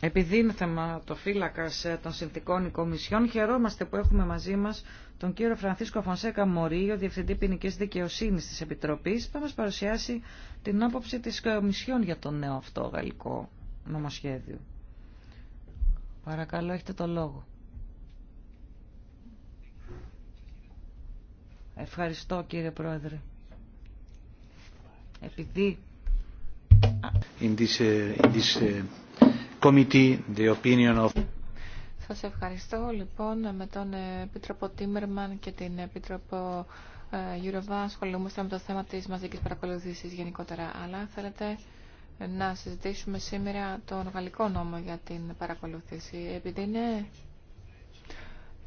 Επειδή είναι θέμα το φύλακα ε, των συνθηκών οικομισιών, χαιρόμαστε που έχουμε μαζί μα τον κύριο Φρανθίσκο Φωνσέκα Μωρίο, Διευθυντή Ποινική Δικαιοσύνη τη Επιτροπή, που θα μα παρουσιάσει την άποψη τη Κομισιόν για τον νέο αυτό γαλλικό νομοσχέδιου. Παρακαλώ, έχετε το λόγο. Ευχαριστώ κύριε Πρόεδρε. Επειδή... In this, uh, uh, committee, the opinion of... Σας ευχαριστώ λοιπόν με τον ε, Επίτροπο Τίμερμαν και την Επίτροπο ε, Γιουροβά ασχολούμαστε με το θέμα της μαζικής παρακολουθήσης γενικότερα, αλλά θέλετε να συζητήσουμε σήμερα τον γαλλικό νόμο για την παρακολούθηση. Επειδή είναι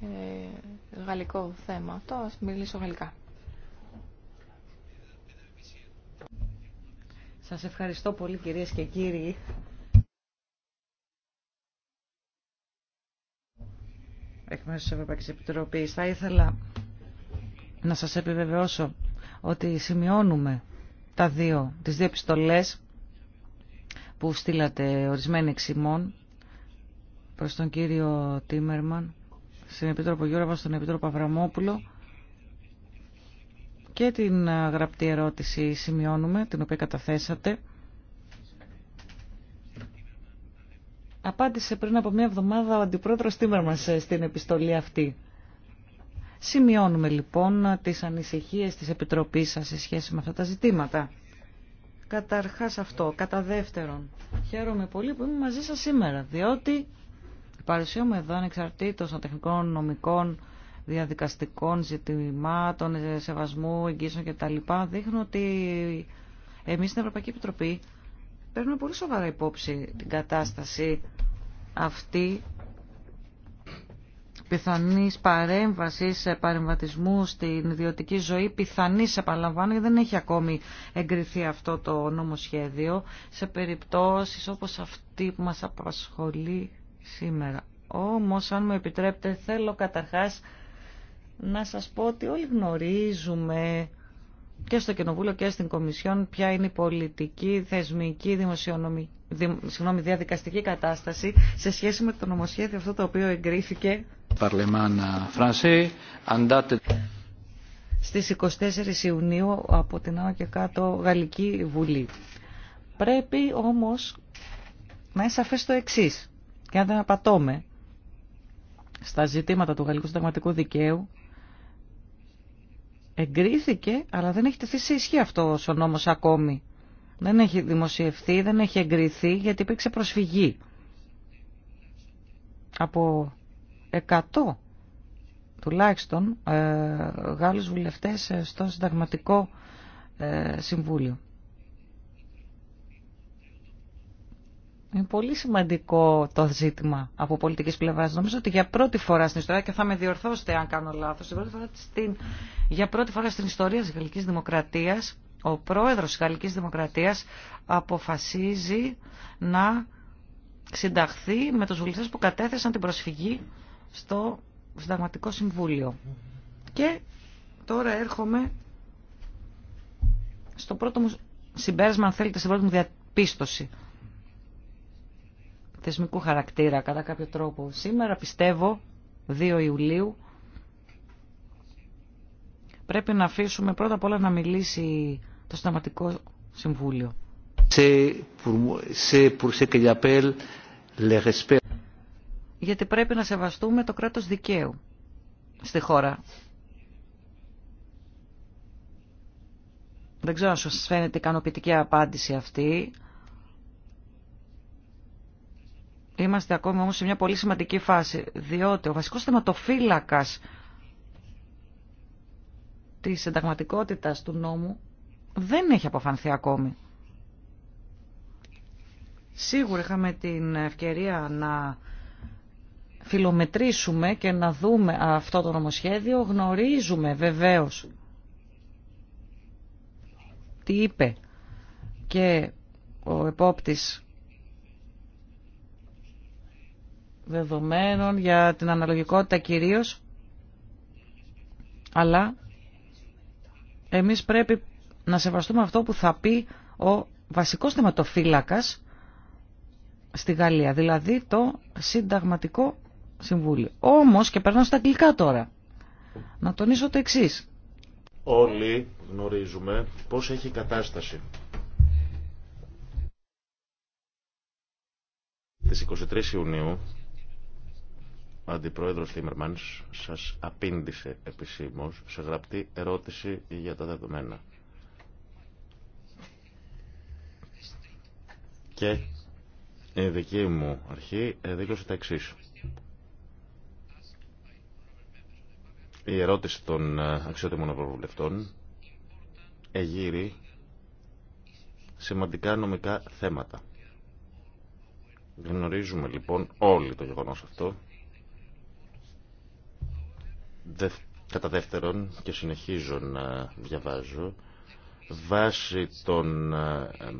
ε, γαλλικό θέμα αυτό, ας μιλήσω γαλλικά. Σας ευχαριστώ πολύ κυρίες και κύριοι. Εκ μέρους της Ευρωπαϊκής Επιτροπής θα ήθελα να σας επιβεβαιώσω ότι σημειώνουμε τα δύο, τις δύο επιστολές που στείλατε ορισμένοι εξημών προς τον κύριο Τίμερμαν, στην Επίτροπο Γιώργα, στον Επίτροπο Αβραμόπουλο και την γραπτή ερώτηση σημειώνουμε, την οποία καταθέσατε. Απάντησε πριν από μια εβδομάδα ο Αντιπρόεδρος Τίμερμας στην επιστολή αυτή. Σημειώνουμε λοιπόν τις ανησυχίες της Επιτροπής σας σε σχέση με αυτά τα ζητήματα. Καταρχάς αυτό. Κατά δεύτερον, χαίρομαι πολύ που είμαι μαζί σας σήμερα, διότι η παρουσία μου εδώ ανεξαρτήτως των τεχνικών, νομικών, διαδικαστικών ζητημάτων, σεβασμού, εγγύσεων κτλ. Δείχνω ότι εμείς στην Ευρωπαϊκή Επιτροπή παίρνουμε πολύ σοβαρά υπόψη την κατάσταση αυτή Πιθανή παρέμβαση, ε, παρεμβατισμού στην ιδιωτική ζωή, πιθανής επαναλαμβάνω, δεν έχει ακόμη εγκριθεί αυτό το νομοσχέδιο, σε περιπτώσεις όπως αυτή που μας απασχολεί σήμερα. Όμως, αν μου επιτρέπετε, θέλω καταρχά να σας πω ότι όλοι γνωρίζουμε και στο Κοινοβούλιο και στην Κομισιόν ποια είναι η πολιτική, θεσμική, δημοσιονομική, συγγνώμη, διαδικαστική κατάσταση σε σχέση με το νομοσχέδιο αυτό το οποίο εγκρίθηκε στις 24 Ιουνίου από την Άνω και κάτω Γαλλική Βουλή. Πρέπει όμως να είναι σαφές το εξής. Και αν δεν απατώμε στα ζητήματα του Γαλλικού Συνταγματικού Δικαίου, εγκρίθηκε, αλλά δεν έχει τεθεί σε ισχύ αυτό ο νόμος ακόμη. Δεν έχει δημοσιευθεί, δεν έχει εγκριθεί, γιατί υπήρξε προσφυγή από 100 τουλάχιστον ε, Γάλλους βουλευτές ε, στο συνταγματικό ε, συμβούλιο. Είναι πολύ σημαντικό το ζήτημα από πολιτική πλευρά. Νομίζω ότι για πρώτη φορά στην ιστορία, και θα με διορθώσετε αν κάνω λάθο, για πρώτη φορά στην ιστορία τη Γαλλική Δημοκρατία, ο πρόεδρο τη Γαλλική Δημοκρατία αποφασίζει να συνταχθεί με του βουλευτέ που κατέθεσαν την προσφυγή στο Συνταγματικό Συμβούλιο. Και τώρα έρχομαι στο πρώτο μου συμπέρασμα, αν θέλετε, σε πρώτη μου διαπίστωση θεσμικού χαρακτήρα κατά κάποιο τρόπο. Σήμερα πιστεύω, 2 Ιουλίου, πρέπει να αφήσουμε πρώτα απ' όλα να μιλήσει το Συνταγματικό Συμβούλιο. Σε, γιατί πρέπει να σεβαστούμε το κράτος δικαίου στη χώρα. Δεν ξέρω αν σας φαίνεται ικανοποιητική απάντηση αυτή. Είμαστε ακόμη όμως σε μια πολύ σημαντική φάση, διότι ο βασικός θεματοφύλακας της ενταγματικότητας του νόμου δεν έχει αποφανθεί ακόμη. Σίγουρα είχαμε την ευκαιρία να φιλομετρήσουμε και να δούμε αυτό το νομοσχέδιο, γνωρίζουμε βεβαίως τι είπε και ο επόπτης δεδομένων για την αναλογικότητα κυρίως, αλλά εμείς πρέπει να σεβαστούμε αυτό που θα πει ο βασικός θεματοφύλακας στη Γαλλία, δηλαδή το συνταγματικό Συμβούλιο. Όμως, και περνάω στα αγγλικά τώρα, να τονίσω το εξή. Όλοι γνωρίζουμε πώς έχει η κατάσταση. Της 23 Ιουνίου, ο Αντιπρόεδρος Τιμερμάν σας απήντησε επισήμως σε γραπτή ερώτηση για τα δεδομένα. Και η δική μου αρχή δήλωσε τα εξής. Η ερώτηση των ε, αξιότιμων ευρωβουλευτών εγείρει σημαντικά νομικά θέματα. Γνωρίζουμε λοιπόν όλοι το γεγονός αυτό. Κατά δεύτερον, και συνεχίζω να διαβάζω, βάσει των ε, ε,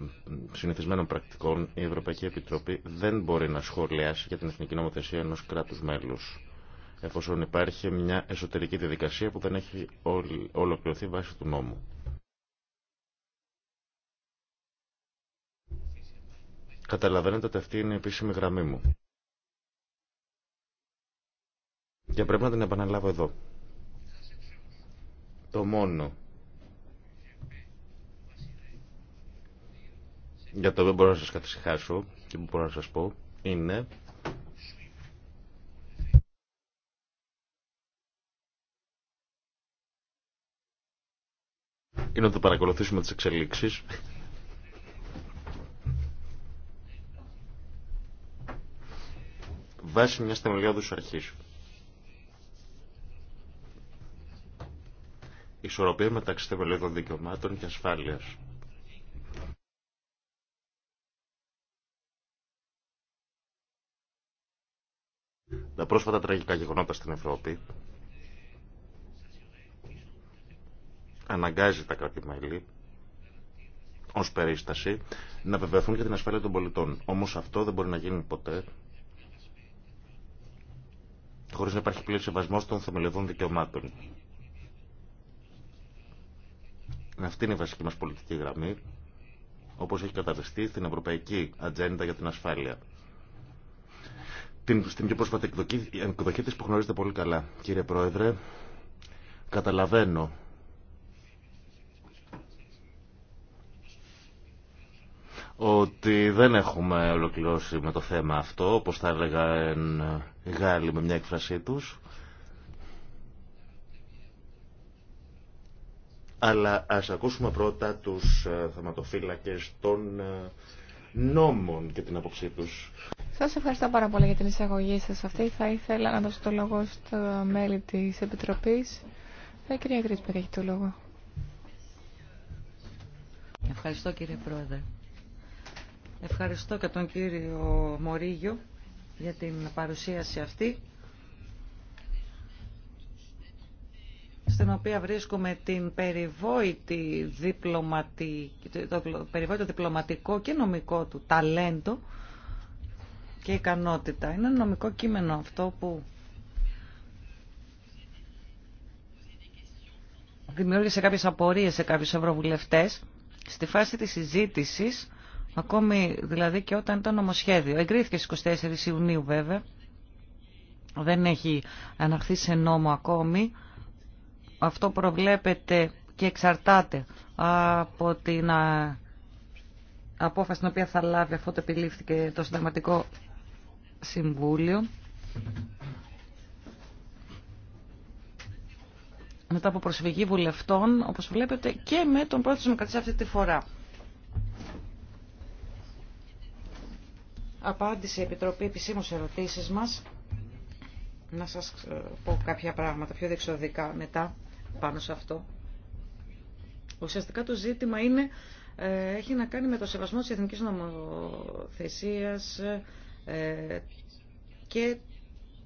συνηθισμένων πρακτικών η Ευρωπαϊκή Επιτροπή δεν μπορεί να σχολιάσει για την εθνική νομοθεσία ενός κράτους μέλους εφόσον υπάρχει μια εσωτερική διαδικασία που δεν έχει ολοκληρωθεί βάσει του νόμου. Καταλαβαίνετε ότι αυτή είναι η επίσημη γραμμή μου. Και πρέπει να την επαναλάβω εδώ. Το μόνο για το οποίο μπορώ να σας καθησυχάσω και που μπορώ να σας πω είναι είναι ότι θα παρακολουθήσουμε τις εξελίξεις. Βάσει μιας θεμελιώδους αρχής. Ισορροπία μεταξύ θεμελιώδων δικαιωμάτων και ασφάλειας. Τα πρόσφατα τραγικά γεγονότα στην Ευρώπη αναγκάζει τα κράτη-μέλη ως περίσταση να βεβαιωθούν για την ασφάλεια των πολιτών. Όμως αυτό δεν μπορεί να γίνει ποτέ χωρίς να υπάρχει πλήρη σεβασμό των θεμελιωδών δικαιωμάτων. Αυτή είναι η βασική μας πολιτική γραμμή, όπως έχει καταρτιστεί στην Ευρωπαϊκή Ατζέντα για την Ασφάλεια. Την, στην πιο πρόσφατη εκδοχή, εκδοχή που γνωρίζετε πολύ καλά. Κύριε Πρόεδρε, καταλαβαίνω ότι δεν έχουμε ολοκληρώσει με το θέμα αυτό, όπως θα έλεγα οι Γάλλοι με μια έκφρασή τους. Αλλά ας ακούσουμε πρώτα τους ε, θεματοφύλακες των ε, νόμων και την άποψή τους. Σας ευχαριστώ πάρα πολύ για την εισαγωγή σας αυτή. Θα ήθελα να δώσω το λόγο στο μέλη της Επιτροπής. Η ε, κυρία Γκρίσπερ έχει το λόγο. Ευχαριστώ κύριε Πρόεδρε. Ευχαριστώ και τον κύριο Μωρίγιο για την παρουσίαση αυτή στην οποία βρίσκουμε την περιβόητη το περιβόητο διπλωματικό και νομικό του ταλέντο και ικανότητα. Είναι ένα νομικό κείμενο αυτό που δημιούργησε κάποιες απορίες σε κάποιους ευρωβουλευτές. Στη φάση της συζήτησης Ακόμη δηλαδή και όταν ήταν νομοσχέδιο. Εγκρίθηκε στις 24 Ιουνίου βέβαια. Δεν έχει αναχθεί σε νόμο ακόμη. Αυτό προβλέπεται και εξαρτάται από την απόφαση την οποία θα λάβει αφού το επιλήφθηκε το Συνταγματικό Συμβούλιο. Μετά από προσφυγή βουλευτών, όπως βλέπετε, και με τον πρόεδρο της αυτή τη φορά. απάντησε η Επιτροπή επισήμως ερωτήσεις μας. Να σας ε, πω κάποια πράγματα πιο δεξοδικά μετά πάνω σε αυτό. Ουσιαστικά το ζήτημα είναι, ε, έχει να κάνει με το σεβασμό της εθνικής νομοθεσίας ε, και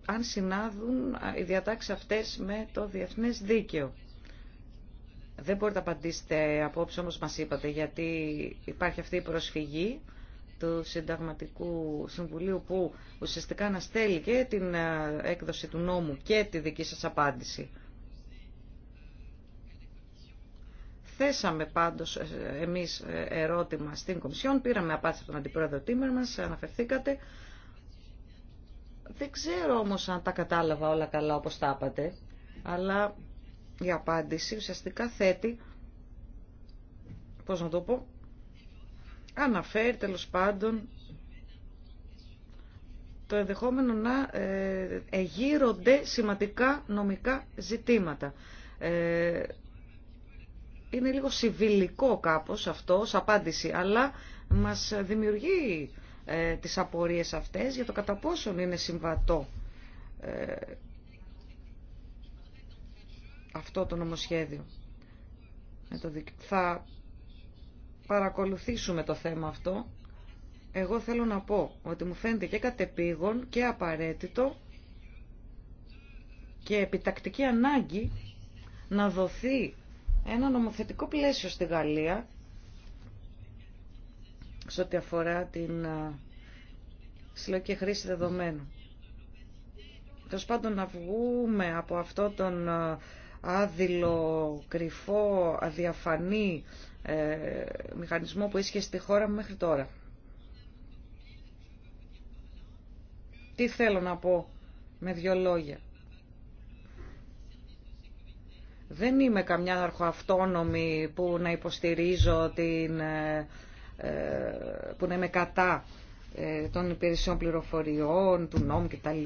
αν συνάδουν οι διατάξεις αυτές με το διεθνές δίκαιο. Δεν μπορείτε να απαντήσετε απόψε όμως μας είπατε γιατί υπάρχει αυτή η προσφυγή του Συνταγματικού Συμβουλίου που ουσιαστικά αναστέλει και την ε, έκδοση του νόμου και τη δική σας απάντηση. Θέσαμε πάντως ε, εμείς ε, ερώτημα στην Κομισιόν, πήραμε απάντηση από τον Αντιπρόεδρο Τίμερ μας, αναφερθήκατε. Δεν ξέρω όμως αν τα κατάλαβα όλα καλά όπως τα είπατε, αλλά η απάντηση ουσιαστικά θέτει, πώς να το πω, αναφέρει τέλος πάντων το ενδεχόμενο να ε, εγείρονται σημαντικά νομικά ζητήματα. Ε, είναι λίγο συμβιλικό κάπως αυτό, ως απάντηση, αλλά μας δημιουργεί ε, τις απορίες αυτές για το κατά πόσο είναι συμβατό αυτό το νομοσχέδιο. Θα παρακολουθήσουμε το θέμα αυτό. Εγώ θέλω να πω ότι μου φαίνεται και κατεπήγον και απαραίτητο και επιτακτική ανάγκη να δοθεί ένα νομοθετικό πλαίσιο στη Γαλλία σε ό,τι αφορά την συλλογική χρήση δεδομένου. Τέλο πάντων να βγούμε από αυτό τον άδειλο, κρυφό, αδιαφανή ε, μηχανισμό που ίσχυε στη χώρα μου μέχρι τώρα. Τι θέλω να πω με δύο λόγια. Δεν είμαι καμιά αρχοαυτόνομη που να υποστηρίζω την, ε, ε, που να είμαι κατά των υπηρεσιών πληροφοριών, του νόμου κτλ.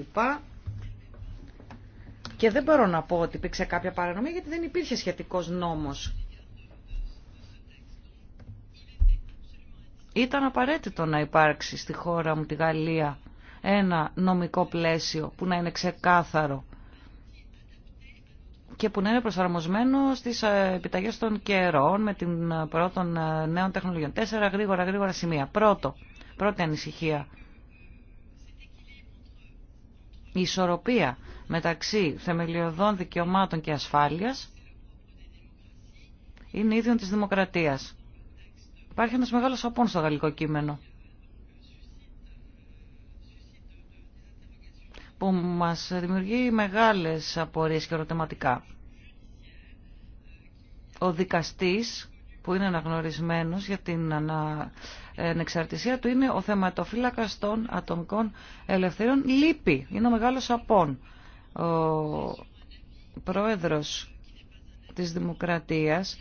Και δεν μπορώ να πω ότι υπήρξε κάποια παρανομία γιατί δεν υπήρχε σχετικός νόμος. Ήταν απαραίτητο να υπάρξει στη χώρα μου, τη Γαλλία, ένα νομικό πλαίσιο που να είναι ξεκάθαρο και που να είναι προσαρμοσμένο στις ε, επιταγές των καιρών με την ε, πρώτων ε, νέων τεχνολογιών. Τέσσερα γρήγορα γρήγορα σημεία. Πρώτο, πρώτη ανησυχία. Η ισορροπία μεταξύ θεμελιωδών δικαιωμάτων και ασφάλειας είναι ίδιο της δημοκρατίας. Υπάρχει ένας μεγάλος απόν στο γαλλικό κείμενο. που μας δημιουργεί μεγάλες απορίες και ερωτηματικά. Ο δικαστής που είναι αναγνωρισμένος για την ε, ανεξαρτησία του είναι ο θεματοφύλακας των ατομικών ελευθεριών λείπει, είναι ο μεγάλος απόν. Ο πρόεδρος της Δημοκρατίας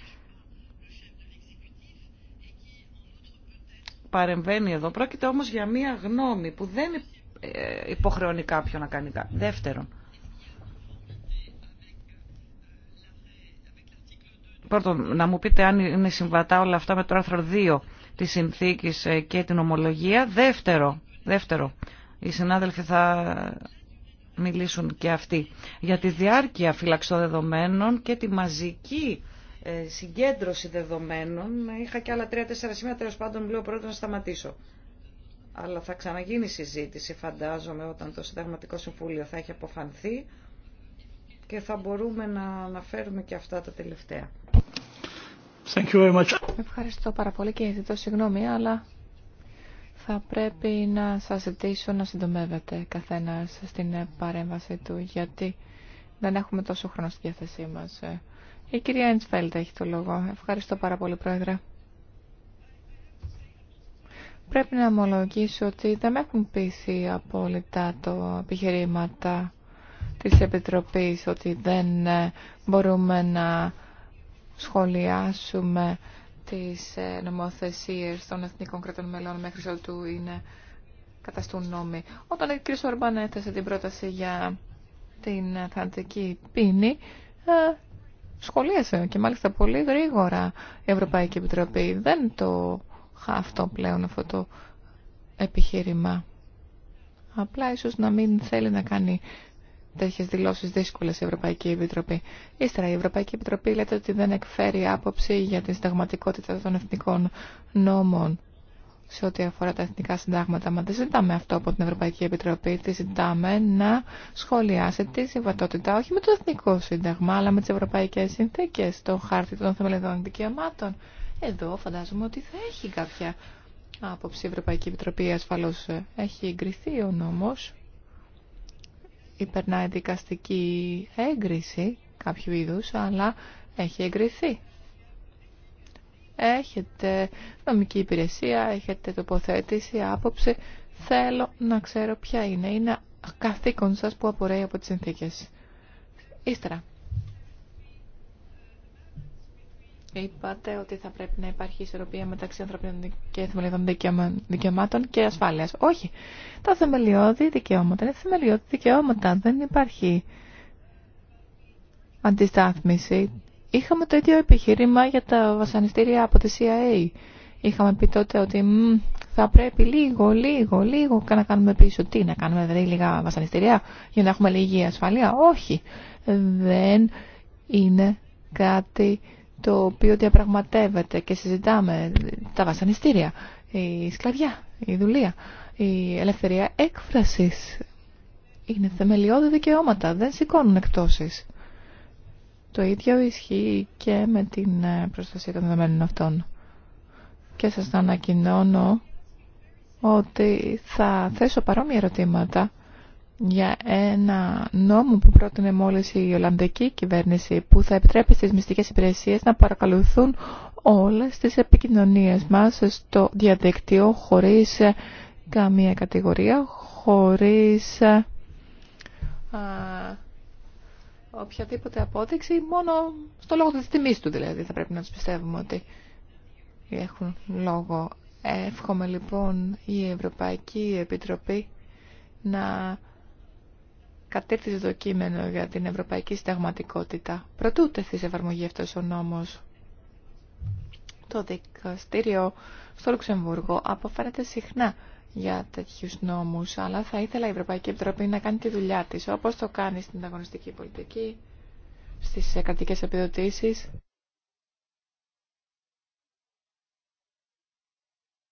παρεμβαίνει εδώ. Πρόκειται όμως για μία γνώμη που δεν ε, υποχρεώνει κάποιον να κάνει κάτι. Δεύτερον, πρώτον, να μου πείτε αν είναι συμβατά όλα αυτά με το άρθρο 2 της συνθήκης ε, και την ομολογία. Δεύτερο, δεύτερο οι συνάδελφοι θα μιλήσουν και αυτοί για τη διάρκεια φυλαξοδεδομένων και τη μαζική ε, συγκέντρωση δεδομένων. Είχα και άλλα τρία-τέσσερα σημεία, τέλο πάντων λέω πρώτα να σταματήσω. Αλλά θα ξαναγίνει συζήτηση, φαντάζομαι, όταν το Συνταγματικό Συμβούλιο θα έχει αποφανθεί και θα μπορούμε να αναφέρουμε και αυτά τα τελευταία. Thank you very much. Ευχαριστώ πάρα πολύ και ζητώ συγγνώμη, αλλά θα πρέπει να σας ζητήσω να συντομεύετε καθένα στην παρέμβαση του, γιατί δεν έχουμε τόσο χρόνο στη διάθεσή μας. Ε, η κυρία Εντσφέλτ έχει το λόγο. Ευχαριστώ πάρα πολύ, Πρόεδρε. Πρέπει να ομολογήσω ότι δεν με έχουν πείσει απόλυτα το επιχειρήματα της Επιτροπής ότι δεν ε, μπορούμε να σχολιάσουμε τις ε, νομοθεσίες των εθνικών κρατών μελών μέχρι ότου είναι καταστούν νόμοι. Όταν ο κ. Ορμπάν έθεσε την πρόταση για την θαντική πίνη, ε, σχολίασε και μάλιστα πολύ γρήγορα η Ευρωπαϊκή Επιτροπή. Δεν το αυτό πλέον αυτό το επιχείρημα. Απλά ίσως να μην θέλει να κάνει τέτοιες δηλώσεις δύσκολες η Ευρωπαϊκή Επιτροπή. Ύστερα η Ευρωπαϊκή Επιτροπή λέτε ότι δεν εκφέρει άποψη για τη συνταγματικότητα των εθνικών νόμων σε ό,τι αφορά τα εθνικά συντάγματα. Μα δεν ζητάμε αυτό από την Ευρωπαϊκή Επιτροπή. Τη ζητάμε να σχολιάσει τη συμβατότητα όχι με το εθνικό σύνταγμα, αλλά με τι ευρωπαϊκέ συνθήκε, το χάρτη των θεμελιωδών δικαιωμάτων. Εδώ φαντάζομαι ότι θα έχει κάποια άποψη η Ευρωπαϊκή Επιτροπή. Ασφαλώ ε, έχει εγκριθεί ο νόμο. Υπερνάει δικαστική έγκριση κάποιου είδου, αλλά έχει εγκριθεί. Έχετε νομική υπηρεσία, έχετε τοποθέτηση, άποψη. Θέλω να ξέρω ποια είναι. Είναι καθήκον σας που απορρέει από τις συνθήκες. Ύστερα. Είπατε ότι θα πρέπει να υπάρχει ισορροπία μεταξύ ανθρωπίνων και θεμελιωδών δικαιωμάτων και ασφάλειας. Όχι. Τα θεμελιώδη δικαιώματα είναι θεμελιώδη δικαιώματα. Δεν υπάρχει αντιστάθμιση. Είχαμε το ίδιο επιχείρημα για τα βασανιστήρια από τη CIA. Είχαμε πει τότε ότι θα πρέπει λίγο, λίγο, λίγο να κάνουμε πίσω. Τι να κάνουμε, δηλαδή λίγα βασανιστήρια για να έχουμε λίγη ασφαλεία. Όχι, δεν είναι κάτι το οποίο διαπραγματεύεται και συζητάμε τα βασανιστήρια, η σκλαβιά, η δουλεία, η ελευθερία έκφρασης. Είναι θεμελιώδη δικαιώματα, δεν σηκώνουν εκτόσεις. Το ίδιο ισχύει και με την ε, προστασία των δεδομένων αυτών. Και σας ανακοινώνω ότι θα θέσω παρόμοια ερωτήματα για ένα νόμο που πρότεινε μόλις η Ολλανδική κυβέρνηση που θα επιτρέπει στις μυστικές υπηρεσίες να παρακολουθούν όλες τις επικοινωνίες μας στο διαδικτύο χωρίς ε, καμία κατηγορία, χωρίς ε, οποιαδήποτε απόδειξη μόνο στο λόγο της τιμής του δηλαδή θα πρέπει να τους πιστεύουμε ότι έχουν λόγο. Εύχομαι λοιπόν η Ευρωπαϊκή Επιτροπή να κατήρθει το κείμενο για την ευρωπαϊκή συνταγματικότητα. Προτού τεθεί σε εφαρμογή αυτός ο νόμος. Το δικαστήριο στο Λουξεμβούργο αποφαίνεται συχνά για τέτοιους νόμους, αλλά θα ήθελα η Ευρωπαϊκή Επιτροπή να κάνει τη δουλειά της, όπως το κάνει στην ταγωνιστική πολιτική, στις κρατικέ επιδοτήσεις.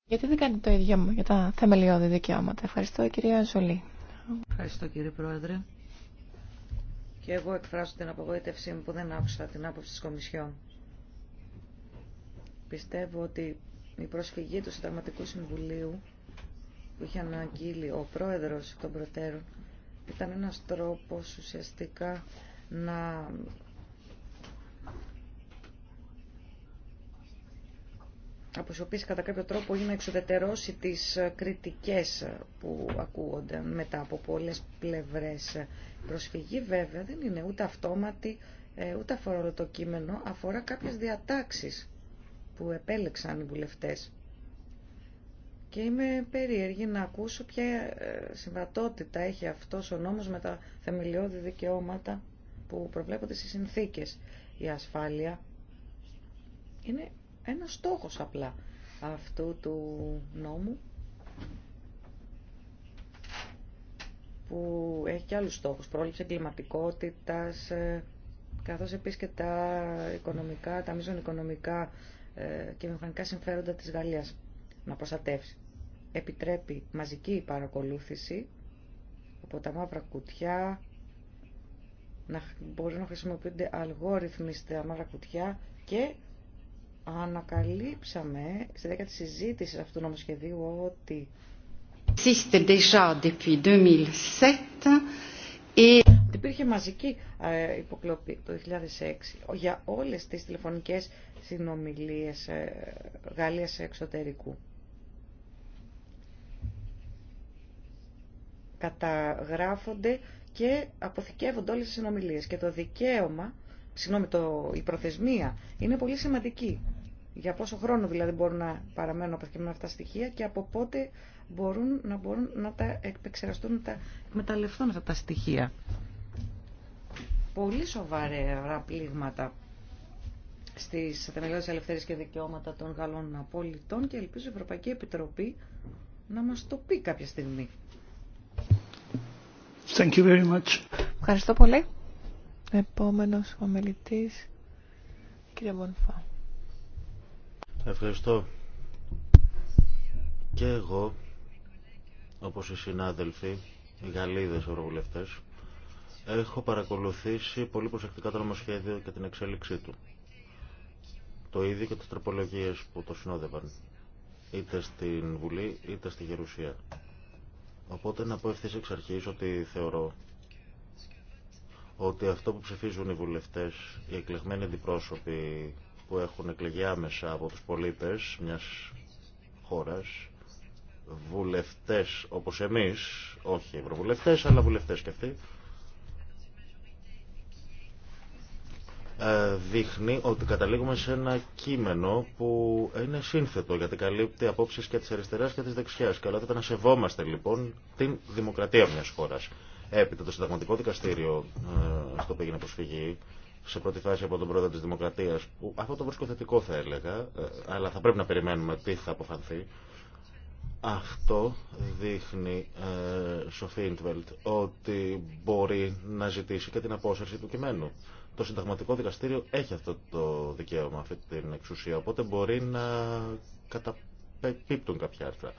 Γιατί δεν κάνει το ίδιο για τα θεμελιώδη δικαιώματα. Ευχαριστώ κυρία Ζολή. Ευχαριστώ κύριε Πρόεδρε. Και εγώ εκφράζω την απογοήτευσή μου που δεν άκουσα την άποψη της Κομισιόν. Πιστεύω ότι η προσφυγή του Συνταγματικού Συμβουλίου που είχε αναγγείλει ο πρόεδρος των προτέρων ήταν ένας τρόπος ουσιαστικά να αποσιωπήσει κατά κάποιο τρόπο ή να εξοδετερώσει τις κριτικές που ακούγονταν μετά από πολλές πλευρές. Η προσφυγή βέβαια δεν είναι ούτε αυτόματη, ε, ούτε αφορά το κείμενο, αφορά κάποιες διατάξεις που ακούγονται μετα απο πολλες πλευρες η προσφυγη βεβαια δεν ειναι ουτε αυτοματη ουτε αφορα το κειμενο αφορα καποιες διαταξεις που επελεξαν οι βουλευτές. Και είμαι περίεργη να ακούσω ποια ε, συμβατότητα έχει αυτός ο νόμος με τα θεμελιώδη δικαιώματα που προβλέπονται στις συνθήκες. Η ασφάλεια είναι ένα στόχος απλά αυτού του νόμου που έχει και άλλους στόχους, πρόληψη εγκληματικότητας, ε, καθώς επίσης και τα οικονομικά, τα μείζων οικονομικά ε, και μηχανικά συμφέροντα της Γαλλίας να προστατεύσει. Επιτρέπει μαζική παρακολούθηση από τα μαύρα κουτιά, να μπορούν να χρησιμοποιούνται αλγόριθμοι στα μαύρα κουτιά και ανακαλύψαμε στη δέκα της συζήτησης αυτού του νομοσχεδίου ότι υπήρχε μαζική ε, υποκλοπή το 2006 για όλες τις τηλεφωνικές συνομιλίες ε, Γαλλίας εξωτερικού. καταγράφονται και αποθηκεύονται όλες οι συνομιλίες. Και το δικαίωμα, συγγνώμη, το, η προθεσμία είναι πολύ σημαντική. Για πόσο χρόνο δηλαδή μπορούν να παραμένουν αποθηκευμένα αυτά τα στοιχεία και από πότε μπορούν να, μπορούν να τα επεξεργαστούν, να τα εκμεταλλευτούν αυτά τα στοιχεία. Πολύ σοβαρά πλήγματα στι θεμελιώδει Ελευθερίε και δικαιώματα των Γαλλών πολιτών και ελπίζω η Ευρωπαϊκή Επιτροπή να μα το πει κάποια στιγμή Ευχαριστώ πολύ. Επόμενος ο μελητής, κύριε Μπονφά. Ευχαριστώ. Και εγώ, όπως οι συνάδελφοι, οι Γαλλίδες ευρωβουλευτές, έχω παρακολουθήσει πολύ προσεκτικά το νομοσχέδιο και την εξέλιξή του. Το ίδιο και τις τροπολογίες που το συνόδευαν, είτε στην Βουλή είτε στη Γερουσία. Οπότε να πω ευθύ εξ αρχή ότι θεωρώ ότι αυτό που ψηφίζουν οι βουλευτές, οι εκλεγμένοι αντιπρόσωποι που έχουν εκλεγεί άμεσα από τους πολίτες μιας χώρας, βουλευτές όπως εμείς, όχι ευρωβουλευτές αλλά βουλευτές και αυτοί, Ε, δείχνει ότι καταλήγουμε σε ένα κείμενο που είναι σύνθετο γιατί καλύπτει απόψεις και της αριστεράς και της δεξιάς. Καλό θα ήταν να σεβόμαστε λοιπόν την δημοκρατία μιας χώρας. Έπειτα το συνταγματικό δικαστήριο ε, στο οποίο έγινε προσφυγή σε πρώτη φάση από τον πρόεδρο της Δημοκρατίας που αυτό το βρίσκω θετικό θα έλεγα ε, αλλά θα πρέπει να περιμένουμε τι θα αποφανθεί αυτό δείχνει ε, Σοφή ότι μπορεί να ζητήσει και την απόσταση του κειμένου το συνταγματικό δικαστήριο έχει αυτό το δικαίωμα, αυτή την εξουσία, οπότε μπορεί να καταπίπτουν κάποια άρθρα.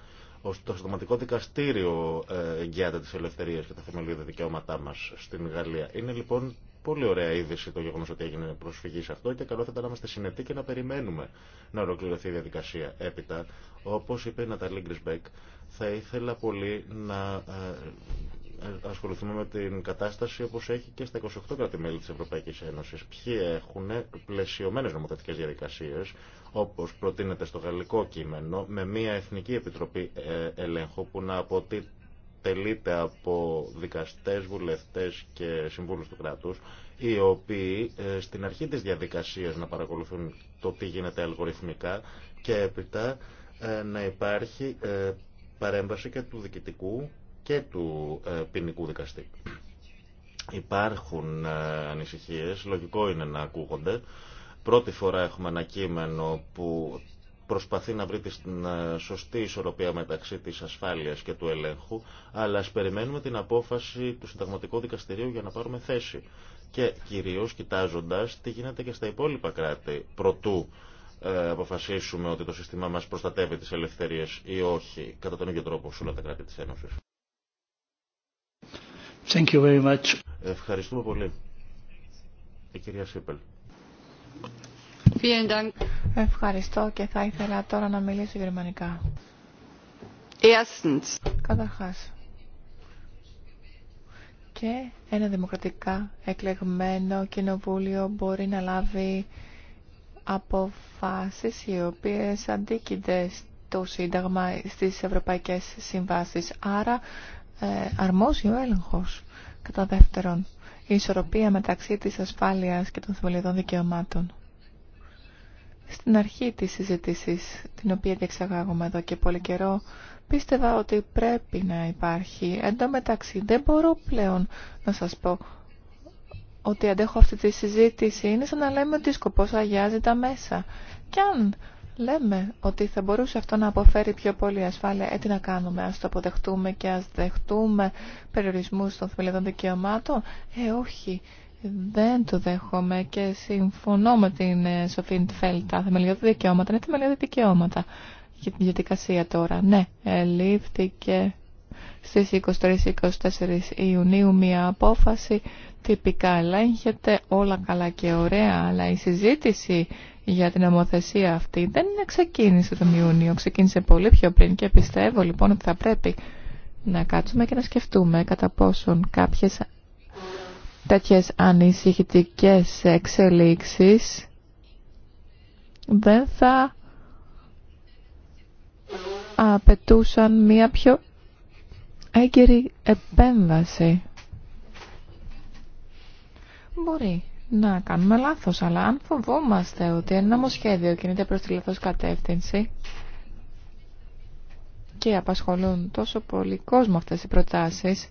Το συνταγματικό δικαστήριο ε, εγγυάται τις ελευθερίες και τα θεμελιώδη δικαιώματά μας στην Γαλλία. Είναι λοιπόν πολύ ωραία είδηση το γεγονός ότι έγινε προσφυγή σε αυτό και καλό θα ήταν να είμαστε συνετοί και να περιμένουμε να ολοκληρωθεί η διαδικασία. Έπειτα, όπως είπε η Ναταλή Γκρισμπέκ, θα ήθελα πολύ να ε, ασχοληθούμε με την κατάσταση όπως έχει και στα 28 κράτη-μέλη της Ευρωπαϊκής Ένωσης. Ποιοι έχουν πλαισιωμένες νομοθετικές διαδικασίες, όπως προτείνεται στο γαλλικό κείμενο, με μια Εθνική Επιτροπή ε, Ελέγχου που να αποτελείται από δικαστές, βουλευτές και συμβούλους του κράτους, οι οποίοι ε, στην αρχή της διαδικασίας να παρακολουθούν το τι γίνεται αλγοριθμικά και έπειτα ε, να υπάρχει παρέμβαση και του διοικητικού και του ε, ποινικού δικαστή. Υπάρχουν ε, ανησυχίες, λογικό είναι να ακούγονται. Πρώτη φορά έχουμε ένα κείμενο που προσπαθεί να βρει την ε, σωστή ισορροπία μεταξύ της ασφάλειας και του ελέγχου, αλλά ας περιμένουμε την απόφαση του Συνταγματικού Δικαστηρίου για να πάρουμε θέση. Και κυρίως κοιτάζοντας τι γίνεται και στα υπόλοιπα κράτη, προτού αποφασίσουμε ότι το σύστημά μας προστατεύει τις ελευθερίες ή όχι, κατά τον ίδιο τρόπο σε τα κράτη της Ένωσης. Ευχαριστούμε πολύ. Η κυρία Σίπελ. Ευχαριστώ και θα ήθελα τώρα να μιλήσω γερμανικά. Καταρχά. και ένα δημοκρατικά εκλεγμένο κοινοβούλιο μπορεί να λάβει αποφάσεις οι οποίες αντίκειται στο Σύνταγμα στις Ευρωπαϊκές Συμβάσεις. Άρα ε, Αρμόζει ο έλεγχος. Κατά δεύτερον, η ισορροπία μεταξύ της ασφάλειας και των θεμελιωδών δικαιωμάτων. Στην αρχή της συζήτηση, την οποία διεξαγάγουμε εδώ και πολύ καιρό, πίστευα ότι πρέπει να υπάρχει. Εν μεταξύ, δεν μπορώ πλέον να σας πω ότι αντέχω αυτή τη συζήτηση. Είναι σαν να λέμε ότι σκοπός αγιάζει τα μέσα. Κι αν λέμε ότι θα μπορούσε αυτό να αποφέρει πιο πολύ ασφάλεια. Ε, τι να κάνουμε, ας το αποδεχτούμε και ας δεχτούμε περιορισμούς των θεμελιωδών δικαιωμάτων. Ε, όχι, δεν το δέχομαι και συμφωνώ με την ε, Σοφίν Φέλτα. Τα θεμελιώδη δικαιώματα είναι θεμελιώδη δικαιώματα για την διαδικασία τώρα. Ναι, λήφθηκε στις 23-24 Ιουνίου μια απόφαση τυπικά ελέγχεται όλα καλά και ωραία αλλά η συζήτηση για την ομοθεσία αυτή δεν ξεκίνησε τον Ιούνιο, ξεκίνησε πολύ πιο πριν και πιστεύω λοιπόν ότι θα πρέπει να κάτσουμε και να σκεφτούμε κατά πόσον κάποιες τέτοιες ανησυχητικές εξελίξεις δεν θα απαιτούσαν μια πιο έγκυρη επέμβαση. Μπορεί να κάνουμε λάθος, αλλά αν φοβόμαστε ότι ένα νομοσχέδιο κινείται προς τη λάθος κατεύθυνση και απασχολούν τόσο πολύ κόσμο αυτές οι προτάσεις,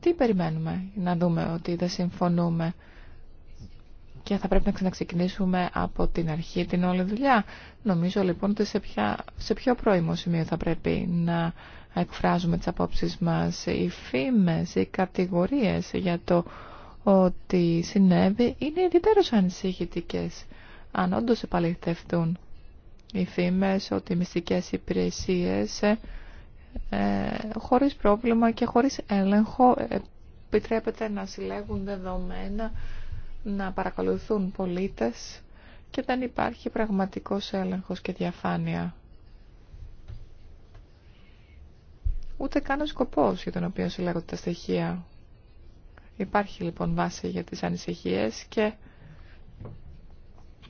τι περιμένουμε να δούμε ότι δεν συμφωνούμε και θα πρέπει να ξαναξεκινήσουμε από την αρχή την όλη δουλειά. Νομίζω λοιπόν ότι σε, ποια, σε πιο πρώιμο σημείο θα πρέπει να εκφράζουμε τις απόψεις μας οι φήμες, οι κατηγορίες για το ότι συνέβη είναι ιδιαίτερω ανησυχητικέ αν όντω επαληθευτούν οι φήμε, ότι οι μυστικέ υπηρεσίες ε, ε, χωρίς πρόβλημα και χωρίς έλεγχο επιτρέπεται να συλλέγουν δεδομένα να παρακολουθούν πολίτες και δεν υπάρχει πραγματικός έλεγχος και διαφάνεια. Ούτε καν ο σκοπός για τον οποίο συλλέγονται τα στοιχεία. Υπάρχει λοιπόν βάση για τις ανησυχίες και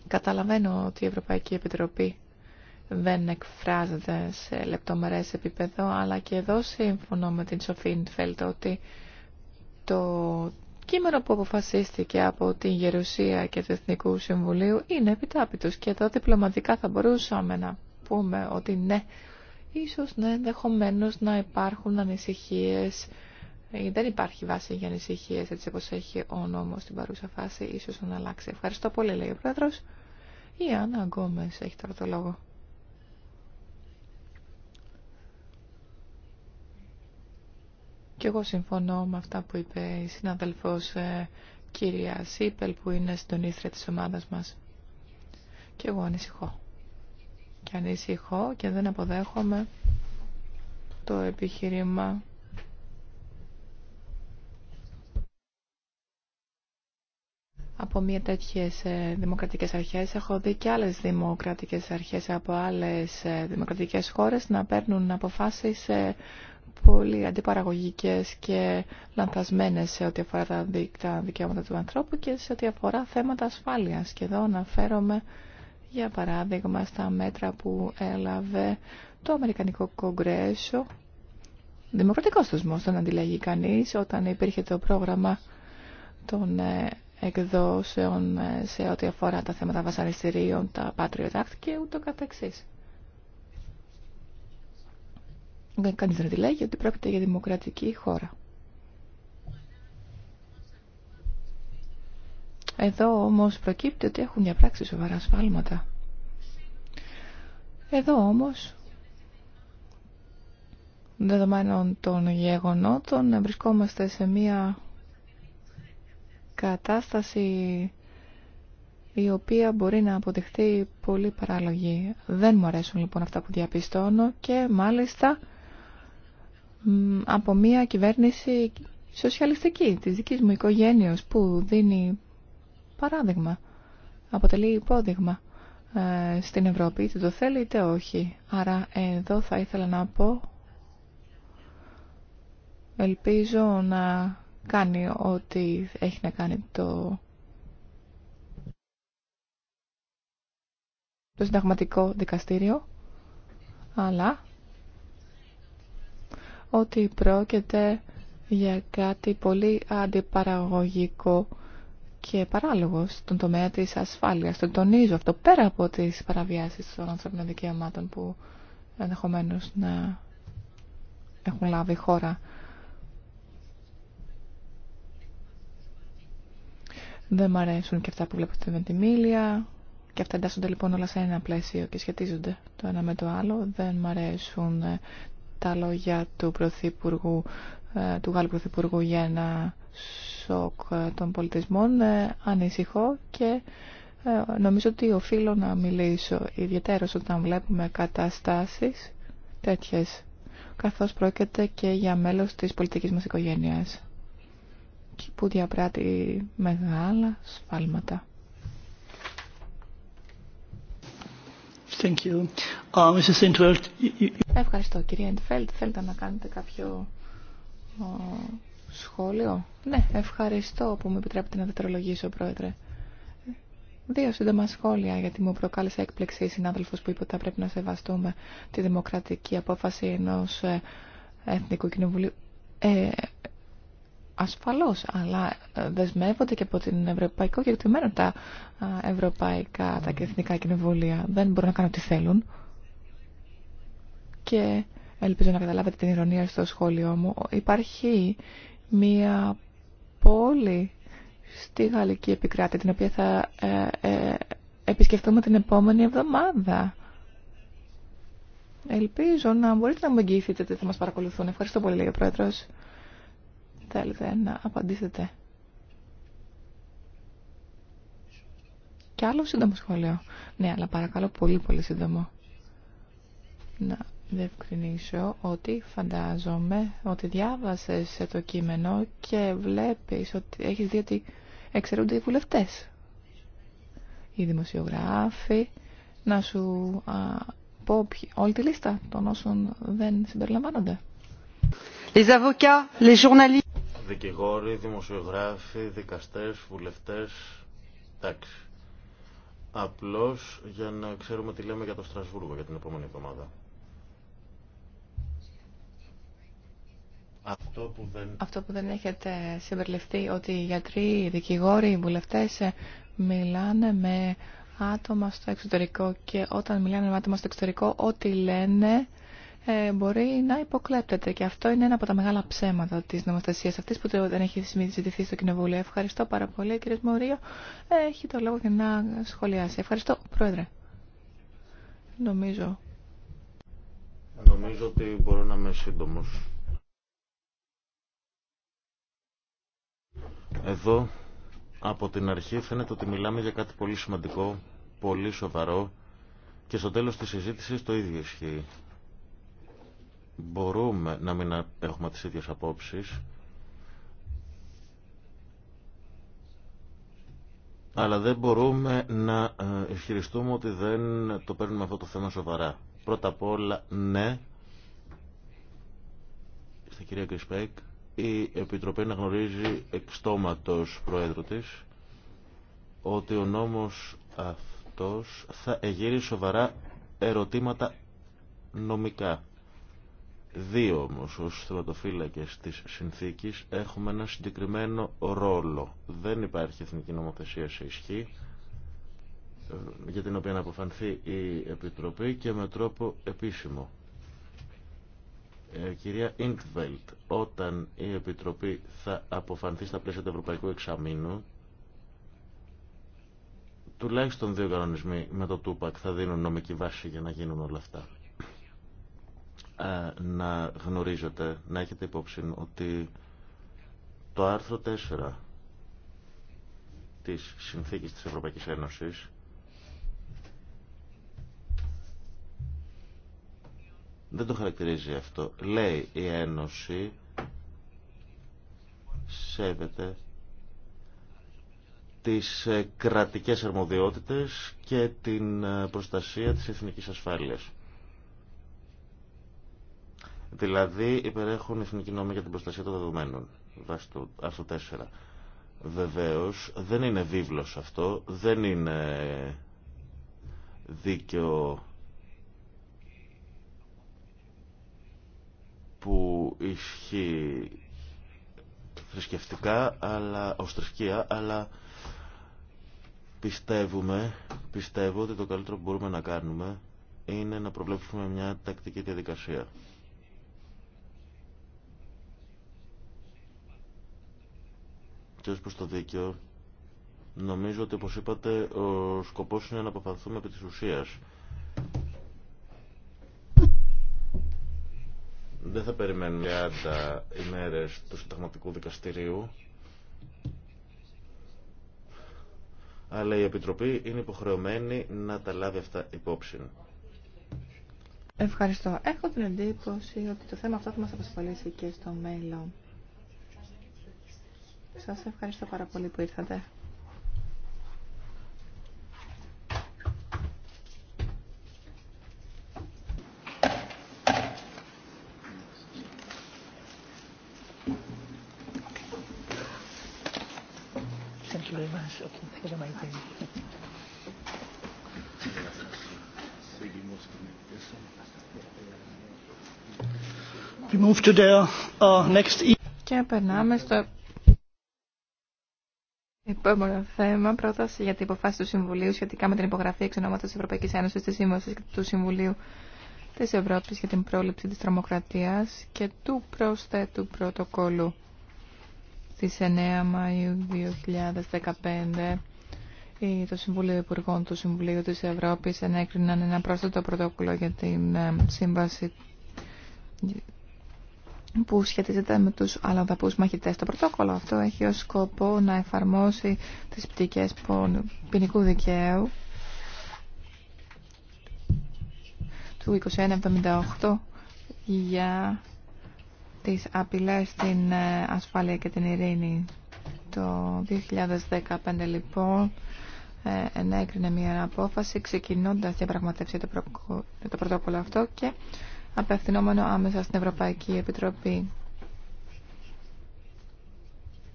καταλαβαίνω ότι η Ευρωπαϊκή Επιτροπή δεν εκφράζεται σε λεπτομερές επίπεδο, αλλά και εδώ σύμφωνο με την Σοφίν Φέλτ ότι το κείμενο που αποφασίστηκε από την Γερουσία και του Εθνικού Συμβουλίου είναι επιτάπητος και εδώ διπλωματικά θα μπορούσαμε να πούμε ότι ναι, ίσως ναι, ενδεχομένω να υπάρχουν ανησυχίες ε, δεν υπάρχει βάση για ανησυχίε έτσι όπω έχει ο νόμο στην παρούσα φάση, ίσως να αλλάξει. Ευχαριστώ πολύ, λέει ο πρόεδρο. Η Άννα Γκόμε έχει τώρα το λόγο. Και εγώ συμφωνώ με αυτά που είπε η συναδελφός ε, κυρία Σίπελ που είναι συντονίστρια της ομάδας μας. Και εγώ ανησυχώ. Και ανησυχώ και δεν αποδέχομαι το επιχείρημα από μια τέτοιες ε, δημοκρατικές αρχές. Έχω δει και άλλες δημοκρατικές αρχές από άλλες ε, δημοκρατικές χώρες να παίρνουν αποφάσεις ε, πολύ αντιπαραγωγικές και λανθασμένες σε ό,τι αφορά τα, δικαιώματα του ανθρώπου και σε ό,τι αφορά θέματα ασφάλειας. Και εδώ αναφέρομαι για παράδειγμα στα μέτρα που έλαβε το Αμερικανικό Κογκρέσο Δημοκρατικός θεσμός τον αντιλαγεί κανείς όταν υπήρχε το πρόγραμμα των εκδόσεων ε, σε ό,τι αφορά τα θέματα βασανιστήριων, τα Patriot Act και ούτω Δεν Κανεί δεν τη λέγει ότι πρόκειται για δημοκρατική χώρα. Εδώ όμως προκύπτει ότι έχουν διαπράξει σοβαρά σφάλματα. Εδώ όμως, δεδομένων των γεγονότων, βρισκόμαστε σε μία κατάσταση η οποία μπορεί να αποδειχθεί πολύ παράλογη. Δεν μου αρέσουν λοιπόν αυτά που διαπιστώνω και μάλιστα από μια κυβέρνηση σοσιαλιστική της δικής μου οικογένειας που δίνει παράδειγμα, αποτελεί υπόδειγμα ε, στην Ευρώπη, είτε το θέλει είτε όχι. Άρα εδώ θα ήθελα να πω, ελπίζω να κάνει ό,τι έχει να κάνει το... το συνταγματικό δικαστήριο, αλλά ότι πρόκειται για κάτι πολύ αντιπαραγωγικό και παράλογο στον τομέα της ασφάλειας. Το τονίζω αυτό πέρα από τις παραβιάσεις των ανθρώπινων δικαιωμάτων που ενδεχομένω να έχουν λάβει χώρα Δεν μ' αρέσουν και αυτά που βλέπετε με τη μίλια. Και αυτά εντάσσονται λοιπόν όλα σε ένα πλαίσιο και σχετίζονται το ένα με το άλλο. Δεν μ' αρέσουν ε, τα λόγια του, Πρωθυπουργού, ε, του Γάλλου Πρωθυπουργού για ένα σοκ ε, των πολιτισμών. Ανησυχώ και νομίζω ότι οφείλω να μιλήσω ιδιαίτερα όταν βλέπουμε καταστάσεις τέτοιες καθώς πρόκειται και για μέλος της πολιτικής μας οικογένειας που διαπράττει μεγάλα σφάλματα. Thank you. Uh, Mrs. Ευχαριστώ κυρία Εντφέλτ. Θέλετε να κάνετε κάποιο σχόλιο. Ναι, ευχαριστώ που μου επιτρέπετε να δευτερολογήσω, Πρόεδρε. Δύο σύντομα σχόλια, γιατί μου προκάλεσε έκπληξη η συνάδελφο που είπε ότι θα πρέπει να σεβαστούμε τη δημοκρατική απόφαση ενό ε, Εθνικού Κοινοβουλίου. Ε, ασφαλώς, αλλά ε, δεσμεύονται και από την Ευρωπαϊκό και τα ευρωπαϊκά, τα εθνικά κοινοβούλια. Δεν μπορούν να κάνουν τι θέλουν. Και ελπίζω να καταλάβετε την ηρωνία στο σχόλιο μου. Υπάρχει μία πόλη στη Γαλλική επικράτη την οποία θα ε, ε, επισκεφτούμε την επόμενη εβδομάδα. Ελπίζω να μπορείτε να μου εγγυηθείτε ότι θα μας παρακολουθούν. Ευχαριστώ πολύ, λέει ο Πρόεδρος θέλετε να απαντήσετε. Και άλλο σύντομο σχόλιο. Ναι, αλλά παρακαλώ πολύ πολύ σύντομο. Να διευκρινίσω ότι φαντάζομαι ότι διάβασες το κείμενο και βλέπεις ότι έχεις δει ότι εξαιρούνται οι βουλευτές. Οι δημοσιογράφοι. Να σου α, πω όλη τη λίστα των όσων δεν συμπεριλαμβάνονται. Les avocats, les journalistes δικηγόροι, δημοσιογράφοι, δικαστές, βουλευτές, εντάξει. Απλώς για να ξέρουμε τι λέμε για το Στρασβούργο για την επόμενη εβδομάδα. Αυτό που δεν, Αυτό που δεν έχετε συμπεριληφθεί, ότι οι γιατροί, οι δικηγόροι, οι βουλευτές ε, μιλάνε με άτομα στο εξωτερικό και όταν μιλάνε με άτομα στο εξωτερικό, ό,τι λένε ε, μπορεί να υποκλέπτεται. Και αυτό είναι ένα από τα μεγάλα ψέματα της νομοστασίας αυτής που δεν έχει συζητηθεί στο Κοινοβούλιο. Ευχαριστώ πάρα πολύ. Κύριε Μωρίο, έχει το λόγο για να σχολιάσει. Ευχαριστώ, Πρόεδρε. Νομίζω. Νομίζω ότι μπορώ να είμαι σύντομο. Εδώ από την αρχή φαίνεται ότι μιλάμε για κάτι πολύ σημαντικό, πολύ σοβαρό και στο τέλος της συζήτησης το ίδιο ισχύει μπορούμε να μην έχουμε τις ίδιες απόψεις αλλά δεν μπορούμε να ε, ισχυριστούμε ότι δεν το παίρνουμε αυτό το θέμα σοβαρά. Πρώτα απ' όλα, ναι, στην κυρία Κρισπέκ, η Επιτροπή να γνωρίζει στόματος Προέδρου της ότι ο νόμος αυτός θα εγείρει σοβαρά ερωτήματα νομικά Δύο όμως ως θεματοφύλακες της συνθήκης έχουμε ένα συγκεκριμένο ρόλο. Δεν υπάρχει εθνική νομοθεσία σε ισχύ ε, για την οποία να αποφανθεί η Επιτροπή και με τρόπο επίσημο. Ε, κυρία Ίντβελτ, όταν η Επιτροπή θα αποφανθεί στα πλαίσια του Ευρωπαϊκού Εξαμήνου, τουλάχιστον δύο κανονισμοί με το ΤΟΥΠΑΚ θα δίνουν νομική βάση για να γίνουν όλα αυτά. Ε, να γνωρίζετε, να έχετε υπόψη ότι το άρθρο 4 της Συνθήκης της Ευρωπαϊκής Ένωσης δεν το χαρακτηρίζει αυτό. Λέει η Ένωση σέβεται τις ε, κρατικές αρμοδιότητες και την ε, προστασία της εθνικής ασφάλειας. Δηλαδή υπερέχουν εθνικοί νόμοι για την προστασία των δεδομένων, βάσει του άρθρου 4. Βεβαίω δεν είναι βίβλο αυτό, δεν είναι δίκαιο που ισχύει θρησκευτικά, αλλά ω θρησκεία, αλλά πιστεύουμε, πιστεύω ότι το καλύτερο που μπορούμε να κάνουμε είναι να προβλέψουμε μια τακτική διαδικασία και ως προς το δίκαιο, νομίζω ότι όπως είπατε ο σκοπός είναι να αποφανθούμε επί της ουσίας. Δεν θα περιμένουμε 30 ημέρες του συνταγματικού δικαστηρίου, αλλά η Επιτροπή είναι υποχρεωμένη να τα λάβει αυτά υπόψη. Ευχαριστώ. Έχω την εντύπωση ότι το θέμα αυτό θα μας απασχολήσει και στο μέλλον. Σας ευχαριστώ πάρα πολύ που ήρθατε. Και περνάμε στο Επόμενο θέμα, πρόταση για την υποφάση του Συμβουλίου σχετικά με την υπογραφή εξ ονόματο τη Ευρωπαϊκή Ένωση τη Σύμβαση του Συμβουλίου τη Ευρώπη για την πρόληψη τη τρομοκρατία και του πρόσθετου πρωτοκόλου της 9 Μαου 2015. Το Συμβούλιο Υπουργών του Συμβουλίου της Ευρώπης ενέκριναν ένα πρόσθετο πρωτόκολλο για την ε, σύμβαση που σχετίζεται με τους αλλοδαπούς μαχητές. Το πρωτόκολλο αυτό έχει ως σκοπό να εφαρμόσει τις πτυχές ποινικού δικαίου του 2178 για τις απειλές στην ε, ασφάλεια και την ειρήνη. Το 2015 λοιπόν ε, ενέκρινε μια απόφαση ξεκινώντας διαπραγματεύσει το πρωτόκολλο αυτό και απευθυνόμενο άμεσα στην Ευρωπαϊκή Επιτροπή.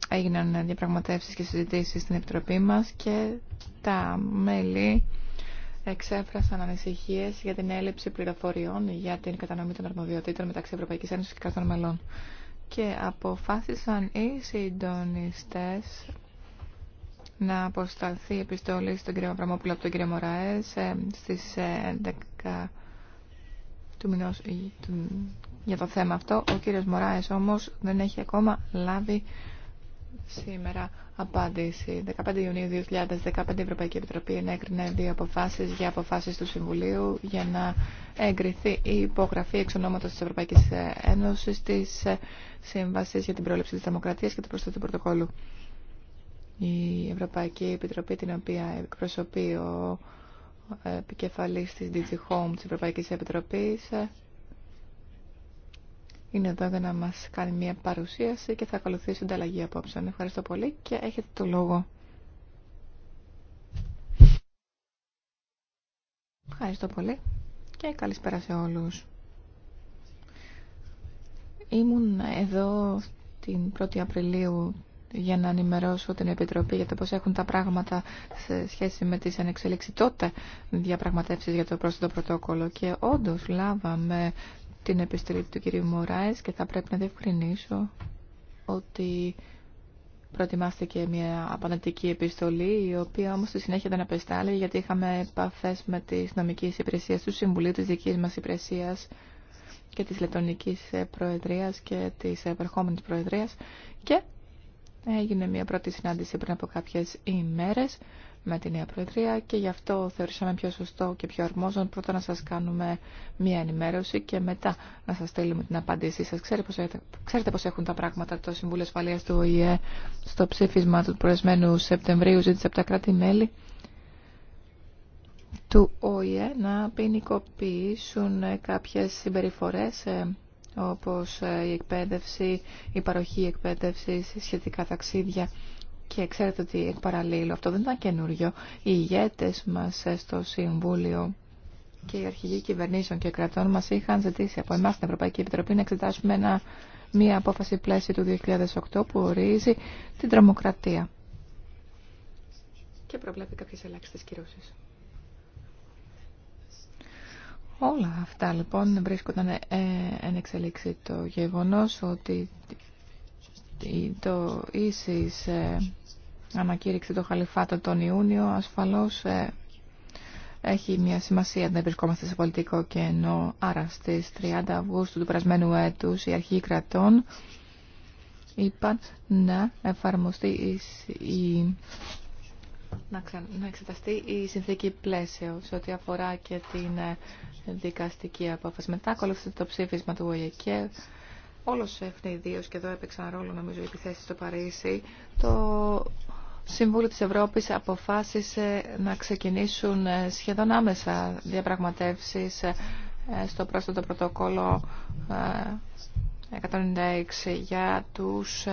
Έγιναν διαπραγματεύσεις και συζητήσεις στην Επιτροπή μας και τα μέλη εξέφρασαν ανησυχίες για την έλλειψη πληροφοριών για την κατανομή των αρμοδιοτήτων μεταξύ Ευρωπαϊκής Ένωσης και κρατών μελών. Και αποφάσισαν οι συντονιστές να αποσταθεί επιστολή στον κύριο Αβραμόπουλο από τον κύριο Μωράες στις 11 ε, για το θέμα αυτό. Ο κύριος Μωράες όμως δεν έχει ακόμα λάβει σήμερα απάντηση. 15 Ιουνίου 2015 η Ευρωπαϊκή Επιτροπή ενέκρινε δύο αποφάσεις για αποφάσεις του Συμβουλίου για να εγκριθεί η υπογραφή εξ ονόματος της Ευρωπαϊκής Ένωσης της Σύμβασης για την Πρόληψη της Δημοκρατίας και του Προσθέτου Πρωτοκόλου. Η Ευρωπαϊκή Επιτροπή την οποία εκπροσωπεί ο επικεφαλής της DG Home της Ευρωπαϊκής Επιτροπής είναι εδώ για να μας κάνει μια παρουσίαση και θα ακολουθήσει ανταλλαγή απόψε Ευχαριστώ πολύ και έχετε το λόγο. Ευχαριστώ πολύ και καλησπέρα σε όλους. Ήμουν εδώ την 1η Απριλίου για να ενημερώσω την Επιτροπή για το πώς έχουν τα πράγματα σε σχέση με τις ανεξελίξεις τότε διαπραγματεύσεις για το πρόσθετο πρωτόκολλο και όντως λάβαμε την επιστολή του κ. Μωράης και θα πρέπει να διευκρινίσω ότι προετοιμάστηκε μια απαντατική επιστολή η οποία όμως στη συνέχεια δεν απεστάλλει γιατί είχαμε επαφές με τις νομικές υπηρεσίες του Συμβουλίου της δικής μας υπηρεσίας και της Λετωνικής Προεδρίας και της επερχόμενης Προεδρίας και Έγινε μια πρώτη συνάντηση πριν από κάποιες ημέρες με τη Νέα Προεδρία και γι' αυτό θεωρήσαμε πιο σωστό και πιο αρμόζον πρώτα να σας κάνουμε μια ενημέρωση και μετά να σας στείλουμε την απάντησή σας. Ξέρετε πώς έχουν τα πράγματα το Συμβούλιο Ασφαλείας του ΟΗΕ στο ψήφισμα του προεσμένου Σεπτεμβρίου ζήτησε από τα κράτη-μέλη του ΟΗΕ να ποινικοποιήσουν κάποιες συμπεριφορές ε, όπως ε, η εκπαίδευση, η παροχή εκπαίδευση, σχετικά ταξίδια. Και ξέρετε ότι εκ παραλίλου, αυτό δεν ήταν καινούριο, οι ηγέτες μας ε, στο Συμβούλιο και οι αρχηγοί κυβερνήσεων και κρατών μας είχαν ζητήσει από εμάς στην Ευρωπαϊκή Επιτροπή να εξετάσουμε μία απόφαση πλαίσια του 2008 που ορίζει την τρομοκρατία. Και προβλέπει κάποιες ελάχιστες κυρώσεις. Όλα αυτά λοιπόν βρίσκονταν ε, εν εξελίξη το γεγονός ότι το ίσις ε, ανακήρυξε το χαλιφάτο τον Ιούνιο ασφαλώς ε, έχει μια σημασία να βρισκόμαστε σε πολιτικό κενό. Άρα στις 30 Αυγούστου του περασμένου έτους οι αρχοί κρατών είπαν να εφαρμοστεί η να, ξα... να εξεταστεί η συνθήκη πλαίσιο σε ό,τι αφορά και την ε, δικαστική απόφαση. Μετά ακολουθεί το ψήφισμα του ΟΗΕ όλο όλος ιδίω και εδώ έπαιξαν ρόλο νομίζω οι επιθέσει στο Παρίσι. Το Συμβούλιο τη Ευρώπη αποφάσισε να ξεκινήσουν ε, σχεδόν άμεσα διαπραγματεύσει ε, στο πρόσθετο πρωτοκόλλο 196 για τους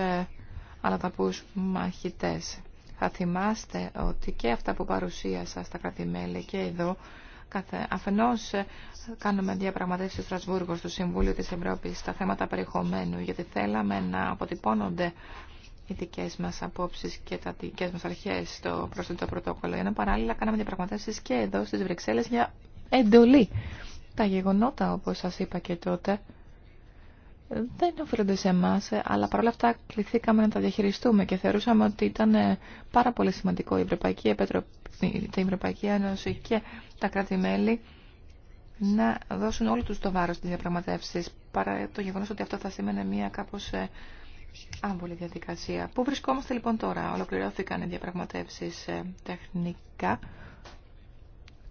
αλλαταπούς μαχητές. Θα θυμάστε ότι και αυτά που παρουσίασα στα κρατημέλη και εδώ Αφενός ε, κάνουμε διαπραγματεύσεις στο Στρασβούργο, στο Συμβούλιο της Ευρώπης, στα θέματα περιεχομένου, γιατί θέλαμε να αποτυπώνονται οι δικέ μα απόψει και τα δικέ μα αρχέ στο προσθέτω πρωτόκολλο. Ενώ παράλληλα κάναμε διαπραγματεύσει και εδώ στι Βρυξέλλε για εντολή. Τα γεγονότα, όπω σα είπα και τότε, δεν οφείλονται σε εμά, ε, αλλά παρόλα αυτά κληθήκαμε να τα διαχειριστούμε και θεωρούσαμε ότι ήταν ε, πάρα πολύ σημαντικό η Ευρωπαϊκή, η Ευρωπαϊκή Ένωση και τα κράτη-μέλη να δώσουν όλο τους το βάρος στις διαπραγματεύσεις, παρά το γεγονός ότι αυτό θα σήμαινε μια κάπως ε, άμβολη διαδικασία. Πού βρισκόμαστε λοιπόν τώρα, ολοκληρώθηκαν οι διαπραγματεύσεις τεχνικά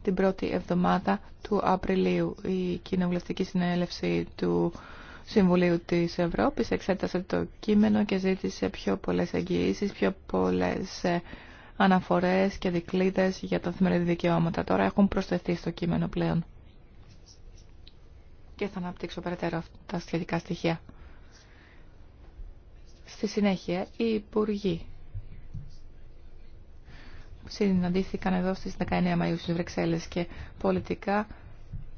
την πρώτη εβδομάδα του Απριλίου. Η κοινοβουλευτική συνέλευση του Συμβουλίου της Ευρώπης, εξέτασε το κείμενο και ζήτησε πιο πολλές εγγυήσεις, πιο πολλές ε, αναφορές και δικλείδες για τα θεμελιώδη δικαιώματα. Τώρα έχουν προσθεθεί στο κείμενο πλέον. Και θα αναπτύξω περαιτέρω τα σχετικά στοιχεία. Στη συνέχεια, οι υπουργοί συναντήθηκαν εδώ στις 19 Μαΐου στις Βρυξέλλες και πολιτικά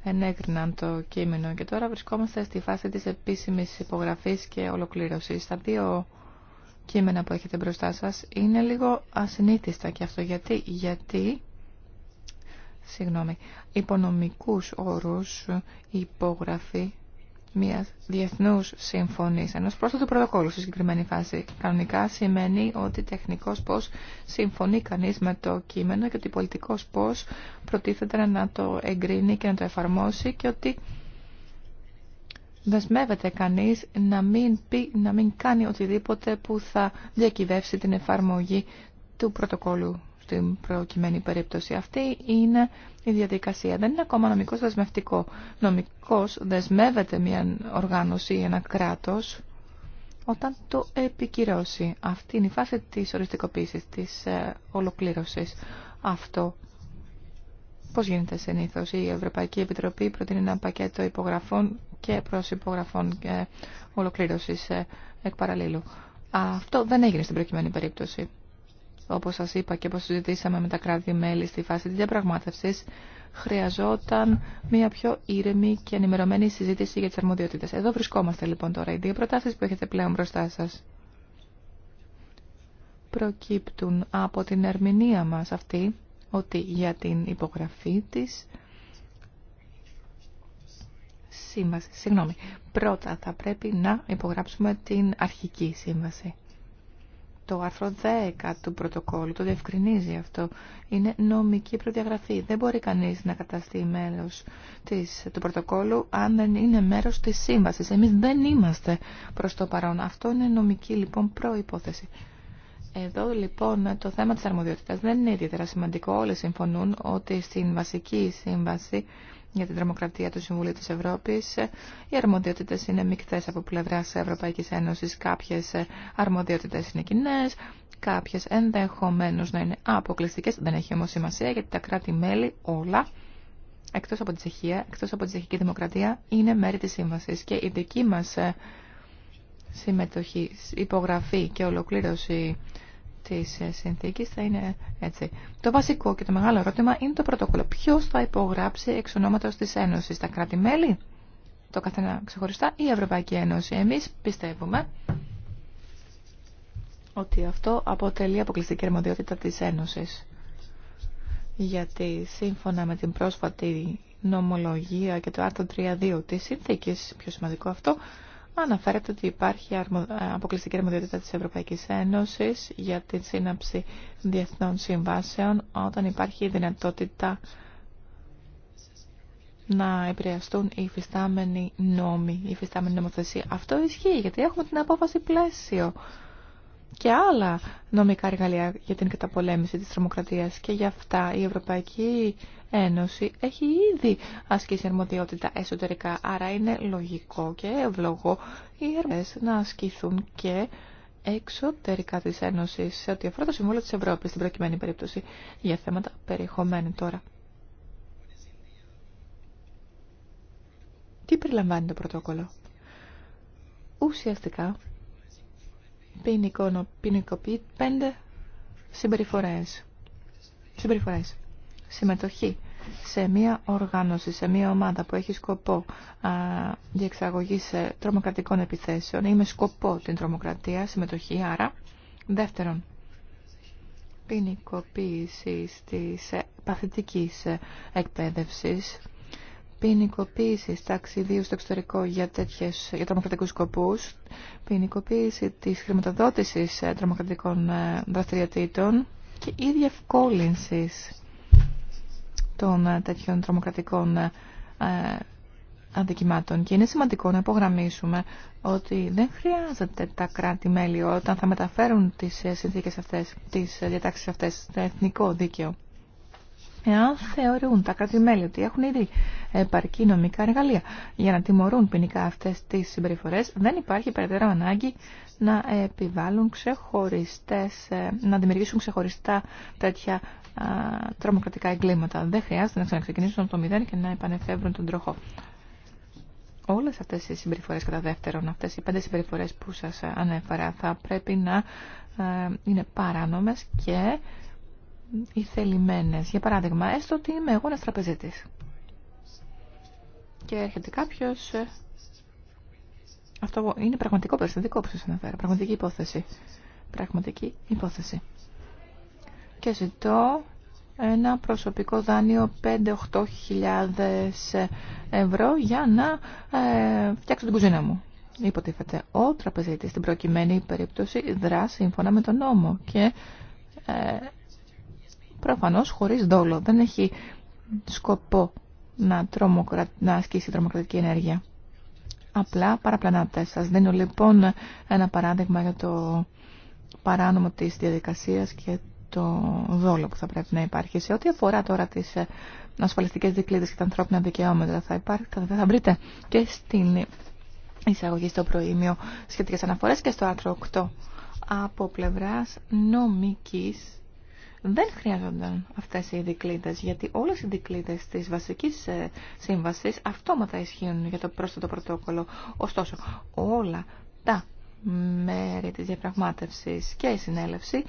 ενέκριναν το κείμενο και τώρα βρισκόμαστε στη φάση της επίσημης υπογραφής και ολοκλήρωσης. Τα δύο κείμενα που έχετε μπροστά σας είναι λίγο ασυνήθιστα και αυτό γιατί, γιατί συγγνώμη, υπονομικούς όρους υπογραφή μια διεθνού συμφωνή, ενό πρόσθετου πρωτοκόλου στη συγκεκριμένη φάση. Κανονικά σημαίνει ότι τεχνικό πώ συμφωνεί κανεί με το κείμενο και ότι πολιτικό πώ προτίθεται να το εγκρίνει και να το εφαρμόσει και ότι δεσμεύεται κανείς να μην, να μην κάνει οτιδήποτε που θα διακυβεύσει την εφαρμογή του πρωτοκόλου στην προκειμένη περίπτωση. Αυτή είναι η διαδικασία. Δεν είναι ακόμα νομικός δεσμευτικό. Νομικός δεσμεύεται μια οργάνωση ή ένα κράτος όταν το επικυρώσει. Αυτή είναι η φάση της οριστικοποίησης, της ε, ολοκλήρωσης. Αυτό πώς γίνεται συνήθως. Η Ευρωπαϊκή Επιτροπή προτείνει ένα πακέτο υπογραφών και υπογραφών και ε, ολοκλήρωσης ε, εκ Αυτό δεν έγινε στην προκειμένη περίπτωση όπως σας είπα και όπως συζητήσαμε με τα κράτη-μέλη στη φάση της διαπραγμάτευσης, χρειαζόταν μια πιο ήρεμη και ενημερωμένη συζήτηση για τις αρμοδιότητες. Εδώ βρισκόμαστε λοιπόν τώρα. Οι δύο προτάσεις που έχετε πλέον μπροστά σας προκύπτουν από την ερμηνεία μας αυτή ότι για την υπογραφή της σύμβαση, συγγνώμη, πρώτα θα πρέπει να υπογράψουμε την αρχική σύμβαση. Το άρθρο 10 του πρωτοκόλλου το διευκρινίζει αυτό. Είναι νομική προδιαγραφή. Δεν μπορεί κανείς να καταστεί μέλος της, του πρωτοκόλλου αν δεν είναι μέρος της σύμβασης. Εμείς δεν είμαστε προς το παρόν. Αυτό είναι νομική λοιπόν προϋπόθεση. Εδώ λοιπόν το θέμα της αρμοδιότητας δεν είναι ιδιαίτερα σημαντικό. Όλοι συμφωνούν ότι στην βασική σύμβαση για την τρομοκρατία του Συμβουλίου της Ευρώπης. Οι αρμοδιότητες είναι μεικτές από πλευράς Ευρωπαϊκής Ένωσης. Κάποιες αρμοδιότητες είναι κοινέ, κάποιες ενδεχομένως να είναι αποκλειστικές. Δεν έχει όμως σημασία γιατί τα κράτη-μέλη όλα, εκτός από τη Τσεχία, εκτός από τη Τσεχική Δημοκρατία, είναι μέρη της σύμβασης. Και η δική μας ε, συμμετοχή, υπογραφή και ολοκλήρωση της ε, συνθήκης θα είναι έτσι. Το βασικό και το μεγάλο ερώτημα είναι το πρωτόκολλο. Ποιος θα υπογράψει εξ ονόματος της Ένωσης, τα κράτη-μέλη, το καθένα ξεχωριστά ή η Ευρωπαϊκή Ένωση. Εμείς πιστεύουμε ότι αυτό αποτελεί αποκλειστική αρμοδιότητα της Ένωσης. Γιατί σύμφωνα με την πρόσφατη νομολογία και το άρθρο 3.2 της συνθήκης, πιο σημαντικό αυτό, αναφέρεται ότι υπάρχει ε, αποκλειστική αρμοδιότητα της Ευρωπαϊκής Ένωσης για τη σύναψη διεθνών συμβάσεων όταν υπάρχει η δυνατότητα να επηρεαστούν οι υφιστάμενοι νόμοι, η υφιστάμενη νομοθεσία. Αυτό ισχύει γιατί έχουμε την απόφαση πλαίσιο και άλλα νομικά εργαλεία για την καταπολέμηση της τρομοκρατίας και γι' αυτά η Ευρωπαϊκή Ένωση έχει ήδη ασκήσει αρμοδιότητα εσωτερικά, άρα είναι λογικό και ευλογό οι ερμές να ασκηθούν και εξωτερικά της Ένωσης σε ό,τι αφορά το Συμβούλιο της Ευρώπης στην προκειμένη περίπτωση για θέματα περιεχομένου τώρα. Τι περιλαμβάνει το πρωτόκολλο. Ουσιαστικά ποινικοποιεί πέντε συμπεριφορές. συμπεριφορές συμμετοχή σε μία οργάνωση, σε μία ομάδα που έχει σκοπό α, διεξαγωγής τρομοκρατικών επιθέσεων ή με σκοπό την τρομοκρατία, συμμετοχή άρα. Δεύτερον, ποινικοποίηση της ε, παθητικής ε, εκπαίδευσης, ποινικοποίηση ταξιδίου στο εξωτερικό για, τέτοιες, για τρομοκρατικούς σκοπούς, ποινικοποίηση της χρηματοδότησης ε, τρομοκρατικών δραστηριοτήτων και η διευκόλυνση των ε, τέτοιων τρομοκρατικών ε, ε, αντικειμάτων. Και είναι σημαντικό να υπογραμμίσουμε ότι δεν χρειάζεται τα κράτη-μέλη όταν θα μεταφέρουν τις συνθήκες αυτές, τις διατάξεις αυτές, το εθνικό δίκαιο. Εάν θεωρούν τα κράτη-μέλη ότι έχουν ήδη επαρκή νομικά εργαλεία για να τιμωρούν ποινικά αυτές τις συμπεριφορές, δεν υπάρχει περαιτέρω ανάγκη να επιβάλλουν ξεχωριστές, να δημιουργήσουν ξεχωριστά τέτοια τρομοκρατικά εγκλήματα. Δεν χρειάζεται να ξαναξεκινήσουν από το μηδέν και να επανεφεύρουν τον τροχό. Όλες αυτές οι συμπεριφορές κατά δεύτερον, αυτές οι πέντε συμπεριφορές που σας ανέφερα θα πρέπει να είναι παράνομες και ηθελημένες. Για παράδειγμα, έστω ότι είμαι εγώ ένας τραπεζίτης. Και έρχεται κάποιος... Ε, αυτό είναι πραγματικό περιστατικό που σας αναφέρω. Πραγματική υπόθεση. Πραγματική υπόθεση και ζητώ ένα προσωπικό δάνειο 5-8 ευρώ για να ε, φτιάξω την κουζίνα μου. Υποτίθεται ο τραπεζίτης στην προκειμένη περίπτωση δρά σύμφωνα με τον νόμο και ε, προφανώς χωρίς δόλο. Δεν έχει σκοπό να, τρομοκρα... να ασκήσει τρομοκρατική ενέργεια. Απλά παραπλανάτε. Σας δίνω λοιπόν ένα παράδειγμα για το παράνομο της διαδικασίας και το δόλο που θα πρέπει να υπάρχει. Σε ό,τι αφορά τώρα τι ε, ασφαλιστικέ δικλείδε και τα ανθρώπινα δικαιώματα θα, υπάρχει, θα βρείτε και στην εισαγωγή στο προήμιο σχετικέ αναφορέ και στο άρθρο 8 από πλευρά νομική δεν χρειάζονταν αυτέ οι δικλείδε, γιατί όλε οι δικλείδε τη βασική ε, σύμβαση αυτόματα ισχύουν για το πρόσθετο πρωτόκολλο. Ωστόσο, όλα τα μέρη της διαπραγμάτευσης και η συνέλευση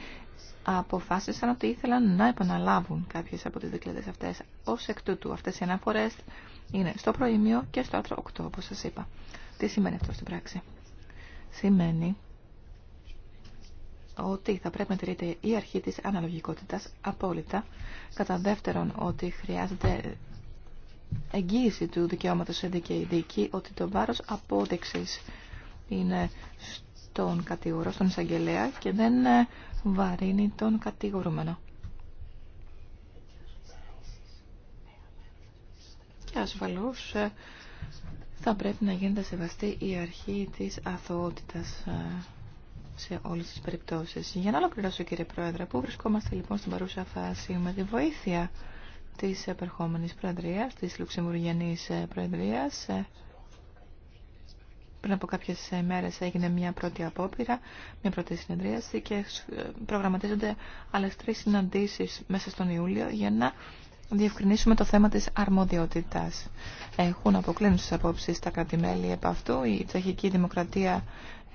αποφάσισαν ότι ήθελαν να επαναλάβουν κάποιες από τις δικλείδες αυτές. Ως εκ τούτου αυτές οι αναφορές είναι στο προημείο και στο άρθρο 8 όπως σας είπα. Τι σημαίνει αυτό στην πράξη. Σημαίνει ότι θα πρέπει να τηρείται η αρχή της αναλογικότητας απόλυτα. Κατά δεύτερον, ότι χρειάζεται εγγύηση του δικαιώματος σε ότι το βάρος απόδειξης είναι τον κατηγορό, στον εισαγγελέα και δεν ε, βαρύνει τον κατηγορούμενο. Και ασφαλώς ε, θα πρέπει να γίνεται σεβαστή η αρχή της αθωότητας ε, σε όλες τις περιπτώσεις. Για να ολοκληρώσω κύριε Πρόεδρε, που βρισκόμαστε λοιπόν στην παρούσα φάση με τη βοήθεια της επερχόμενης Προεδρίας, της Λουξεμβουργιανής Προεδρίας, πριν από κάποιες μέρε έγινε μια πρώτη απόπειρα, μια πρώτη συνεδρίαση και ε, προγραμματίζονται άλλε τρει συναντήσεις μέσα στον Ιούλιο για να διευκρινίσουμε το θέμα της αρμοδιότητας. Έχουν αποκλίνει στις απόψεις τα κρατημέλη επ' αυτού. Η Τσεχική Δημοκρατία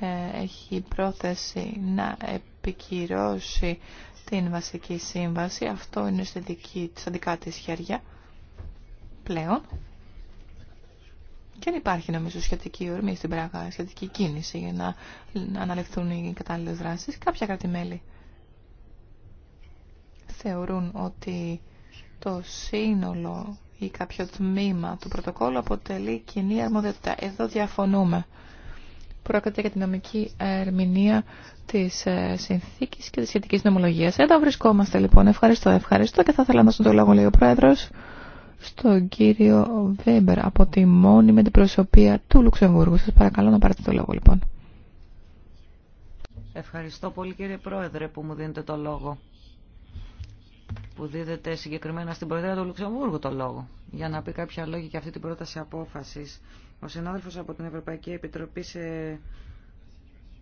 ε, έχει πρόθεση να επικυρώσει την βασική σύμβαση. Αυτό είναι στα δικά της χέρια πλέον. Και αν υπάρχει νομίζω σχετική ορμή στην πράγμα, σχετική κίνηση για να, να αναλυφθούν οι κατάλληλε δράσει, κάποια κρατημέλη θεωρούν ότι το σύνολο ή κάποιο τμήμα του πρωτοκόλλου αποτελεί κοινή αρμοδιότητα. Εδώ διαφωνούμε. Πρόκειται για την νομική ερμηνεία της ε, συνθήκης και της σχετικής νομολογίας. Εδώ βρισκόμαστε λοιπόν. Ευχαριστώ, ευχαριστώ και θα ήθελα να σα το λόγο, λέει ο Πρόεδρος, στον κύριο Βέμπερ από τη μόνιμη αντιπροσωπεία του Λουξεμβούργου. Σας παρακαλώ να πάρετε το λόγο λοιπόν. Ευχαριστώ πολύ κύριε Πρόεδρε που μου δίνετε το λόγο. Που δίδεται συγκεκριμένα στην Προεδρία του Λουξεμβούργου το λόγο. Για να πει κάποια λόγια και αυτή την πρόταση απόφασης. Ο συνάδελφος από την Ευρωπαϊκή Επιτροπή σε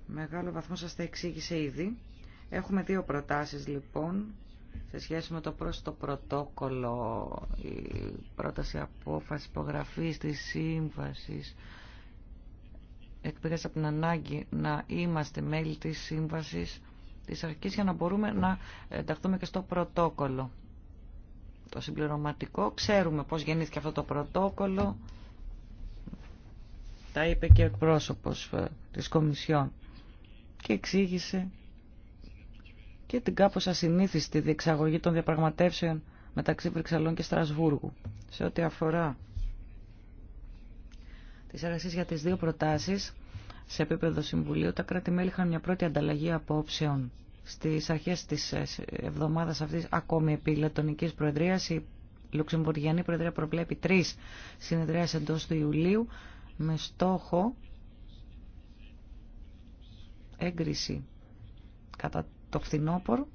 μεγάλο βαθμό σας τα εξήγησε ήδη. Έχουμε δύο προτάσεις λοιπόν σε σχέση με το το πρωτόκολλο, η πρόταση απόφαση υπογραφή τη σύμβαση εκπήρες από την ανάγκη να είμαστε μέλη της σύμβασης της αρχής για να μπορούμε να ενταχθούμε και στο πρωτόκολλο. Το συμπληρωματικό, ξέρουμε πώς γεννήθηκε αυτό το πρωτόκολλο, τα είπε και ο εκπρόσωπος ε, της Κομισιόν και εξήγησε και την κάπως ασυνήθιστη διεξαγωγή των διαπραγματεύσεων μεταξύ Βρυξελών και Στρασβούργου σε ό,τι αφορά τις εργασίες για τις δύο προτάσεις σε επίπεδο Συμβουλίου τα κράτη-μέλη είχαν μια πρώτη ανταλλαγή απόψεων στις αρχές της ε, εβδομάδας αυτής ακόμη επί Λετωνικής Προεδρίας η Λουξεμβουργιανή Προεδρία προβλέπει τρεις συνεδριάσεις εντός του Ιουλίου με στόχο έγκριση κατά το φθινόπωρο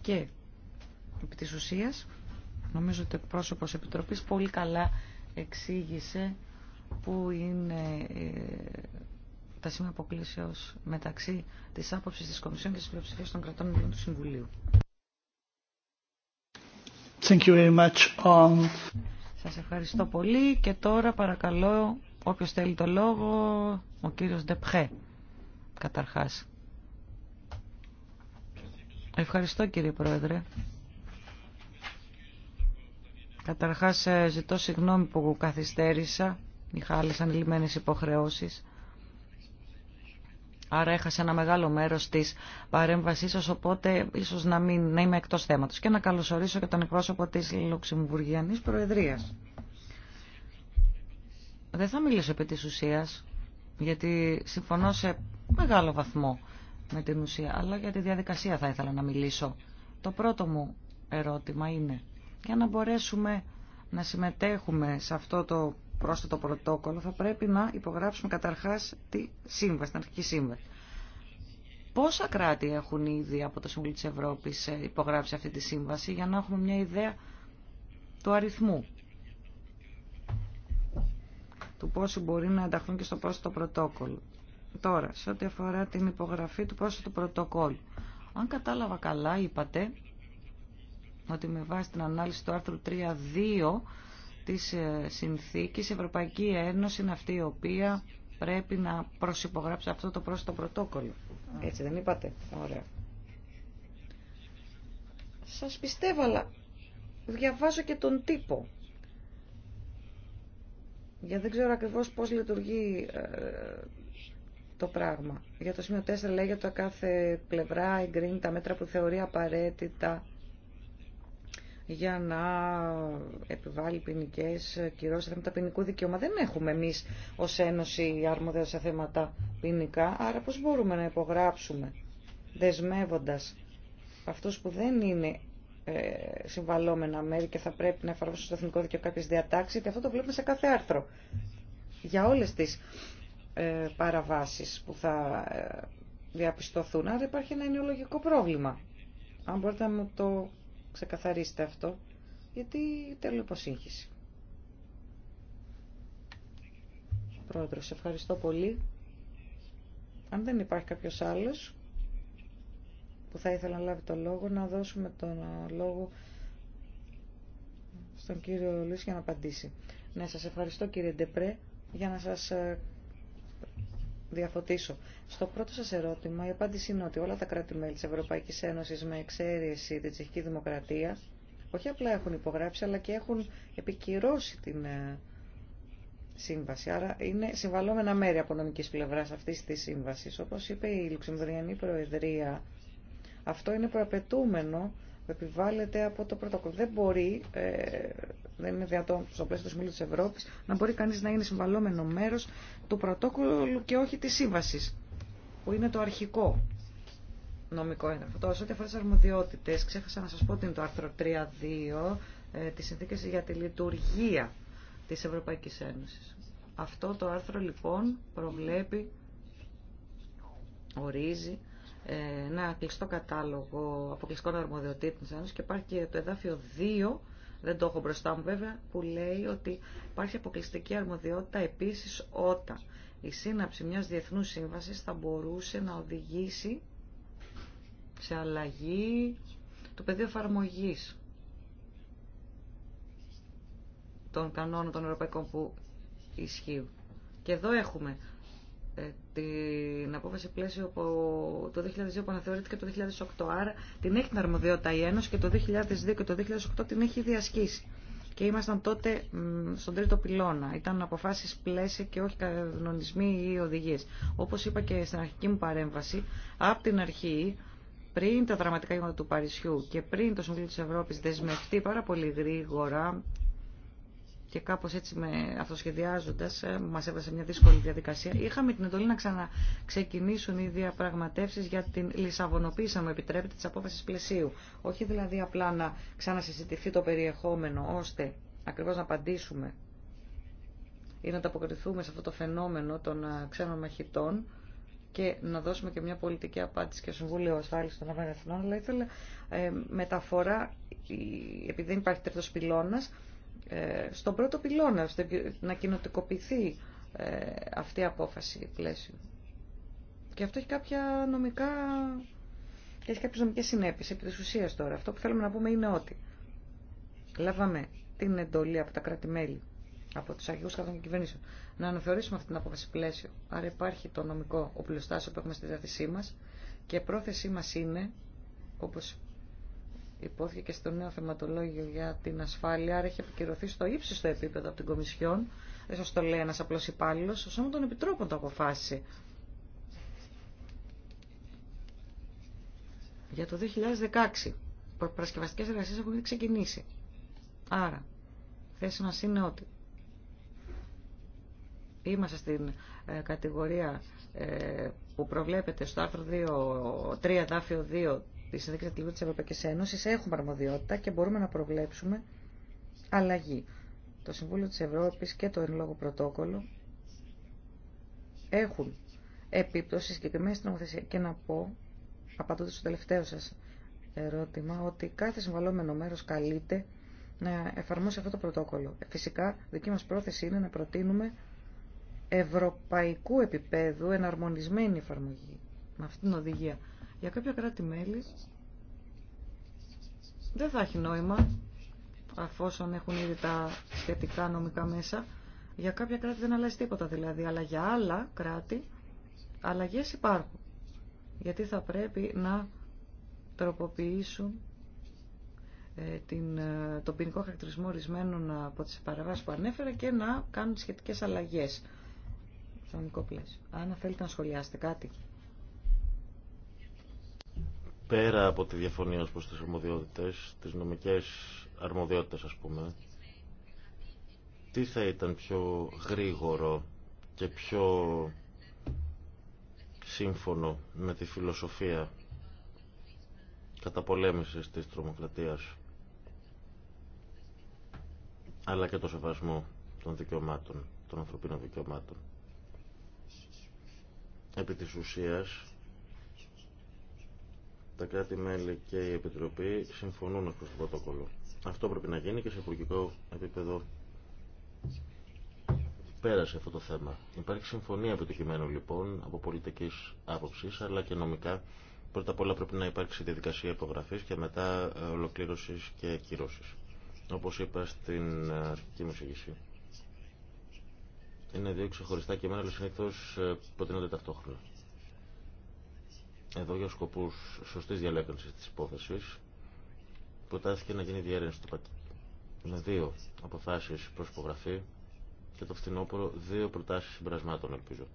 και επί της ουσίας νομίζω ότι ο πρόσωπος Επιτροπής πολύ καλά εξήγησε που είναι ε, τα σημεία αποκλήσεως μεταξύ της άποψης της Κομισιόν και της πλειοψηφίας των κρατών μελών του Συμβουλίου. Thank you very much. Um, Σας ευχαριστώ πολύ και τώρα παρακαλώ όποιος θέλει το λόγο, ο κύριος Ντεπχέ καταρχάς. Ευχαριστώ κύριε Πρόεδρε. Καταρχάς ε, ζητώ συγγνώμη που καθυστέρησα. Είχα άλλες ανηλυμένες υποχρεώσεις. Άρα έχασα ένα μεγάλο μέρος της παρέμβασής σας, οπότε ίσως να, μην, να είμαι εκτός θέματος. Και να καλωσορίσω και τον εκπρόσωπο της Λουξεμβουργιανής Προεδρίας. Δεν θα μιλήσω επί της ουσίας, γιατί συμφωνώ σε μεγάλο βαθμό με την ουσία, αλλά για τη διαδικασία θα ήθελα να μιλήσω. Το πρώτο μου ερώτημα είναι, για να μπορέσουμε να συμμετέχουμε σε αυτό το πρόσθετο πρωτόκολλο, θα πρέπει να υπογράψουμε καταρχάς τη σύμβαση, την αρχική σύμβαση. Πόσα κράτη έχουν ήδη από το Συμβουλίο της Ευρώπης ε, υπογράψει αυτή τη σύμβαση, για να έχουμε μια ιδέα του αριθμού του πόσοι μπορεί να ενταχθούν και στο πρόσθετο πρωτόκολλο. Τώρα, σε ό,τι αφορά την υπογραφή του του πρωτοκόλλου. Αν κατάλαβα καλά, είπατε ότι με βάση την ανάλυση του άρθρου 3.2 της ε, συνθήκης, η Ευρωπαϊκή Ένωση είναι αυτή η οποία πρέπει να προσυπογράψει αυτό το πρόσθετο πρωτόκολλο. Έτσι δεν είπατε. Ωραία. Σας πιστεύω, αλλά διαβάζω και τον τύπο. Για δεν ξέρω ακριβώς πώς λειτουργεί ε, το πράγμα. Για το σημείο 4 λέγεται ότι κάθε πλευρά εγκρίνει τα μέτρα που θεωρεί απαραίτητα για να επιβάλλει ποινικέ κυρώσει θέματα ποινικού δικαιώμα. Δεν έχουμε εμεί ω Ένωση αρμόδια σε θέματα ποινικά, άρα πώ μπορούμε να υπογράψουμε δεσμεύοντα αυτού που δεν είναι ε, συμβαλόμενα μέρη και θα πρέπει να εφαρμόσουν στο εθνικό δίκαιο κάποιε διατάξει, γιατί αυτό το βλέπουμε σε κάθε άρθρο. Για όλε τι ε, παραβάσεις που θα ε, διαπιστωθούν. Άρα υπάρχει ένα ενοιολογικό πρόβλημα. Αν μπορείτε να μου το ξεκαθαρίσετε αυτό, γιατί τέλειο υποσύγχυση. Πρόεδρος, ευχαριστώ πολύ. Αν δεν υπάρχει κάποιος άλλος που θα ήθελα να λάβει το λόγο, να δώσουμε τον λόγο στον κύριο Λούς για να απαντήσει. Ναι, σας ευχαριστώ κύριε Ντεπρέ για να σας ε, διαφωτίσω. Στο πρώτο σας ερώτημα η απάντηση είναι ότι όλα τα κράτη-μέλη της Ευρωπαϊκής Ένωσης με εξαίρεση την Τσεχική Δημοκρατία όχι απλά έχουν υπογράψει αλλά και έχουν επικυρώσει την ε, σύμβαση. Άρα είναι συμβαλόμενα μέρη από νομικής πλευράς αυτής της σύμβασης. Όπως είπε η Λουξεμβριανή Προεδρία, αυτό είναι προαπαιτούμενο επιβάλλεται από το πρωτόκολλο. Δεν μπορεί, ε, δεν είναι δυνατόν στο πλαίσιο του Συμβουλίου τη Ευρώπη, να μπορεί κανεί να είναι συμβαλόμενο μέρο του πρωτόκολλου και όχι τη σύμβαση, που είναι το αρχικό νομικό έγγραφο. Τώρα, σε ό,τι αφορά τι αρμοδιότητε, ξέχασα να σα πω ότι είναι το άρθρο 3.2 ε, τη συνθήκη για τη λειτουργία τη Ευρωπαϊκή Ένωση. Αυτό το άρθρο λοιπόν προβλέπει, ορίζει ένα κλειστό κατάλογο αποκλειστικών αρμοδιοτήτων της Ένωσης και υπάρχει και το εδάφιο 2, δεν το έχω μπροστά μου βέβαια, που λέει ότι υπάρχει αποκλειστική αρμοδιότητα επίσης όταν η σύναψη μιας διεθνούς σύμβασης θα μπορούσε να οδηγήσει σε αλλαγή του πεδίου εφαρμογή των κανόνων των ευρωπαϊκών που ισχύουν. Και εδώ έχουμε ε, την απόφαση πλαίσιο από το 2002 που αναθεωρήθηκε το 2008. Άρα την έχει την αρμοδιότητα η Ένωση και το 2002 και το 2008 την έχει διασκήσει. Και ήμασταν τότε στον τρίτο πυλώνα. Ήταν αποφάσεις πλαίσια και όχι κανονισμοί ή οδηγίες. Όπως είπα και στην αρχική μου παρέμβαση, από την αρχή πριν τα δραματικά γεγονότα του Παρισιού και πριν το Συμβούλιο της Ευρώπης δεσμευτεί πάρα πολύ γρήγορα και κάπως έτσι με αυτοσχεδιάζοντας ε, μας έβασε μια δύσκολη διαδικασία. Είχαμε την εντολή να ξαναξεκινήσουν οι διαπραγματεύσεις για την λισαβονοποίηση, μου επιτρέπετε, της απόφασης πλαισίου. Όχι δηλαδή απλά να ξανασυζητηθεί το περιεχόμενο, ώστε ακριβώς να απαντήσουμε ή να ανταποκριθούμε σε αυτό το φαινόμενο των ε, ξένων μαχητών και να δώσουμε και μια πολιτική απάντηση και Συμβούλιο ασφάλιση των Εθνών, αλλά ήθελα ε, μεταφορά, επειδή δεν υπάρχει τρίτο πυλώνα, ε, στον πρώτο πυλώνα, να κοινοτικοποιηθεί ε, αυτή η απόφαση πλαίσιο. Και αυτό έχει κάποια νομικά και έχει κάποιες νομικές συνέπειες επί της ουσίας τώρα. Αυτό που θέλουμε να πούμε είναι ότι λάβαμε την εντολή από τα κρατη από τους αρχηγούς καθών και κυβερνήσεων, να αναθεωρήσουμε αυτή την απόφαση πλαίσιο. Άρα υπάρχει το νομικό οπλοστάσιο που έχουμε στη διάθεσή μας και πρόθεσή μας είναι, όπως υπόθηκε και στο νέο θεματολόγιο για την ασφάλεια, άρα έχει επικυρωθεί στο ύψιστο επίπεδο από την Κομισιόν. Δεν σα το λέει ένα απλό υπάλληλο, ο Σώμα των Επιτρόπων το αποφάσισε. Για το 2016, οι παρασκευαστικέ εργασίε έχουν ξεκινήσει. Άρα, θέση μα είναι ότι είμαστε στην ε, κατηγορία ε, που προβλέπεται στο άρθρο 2, 3, δάφιο 2 τη Συνδίκη τη Ευρωπαϊκή Ένωση έχουμε αρμοδιότητα και μπορούμε να προβλέψουμε αλλαγή. Το Συμβούλιο τη Ευρώπη και το εν λόγω πρωτόκολλο έχουν επίπτωση συγκεκριμένη στην νομοθεσία. Και να πω, απαντώντα στο τελευταίο σα ερώτημα, ότι κάθε συμβαλόμενο μέρο καλείται να εφαρμόσει αυτό το πρωτόκολλο. Φυσικά, δική μα πρόθεση είναι να προτείνουμε ευρωπαϊκού επίπεδου εναρμονισμένη εφαρμογή με αυτήν την οδηγία. Για κάποια κράτη-μέλη δεν θα έχει νόημα, αφόσον έχουν ήδη τα σχετικά νομικά μέσα. Για κάποια κράτη δεν αλλάζει τίποτα δηλαδή, αλλά για άλλα κράτη αλλαγές υπάρχουν. Γιατί θα πρέπει να τροποποιήσουν ε, την, ε, τον ποινικό χαρακτηρισμό ορισμένων από τις παραβάσεις που ανέφερα και να κάνουν σχετικές αλλαγές στο Αν θέλετε να σχολιάσετε κάτι πέρα από τη διαφωνία ως προς τις αρμοδιότητες, τις νομικές αρμοδιότητες ας πούμε, τι θα ήταν πιο γρήγορο και πιο σύμφωνο με τη φιλοσοφία καταπολέμησης της τρομοκρατίας αλλά και το σεβασμό των δικαιωμάτων, των ανθρωπίνων δικαιωμάτων. Επί της ουσίας, τα κράτη-μέλη και η Επιτροπή συμφωνούν προς το πρωτόκολλο. Αυτό πρέπει να γίνει και σε υπουργικό επίπεδο πέρασε αυτό το θέμα. Υπάρχει συμφωνία από το λοιπόν από πολιτική άποψη αλλά και νομικά. Πρώτα απ' όλα πρέπει να υπάρξει διαδικασία υπογραφή και μετά ε, ολοκλήρωσης και κυρώσεις. Όπως είπα στην αρχική μου εισηγήση. Είναι δύο ξεχωριστά κείμενα, αλλά συνήθω ε, προτείνονται ταυτόχρονα εδώ για σκοπούς σωστής διαλέγγανσης τη υπόθεση προτάθηκε να γίνει διέρευση του πακέτου με δύο αποφάσεις προς και το φθινόπωρο δύο προτάσεις συμπρασμάτων ελπίζω.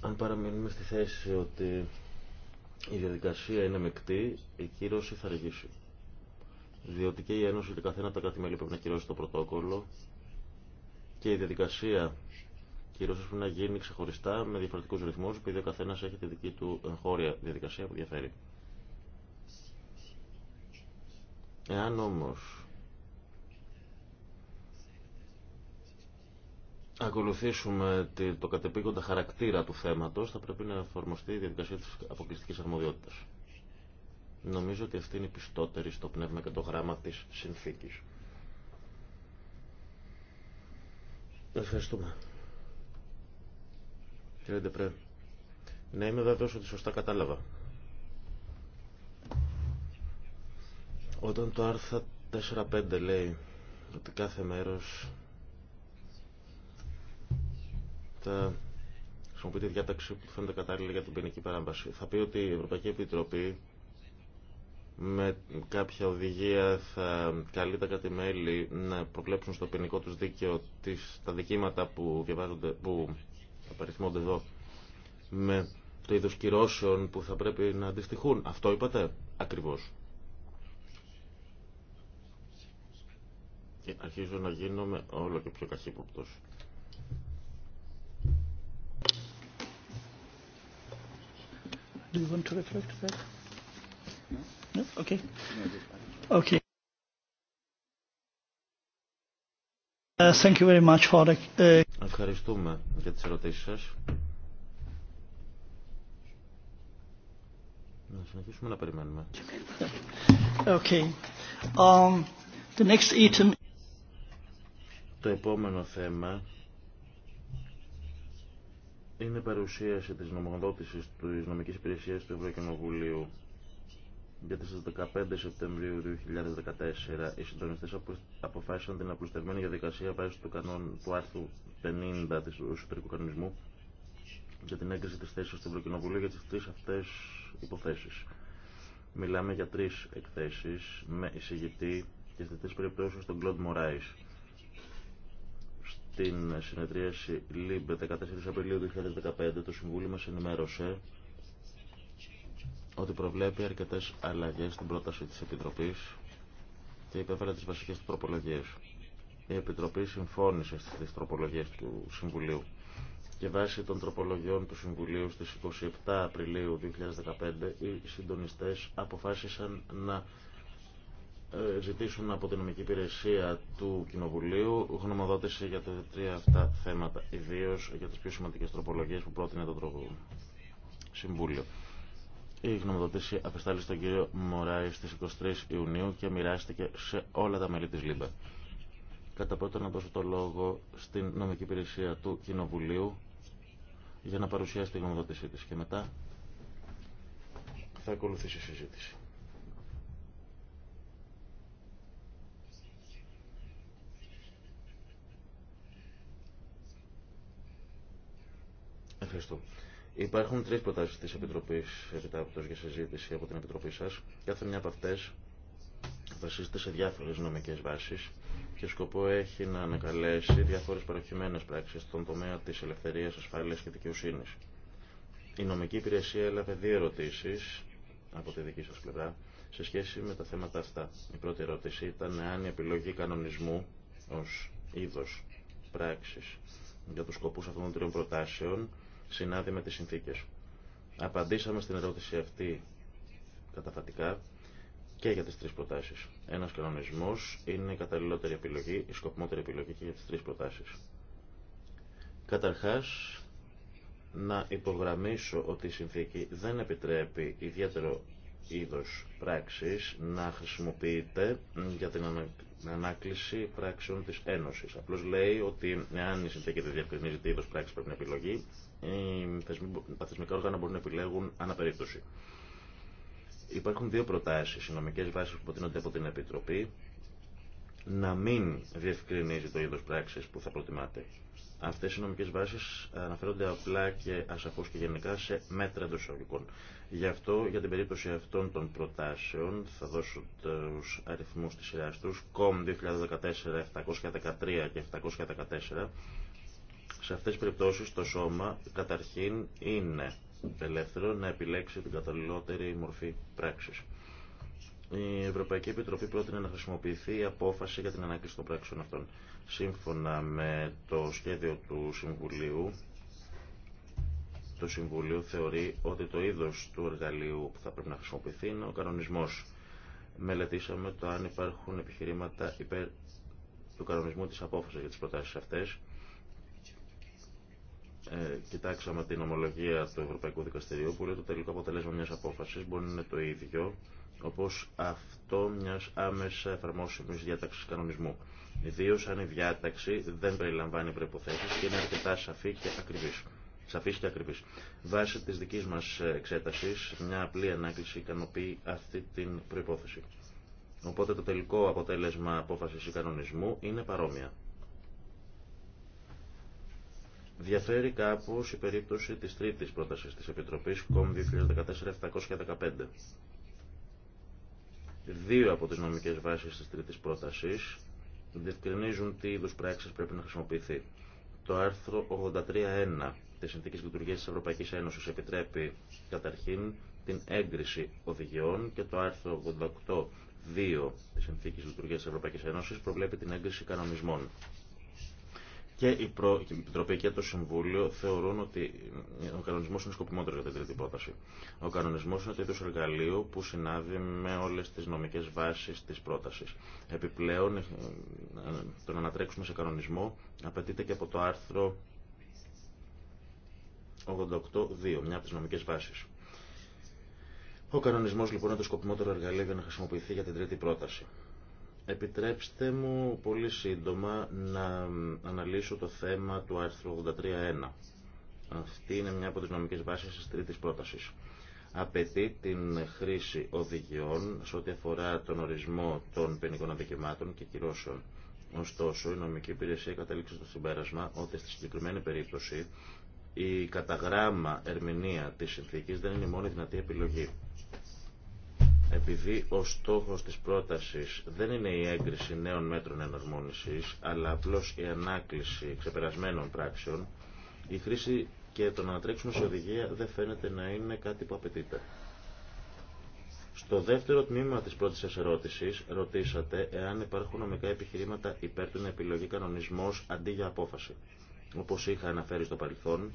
Αν παραμείνουμε στη θέση ότι η διαδικασία είναι μεκτή, η κύρωση θα αργήσει. Διότι και η Ένωση και καθένα από τα κράτη-μέλη πρέπει να κυρώσει το πρωτόκολλο και η διαδικασία κυρίω πρέπει να γίνει ξεχωριστά με διαφορετικού ρυθμούς, επειδή ο καθένα έχει τη δική του χώρια διαδικασία που διαφέρει. Εάν όμω ακολουθήσουμε το κατεπήγοντα χαρακτήρα του θέματος, θα πρέπει να εφαρμοστεί η διαδικασία της αποκλειστικής αρμοδιότητας. Νομίζω ότι αυτή είναι η πιστότερη στο πνεύμα και το γράμμα της συνθήκης. Ευχαριστούμε. Κύριε Ντεπρέ, να είμαι βέβαιος ότι σωστά κατάλαβα. Όταν το άρθρο 4-5 λέει ότι κάθε μέρος θα χρησιμοποιείται διάταξη που φαίνεται κατάλληλη για την ποινική παράμβαση. Θα πει ότι η Ευρωπαϊκή Επιτροπή με κάποια οδηγία θα καλεί τα κάτι μέλη να προκλέψουν στο ποινικό τους δίκαιο τις, τα δικήματα που, διαβάζονται, που απαριθμόνται εδώ, με το είδο κυρώσεων που θα πρέπει να αντιστοιχούν. Αυτό είπατε ακριβώ. αρχίζω να γίνομαι όλο και πιο καχύποπτο. Uh, uh, Ευχαριστούμε για τις ερωτήσεις σας. Να συνεχίσουμε να περιμένουμε. Um, Το επόμενο θέμα είναι παρουσίαση της νομοδότησης της νομικής υπηρεσίας του Ευρωκοινοβουλίου γιατί τις 15 Σεπτεμβρίου 2014 οι συντονιστές αποφάσισαν την απλουστευμένη διαδικασία βάσει του, κανόν, του άρθρου 50 του εσωτερικού κανονισμού για την έγκριση της θέσης του Ευρωκοινοβουλίου για τις τρεις αυτές υποθέσεις. Μιλάμε για τρεις εκθέσεις με εισηγητή και στις τρεις περιπτώσεις τον Κλοντ Μωράης. Στην συνεδρίαση ΛΥΜΠ 14 Απριλίου 2015 το Συμβούλιο μας ενημέρωσε ότι προβλέπει αρκετέ αλλαγέ στην πρόταση τη Επιτροπή και υπεύρεται τι βασικέ του τροπολογίες. Η Επιτροπή συμφώνησε στι τροπολογίε του Συμβουλίου και βάσει των τροπολογιών του Συμβουλίου στις 27 Απριλίου 2015 οι συντονιστές αποφάσισαν να ε, ζητήσουν από την νομική υπηρεσία του Κοινοβουλίου γνωμοδότηση για τα τρία αυτά θέματα, ιδίω για τις πιο σημαντικές τροπολογίες που πρότεινε το Συμβούλιο. Η γνωμοδοτήση απεστάλλει στον κύριο Μωράη στις 23 Ιουνίου και μοιράστηκε σε όλα τα μέλη της ΛΥΜΠΑ. Κατά πρώτον να δώσω το λόγο στην νομική υπηρεσία του Κοινοβουλίου για να παρουσιάσει τη γνωμοδότησή της και μετά θα ακολουθήσει η συζήτηση. Ευχαριστώ. Υπάρχουν τρει προτάσει τη επιτροπή, Επιτάπτως για συζήτηση από την Επιτροπή σα, Κάθε μια από αυτέ βασίζεται σε διάφορε νομικέ βάσει και σκοπό έχει να ανακαλέσει διάφορε παροχημένε πράξει στον τομέα τη ελευθερία, ασφάλειας και δικαιοσύνη. Η νομική υπηρεσία έλαβε δύο ερωτήσει από τη δική σα πλευρά σε σχέση με τα θέματα αυτά. Η πρώτη ερώτηση ήταν αν η επιλογή κανονισμού ω είδο πράξη για του σκοπού αυτών των τριών προτάσεων συνάδει με τις συνθήκες. Απαντήσαμε στην ερώτηση αυτή καταφατικά και για τις τρεις προτάσεις. Ένας κανονισμός είναι η καταλληλότερη επιλογή, η σκοπιμότερη επιλογή και για τις τρεις προτάσεις. Καταρχάς, να υπογραμμίσω ότι η συνθήκη δεν επιτρέπει ιδιαίτερο είδος πράξης να χρησιμοποιείται για την ανάκληση πράξεων της Ένωσης. Απλώς λέει ότι αν η συνθήκη δεν διευκρινίζει τι είδος πράξης πρέπει να επιλογεί, οι θεσμικά όργανα μπορούν να επιλέγουν περίπτωση. Υπάρχουν δύο προτάσει, οι νομικέ βάσεις που προτείνονται από την Επιτροπή, να μην διευκρινίζει το είδο πράξη που θα προτιμάτε. Αυτέ οι νομικέ βάσει αναφέρονται απλά και ασαφώς και γενικά σε μέτρα εντό εισαγωγικών. Γι' αυτό, για την περίπτωση αυτών των προτάσεων, θα δώσω του αριθμού τη σειρά του COM 2014-713 και 714, σε αυτές τις περιπτώσεις το σώμα καταρχήν είναι ελεύθερο να επιλέξει την καταλληλότερη μορφή πράξης. Η Ευρωπαϊκή Επιτροπή πρότεινε να χρησιμοποιηθεί η απόφαση για την ανάγκηση των πράξεων αυτών. Σύμφωνα με το σχέδιο του Συμβουλίου, το Συμβουλίο θεωρεί ότι το είδος του εργαλείου που θα πρέπει να χρησιμοποιηθεί είναι ο κανονισμός. Μελετήσαμε το αν υπάρχουν επιχειρήματα υπέρ του κανονισμού της απόφασης για τις προτάσεις αυτές ε, κοιτάξαμε την ομολογία του Ευρωπαϊκού Δικαστηρίου που λέει το τελικό αποτέλεσμα μιας απόφασης μπορεί να είναι το ίδιο όπως αυτό μιας άμεσα εφαρμόσιμης διάταξης κανονισμού. Ιδίω αν η διάταξη δεν περιλαμβάνει προποθέσει και είναι αρκετά σαφή και ακριβής. και ακριβής. Βάσει της δικής μας εξέτασης, μια απλή ανάκληση ικανοποιεί αυτή την προϋπόθεση. Οπότε το τελικό αποτέλεσμα απόφασης κανονισμού είναι παρόμοια. Διαφέρει κάπω η περίπτωση της τρίτης πρότασης της Επιτροπής ΚΟΜ 2014-715. Δύο από τις νομικές βάσεις της τρίτης πρότασης διευκρινίζουν τι είδου πράξεις πρέπει να χρησιμοποιηθεί. Το άρθρο 83.1 της συνθήκη λειτουργία τη Ευρωπαϊκής Ένωσης επιτρέπει καταρχήν την έγκριση οδηγιών και το άρθρο 88.2 της συνθήκη λειτουργία τη Ευρωπαϊκή Ένωση προβλέπει την έγκριση κανονισμών. Και η, Προ... Επιτροπή και το Συμβούλιο θεωρούν ότι ο κανονισμό είναι σκοπιμότερο για την τρίτη πρόταση. Ο κανονισμό είναι το ίδιο εργαλείο που συνάδει με όλε τι νομικέ βάσει τη πρόταση. Επιπλέον, ε, το να ανατρέξουμε σε κανονισμό απαιτείται και από το άρθρο 88.2, μια από τι νομικέ βάσει. Ο κανονισμό λοιπόν είναι το σκοπιμότερο εργαλείο για να χρησιμοποιηθεί για την τρίτη πρόταση. Επιτρέψτε μου πολύ σύντομα να αναλύσω το θέμα του άρθρου 83.1. Αυτή είναι μια από τις νομικές βάσεις της τρίτης πρότασης. Απαιτεί την χρήση οδηγιών σε ό,τι αφορά τον ορισμό των ποινικών αδικημάτων και κυρώσεων. Ωστόσο, η νομική υπηρεσία κατέληξε στο συμπέρασμα ότι στη συγκεκριμένη περίπτωση η καταγράμμα ερμηνεία της συνθήκης δεν είναι η μόνη δυνατή επιλογή. Επειδή ο στόχος της πρότασης δεν είναι η έγκριση νέων μέτρων εναρμόνισης, αλλά απλώς η ανάκληση ξεπερασμένων πράξεων, η χρήση και το να τρέξουμε σε οδηγία δεν φαίνεται να είναι κάτι που απαιτείται. Στο δεύτερο τμήμα της πρώτης σας ερώτησης, ρωτήσατε εάν υπάρχουν νομικά επιχειρήματα υπέρ του να επιλογεί κανονισμός αντί για απόφαση. Όπως είχα αναφέρει στο παρελθόν,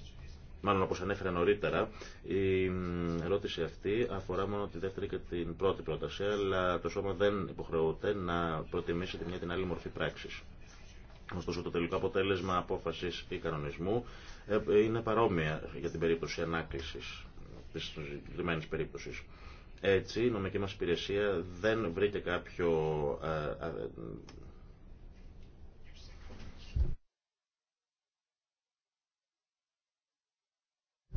μάλλον όπως ανέφερα νωρίτερα, η ερώτηση αυτή αφορά μόνο τη δεύτερη και την πρώτη πρόταση, αλλά το σώμα δεν υποχρεούται να προτιμήσει τη μια την άλλη μορφή πράξης. Ωστόσο το τελικό αποτέλεσμα απόφαση ή κανονισμού ε, είναι παρόμοια για την περίπτωση ανάκλησης τη συγκεκριμένη περίπτωση. Έτσι, η νομική μα υπηρεσία δεν βρήκε κάποιο ε, ε,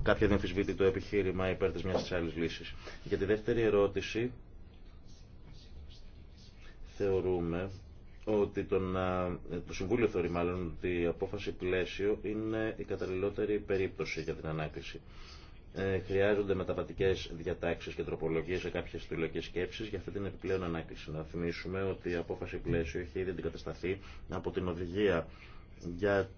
Κάποια διαμφισβήτη το επιχείρημα υπέρ της μιας της άλλης λύσης. Για τη δεύτερη ερώτηση θεωρούμε ότι το, το Συμβούλιο θεωρεί μάλλον ότι η απόφαση πλαίσιο είναι η καταλληλότερη περίπτωση για την ανάκληση. Ε, χρειάζονται μεταβατικέ διατάξει και τροπολογίε σε κάποιε συλλογικέ σκέψει για αυτή την επιπλέον ανάκληση. Να θυμίσουμε ότι η απόφαση πλαίσιο έχει ήδη αντικατασταθεί από την οδηγία για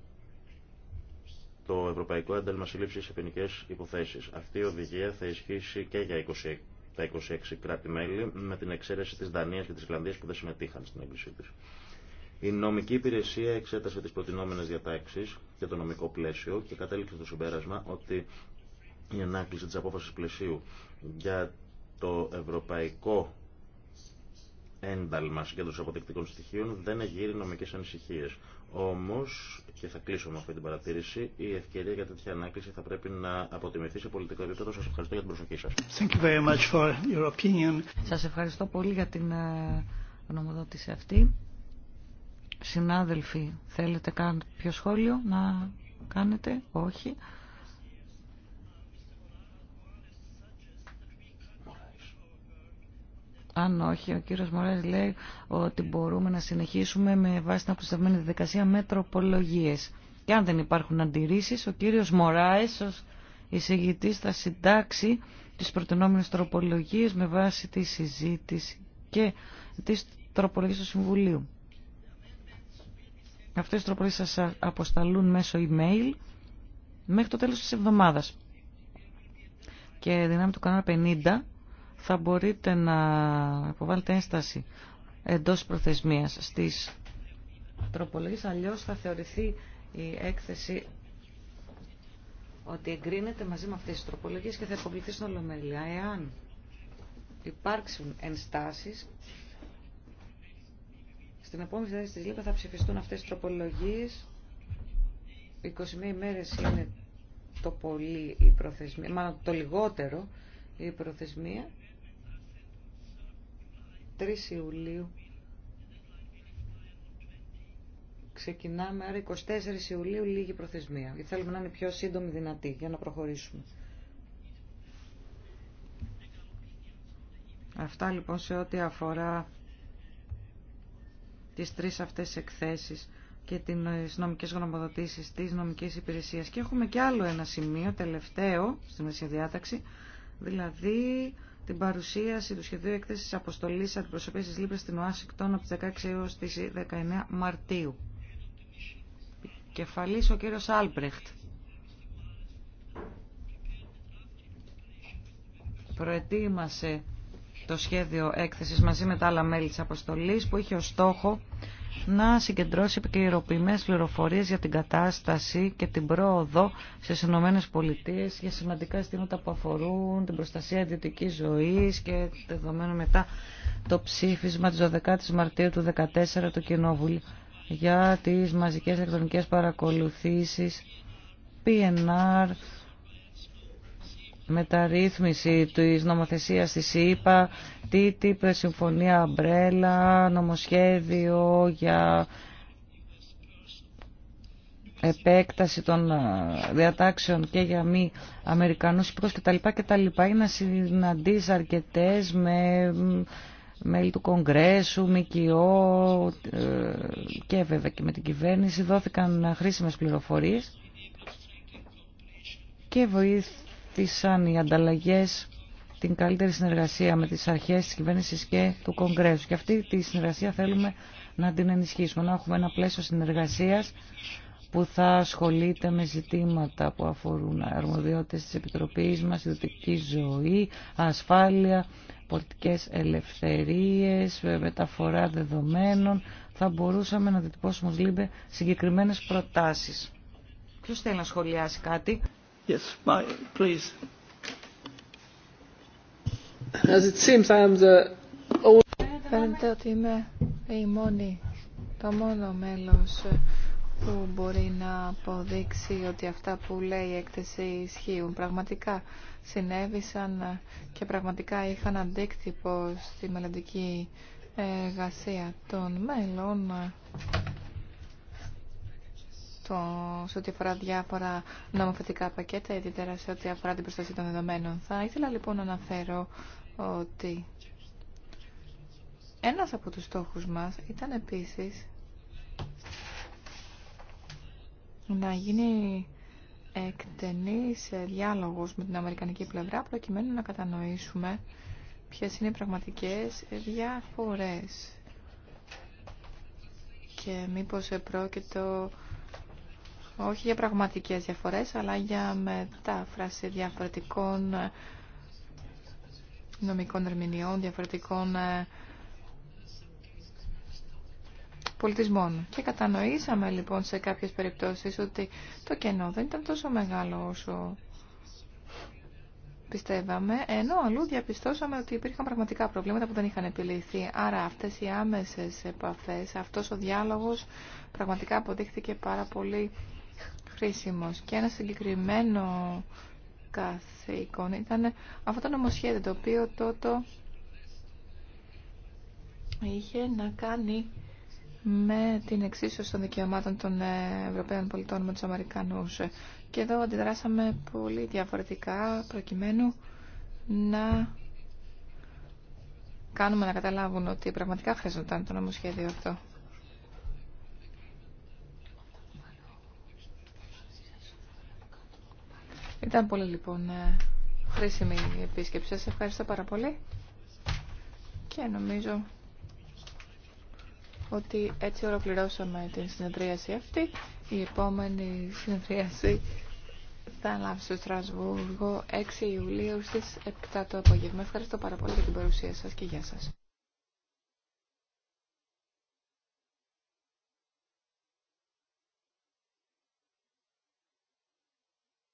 το Ευρωπαϊκό Ένταλμα Σύλληψη σε ποινικέ υποθέσει. Αυτή η οδηγία θα ισχύσει και για τα 26 κράτη-μέλη, με την εξαίρεση τη Δανία και τη Ισλανδία που δεν συμμετείχαν στην έγκρισή τη. Η νομική υπηρεσία εξέτασε τι προτινόμενε διατάξει και το νομικό πλαίσιο και κατέληξε στο συμπέρασμα ότι η ανάκληση τη απόφαση πλαισίου για το Ευρωπαϊκό ένταλμα συγκέντρωση αποδεικτικών στοιχείων δεν εγείρει νομικέ ανησυχίε. Όμως, και θα κλείσω με αυτή την παρατήρηση, η ευκαιρία για τέτοια ανάκληση θα πρέπει να αποτιμηθεί σε πολιτικό επίπεδο. Σας ευχαριστώ για την προσοχή σας. Σα Σας ευχαριστώ πολύ για την ε, γνωμοδότηση αυτή. Συνάδελφοι, θέλετε κάποιο σχόλιο να κάνετε, όχι. Αν όχι, ο κύριος Μωρές λέει ότι μπορούμε να συνεχίσουμε με βάση την απλουστευμένη διαδικασία με τροπολογίες. Και αν δεν υπάρχουν αντιρρήσεις, ο κύριος Μωράης ως εισηγητής θα συντάξει τις προτινόμενες τροπολογίες με βάση τη συζήτηση και τις τροπολογίες του Συμβουλίου. Αυτές οι τροπολογίες σας αποσταλούν μέσω email μέχρι το τέλος της εβδομάδας. Και δυνάμει του κανάλι 50 θα μπορείτε να υποβάλλετε ένσταση εντός προθεσμίας στις τροπολογίες, αλλιώς θα θεωρηθεί η έκθεση ότι εγκρίνεται μαζί με αυτές τις τροπολογίες και θα υποβληθεί στην Ολομέλεια. Εάν υπάρξουν ενστάσεις, στην επόμενη συνέντευξη της ΛΥΠΑ θα ψηφιστούν αυτές τις τροπολογίες. 21 ημέρες είναι το πολύ η προθεσμία, μάλλον το λιγότερο η προθεσμία 3 Ιουλίου. Ξεκινάμε, άρα 24 Ιουλίου λίγη προθεσμία. Γιατί θέλουμε να είναι πιο σύντομη δυνατή για να προχωρήσουμε. Αυτά λοιπόν σε ό,τι αφορά τις τρεις αυτές εκθέσεις και τις νομικές γνωμοδοτήσεις της νομικής υπηρεσίας. Και έχουμε και άλλο ένα σημείο τελευταίο στην Μεσσιαδιάταξη, δηλαδή την παρουσίαση του σχεδίου έκθεση αποστολή αντιπροσωπεία τη Λίπρα στην Ουάσιγκτον από τι 16 έω τι 19 Μαρτίου. Κεφαλή ο κύριο Άλμπρεχτ. Προετοίμασε το σχέδιο έκθεσης μαζί με τα άλλα μέλη της αποστολής που είχε ως στόχο να συγκεντρώσει επικαιροποιημένες πληροφορίες για την κατάσταση και την πρόοδο στις Πολιτείες για σημαντικά στήματα που αφορούν την προστασία ιδιωτικής ζωής και δεδομένου μετά το ψήφισμα της 12ης Μαρτίου του 2014 του Κοινόβουλου για τις μαζικές ηλεκτρονικές παρακολουθήσεις PNR μεταρρύθμιση της νομοθεσίας της ΕΠΑ, TTIP, συμφωνία Αμπρέλα, νομοσχέδιο για επέκταση των ε, διατάξεων και για μη Αμερικανούς υπηκούς κτλ. κτλ. Είναι να συναντήσει αρκετές με μέλη του Κογκρέσου, ΜΚΟ ε, και βέβαια και με την κυβέρνηση. Δόθηκαν χρήσιμες πληροφορίες και βοήθη απέκτησαν οι ανταλλαγές την καλύτερη συνεργασία με τις αρχές τη κυβέρνηση και του Κογκρέσου. Και αυτή τη συνεργασία θέλουμε να την ενισχύσουμε, να έχουμε ένα πλαίσιο συνεργασίας που θα ασχολείται με ζητήματα που αφορούν αρμοδιότητες τη Επιτροπής μα, ιδιωτική ζωή, ασφάλεια, πολιτικές ελευθερίες, μεταφορά δεδομένων. Θα μπορούσαμε να διτυπώσουμε ω Λίμπε συγκεκριμένες προτάσεις. Ποιος θέλει να σχολιάσει κάτι. Φαίνεται ότι είμαι η μόνη, το μόνο μέλος που μπορεί να αποδείξει ότι αυτά που λέει η έκθεση ισχύουν. Πραγματικά συνέβησαν και πραγματικά είχαν αντίκτυπο στη μελλοντική εργασία των μέλων στο, σε ό,τι αφορά διάφορα νομοθετικά πακέτα, ιδιαίτερα σε ό,τι αφορά την προστασία των δεδομένων. Θα ήθελα λοιπόν να αναφέρω ότι ένας από τους στόχους μας ήταν επίσης να γίνει εκτενής διάλογος με την Αμερικανική πλευρά προκειμένου να κατανοήσουμε ποιες είναι οι πραγματικές διαφορές και μήπως πρόκειτο όχι για πραγματικές διαφορές, αλλά για μετάφραση διαφορετικών ε, νομικών ερμηνεών, διαφορετικών ε, πολιτισμών. Και κατανοήσαμε λοιπόν σε κάποιες περιπτώσεις ότι το κενό δεν ήταν τόσο μεγάλο όσο πιστεύαμε, ενώ αλλού διαπιστώσαμε ότι υπήρχαν πραγματικά προβλήματα που δεν είχαν επιλυθεί. Άρα αυτές οι άμεσες επαφές, αυτός ο διάλογος πραγματικά αποδείχθηκε πάρα πολύ και ένα συγκεκριμένο καθήκον ήταν αυτό το νομοσχέδιο το οποίο τότε είχε να κάνει με την εξίσωση των δικαιωμάτων των ε, Ευρωπαίων πολιτών με τους Αμερικανούς. Και εδώ αντιδράσαμε πολύ διαφορετικά προκειμένου να κάνουμε να καταλάβουν ότι πραγματικά χρειαζόταν το νομοσχέδιο αυτό. Ήταν πολύ λοιπόν ε, χρήσιμη η επίσκεψη σας. Ευχαριστώ πάρα πολύ. Και νομίζω ότι έτσι ολοκληρώσαμε την συνεδρίαση αυτή. Η επόμενη συνεδρίαση θα λάβει στο Στρασβούργο 6 Ιουλίου στις 7 το απόγευμα. Ευχαριστώ πάρα πολύ για την παρουσία σας και γεια σας.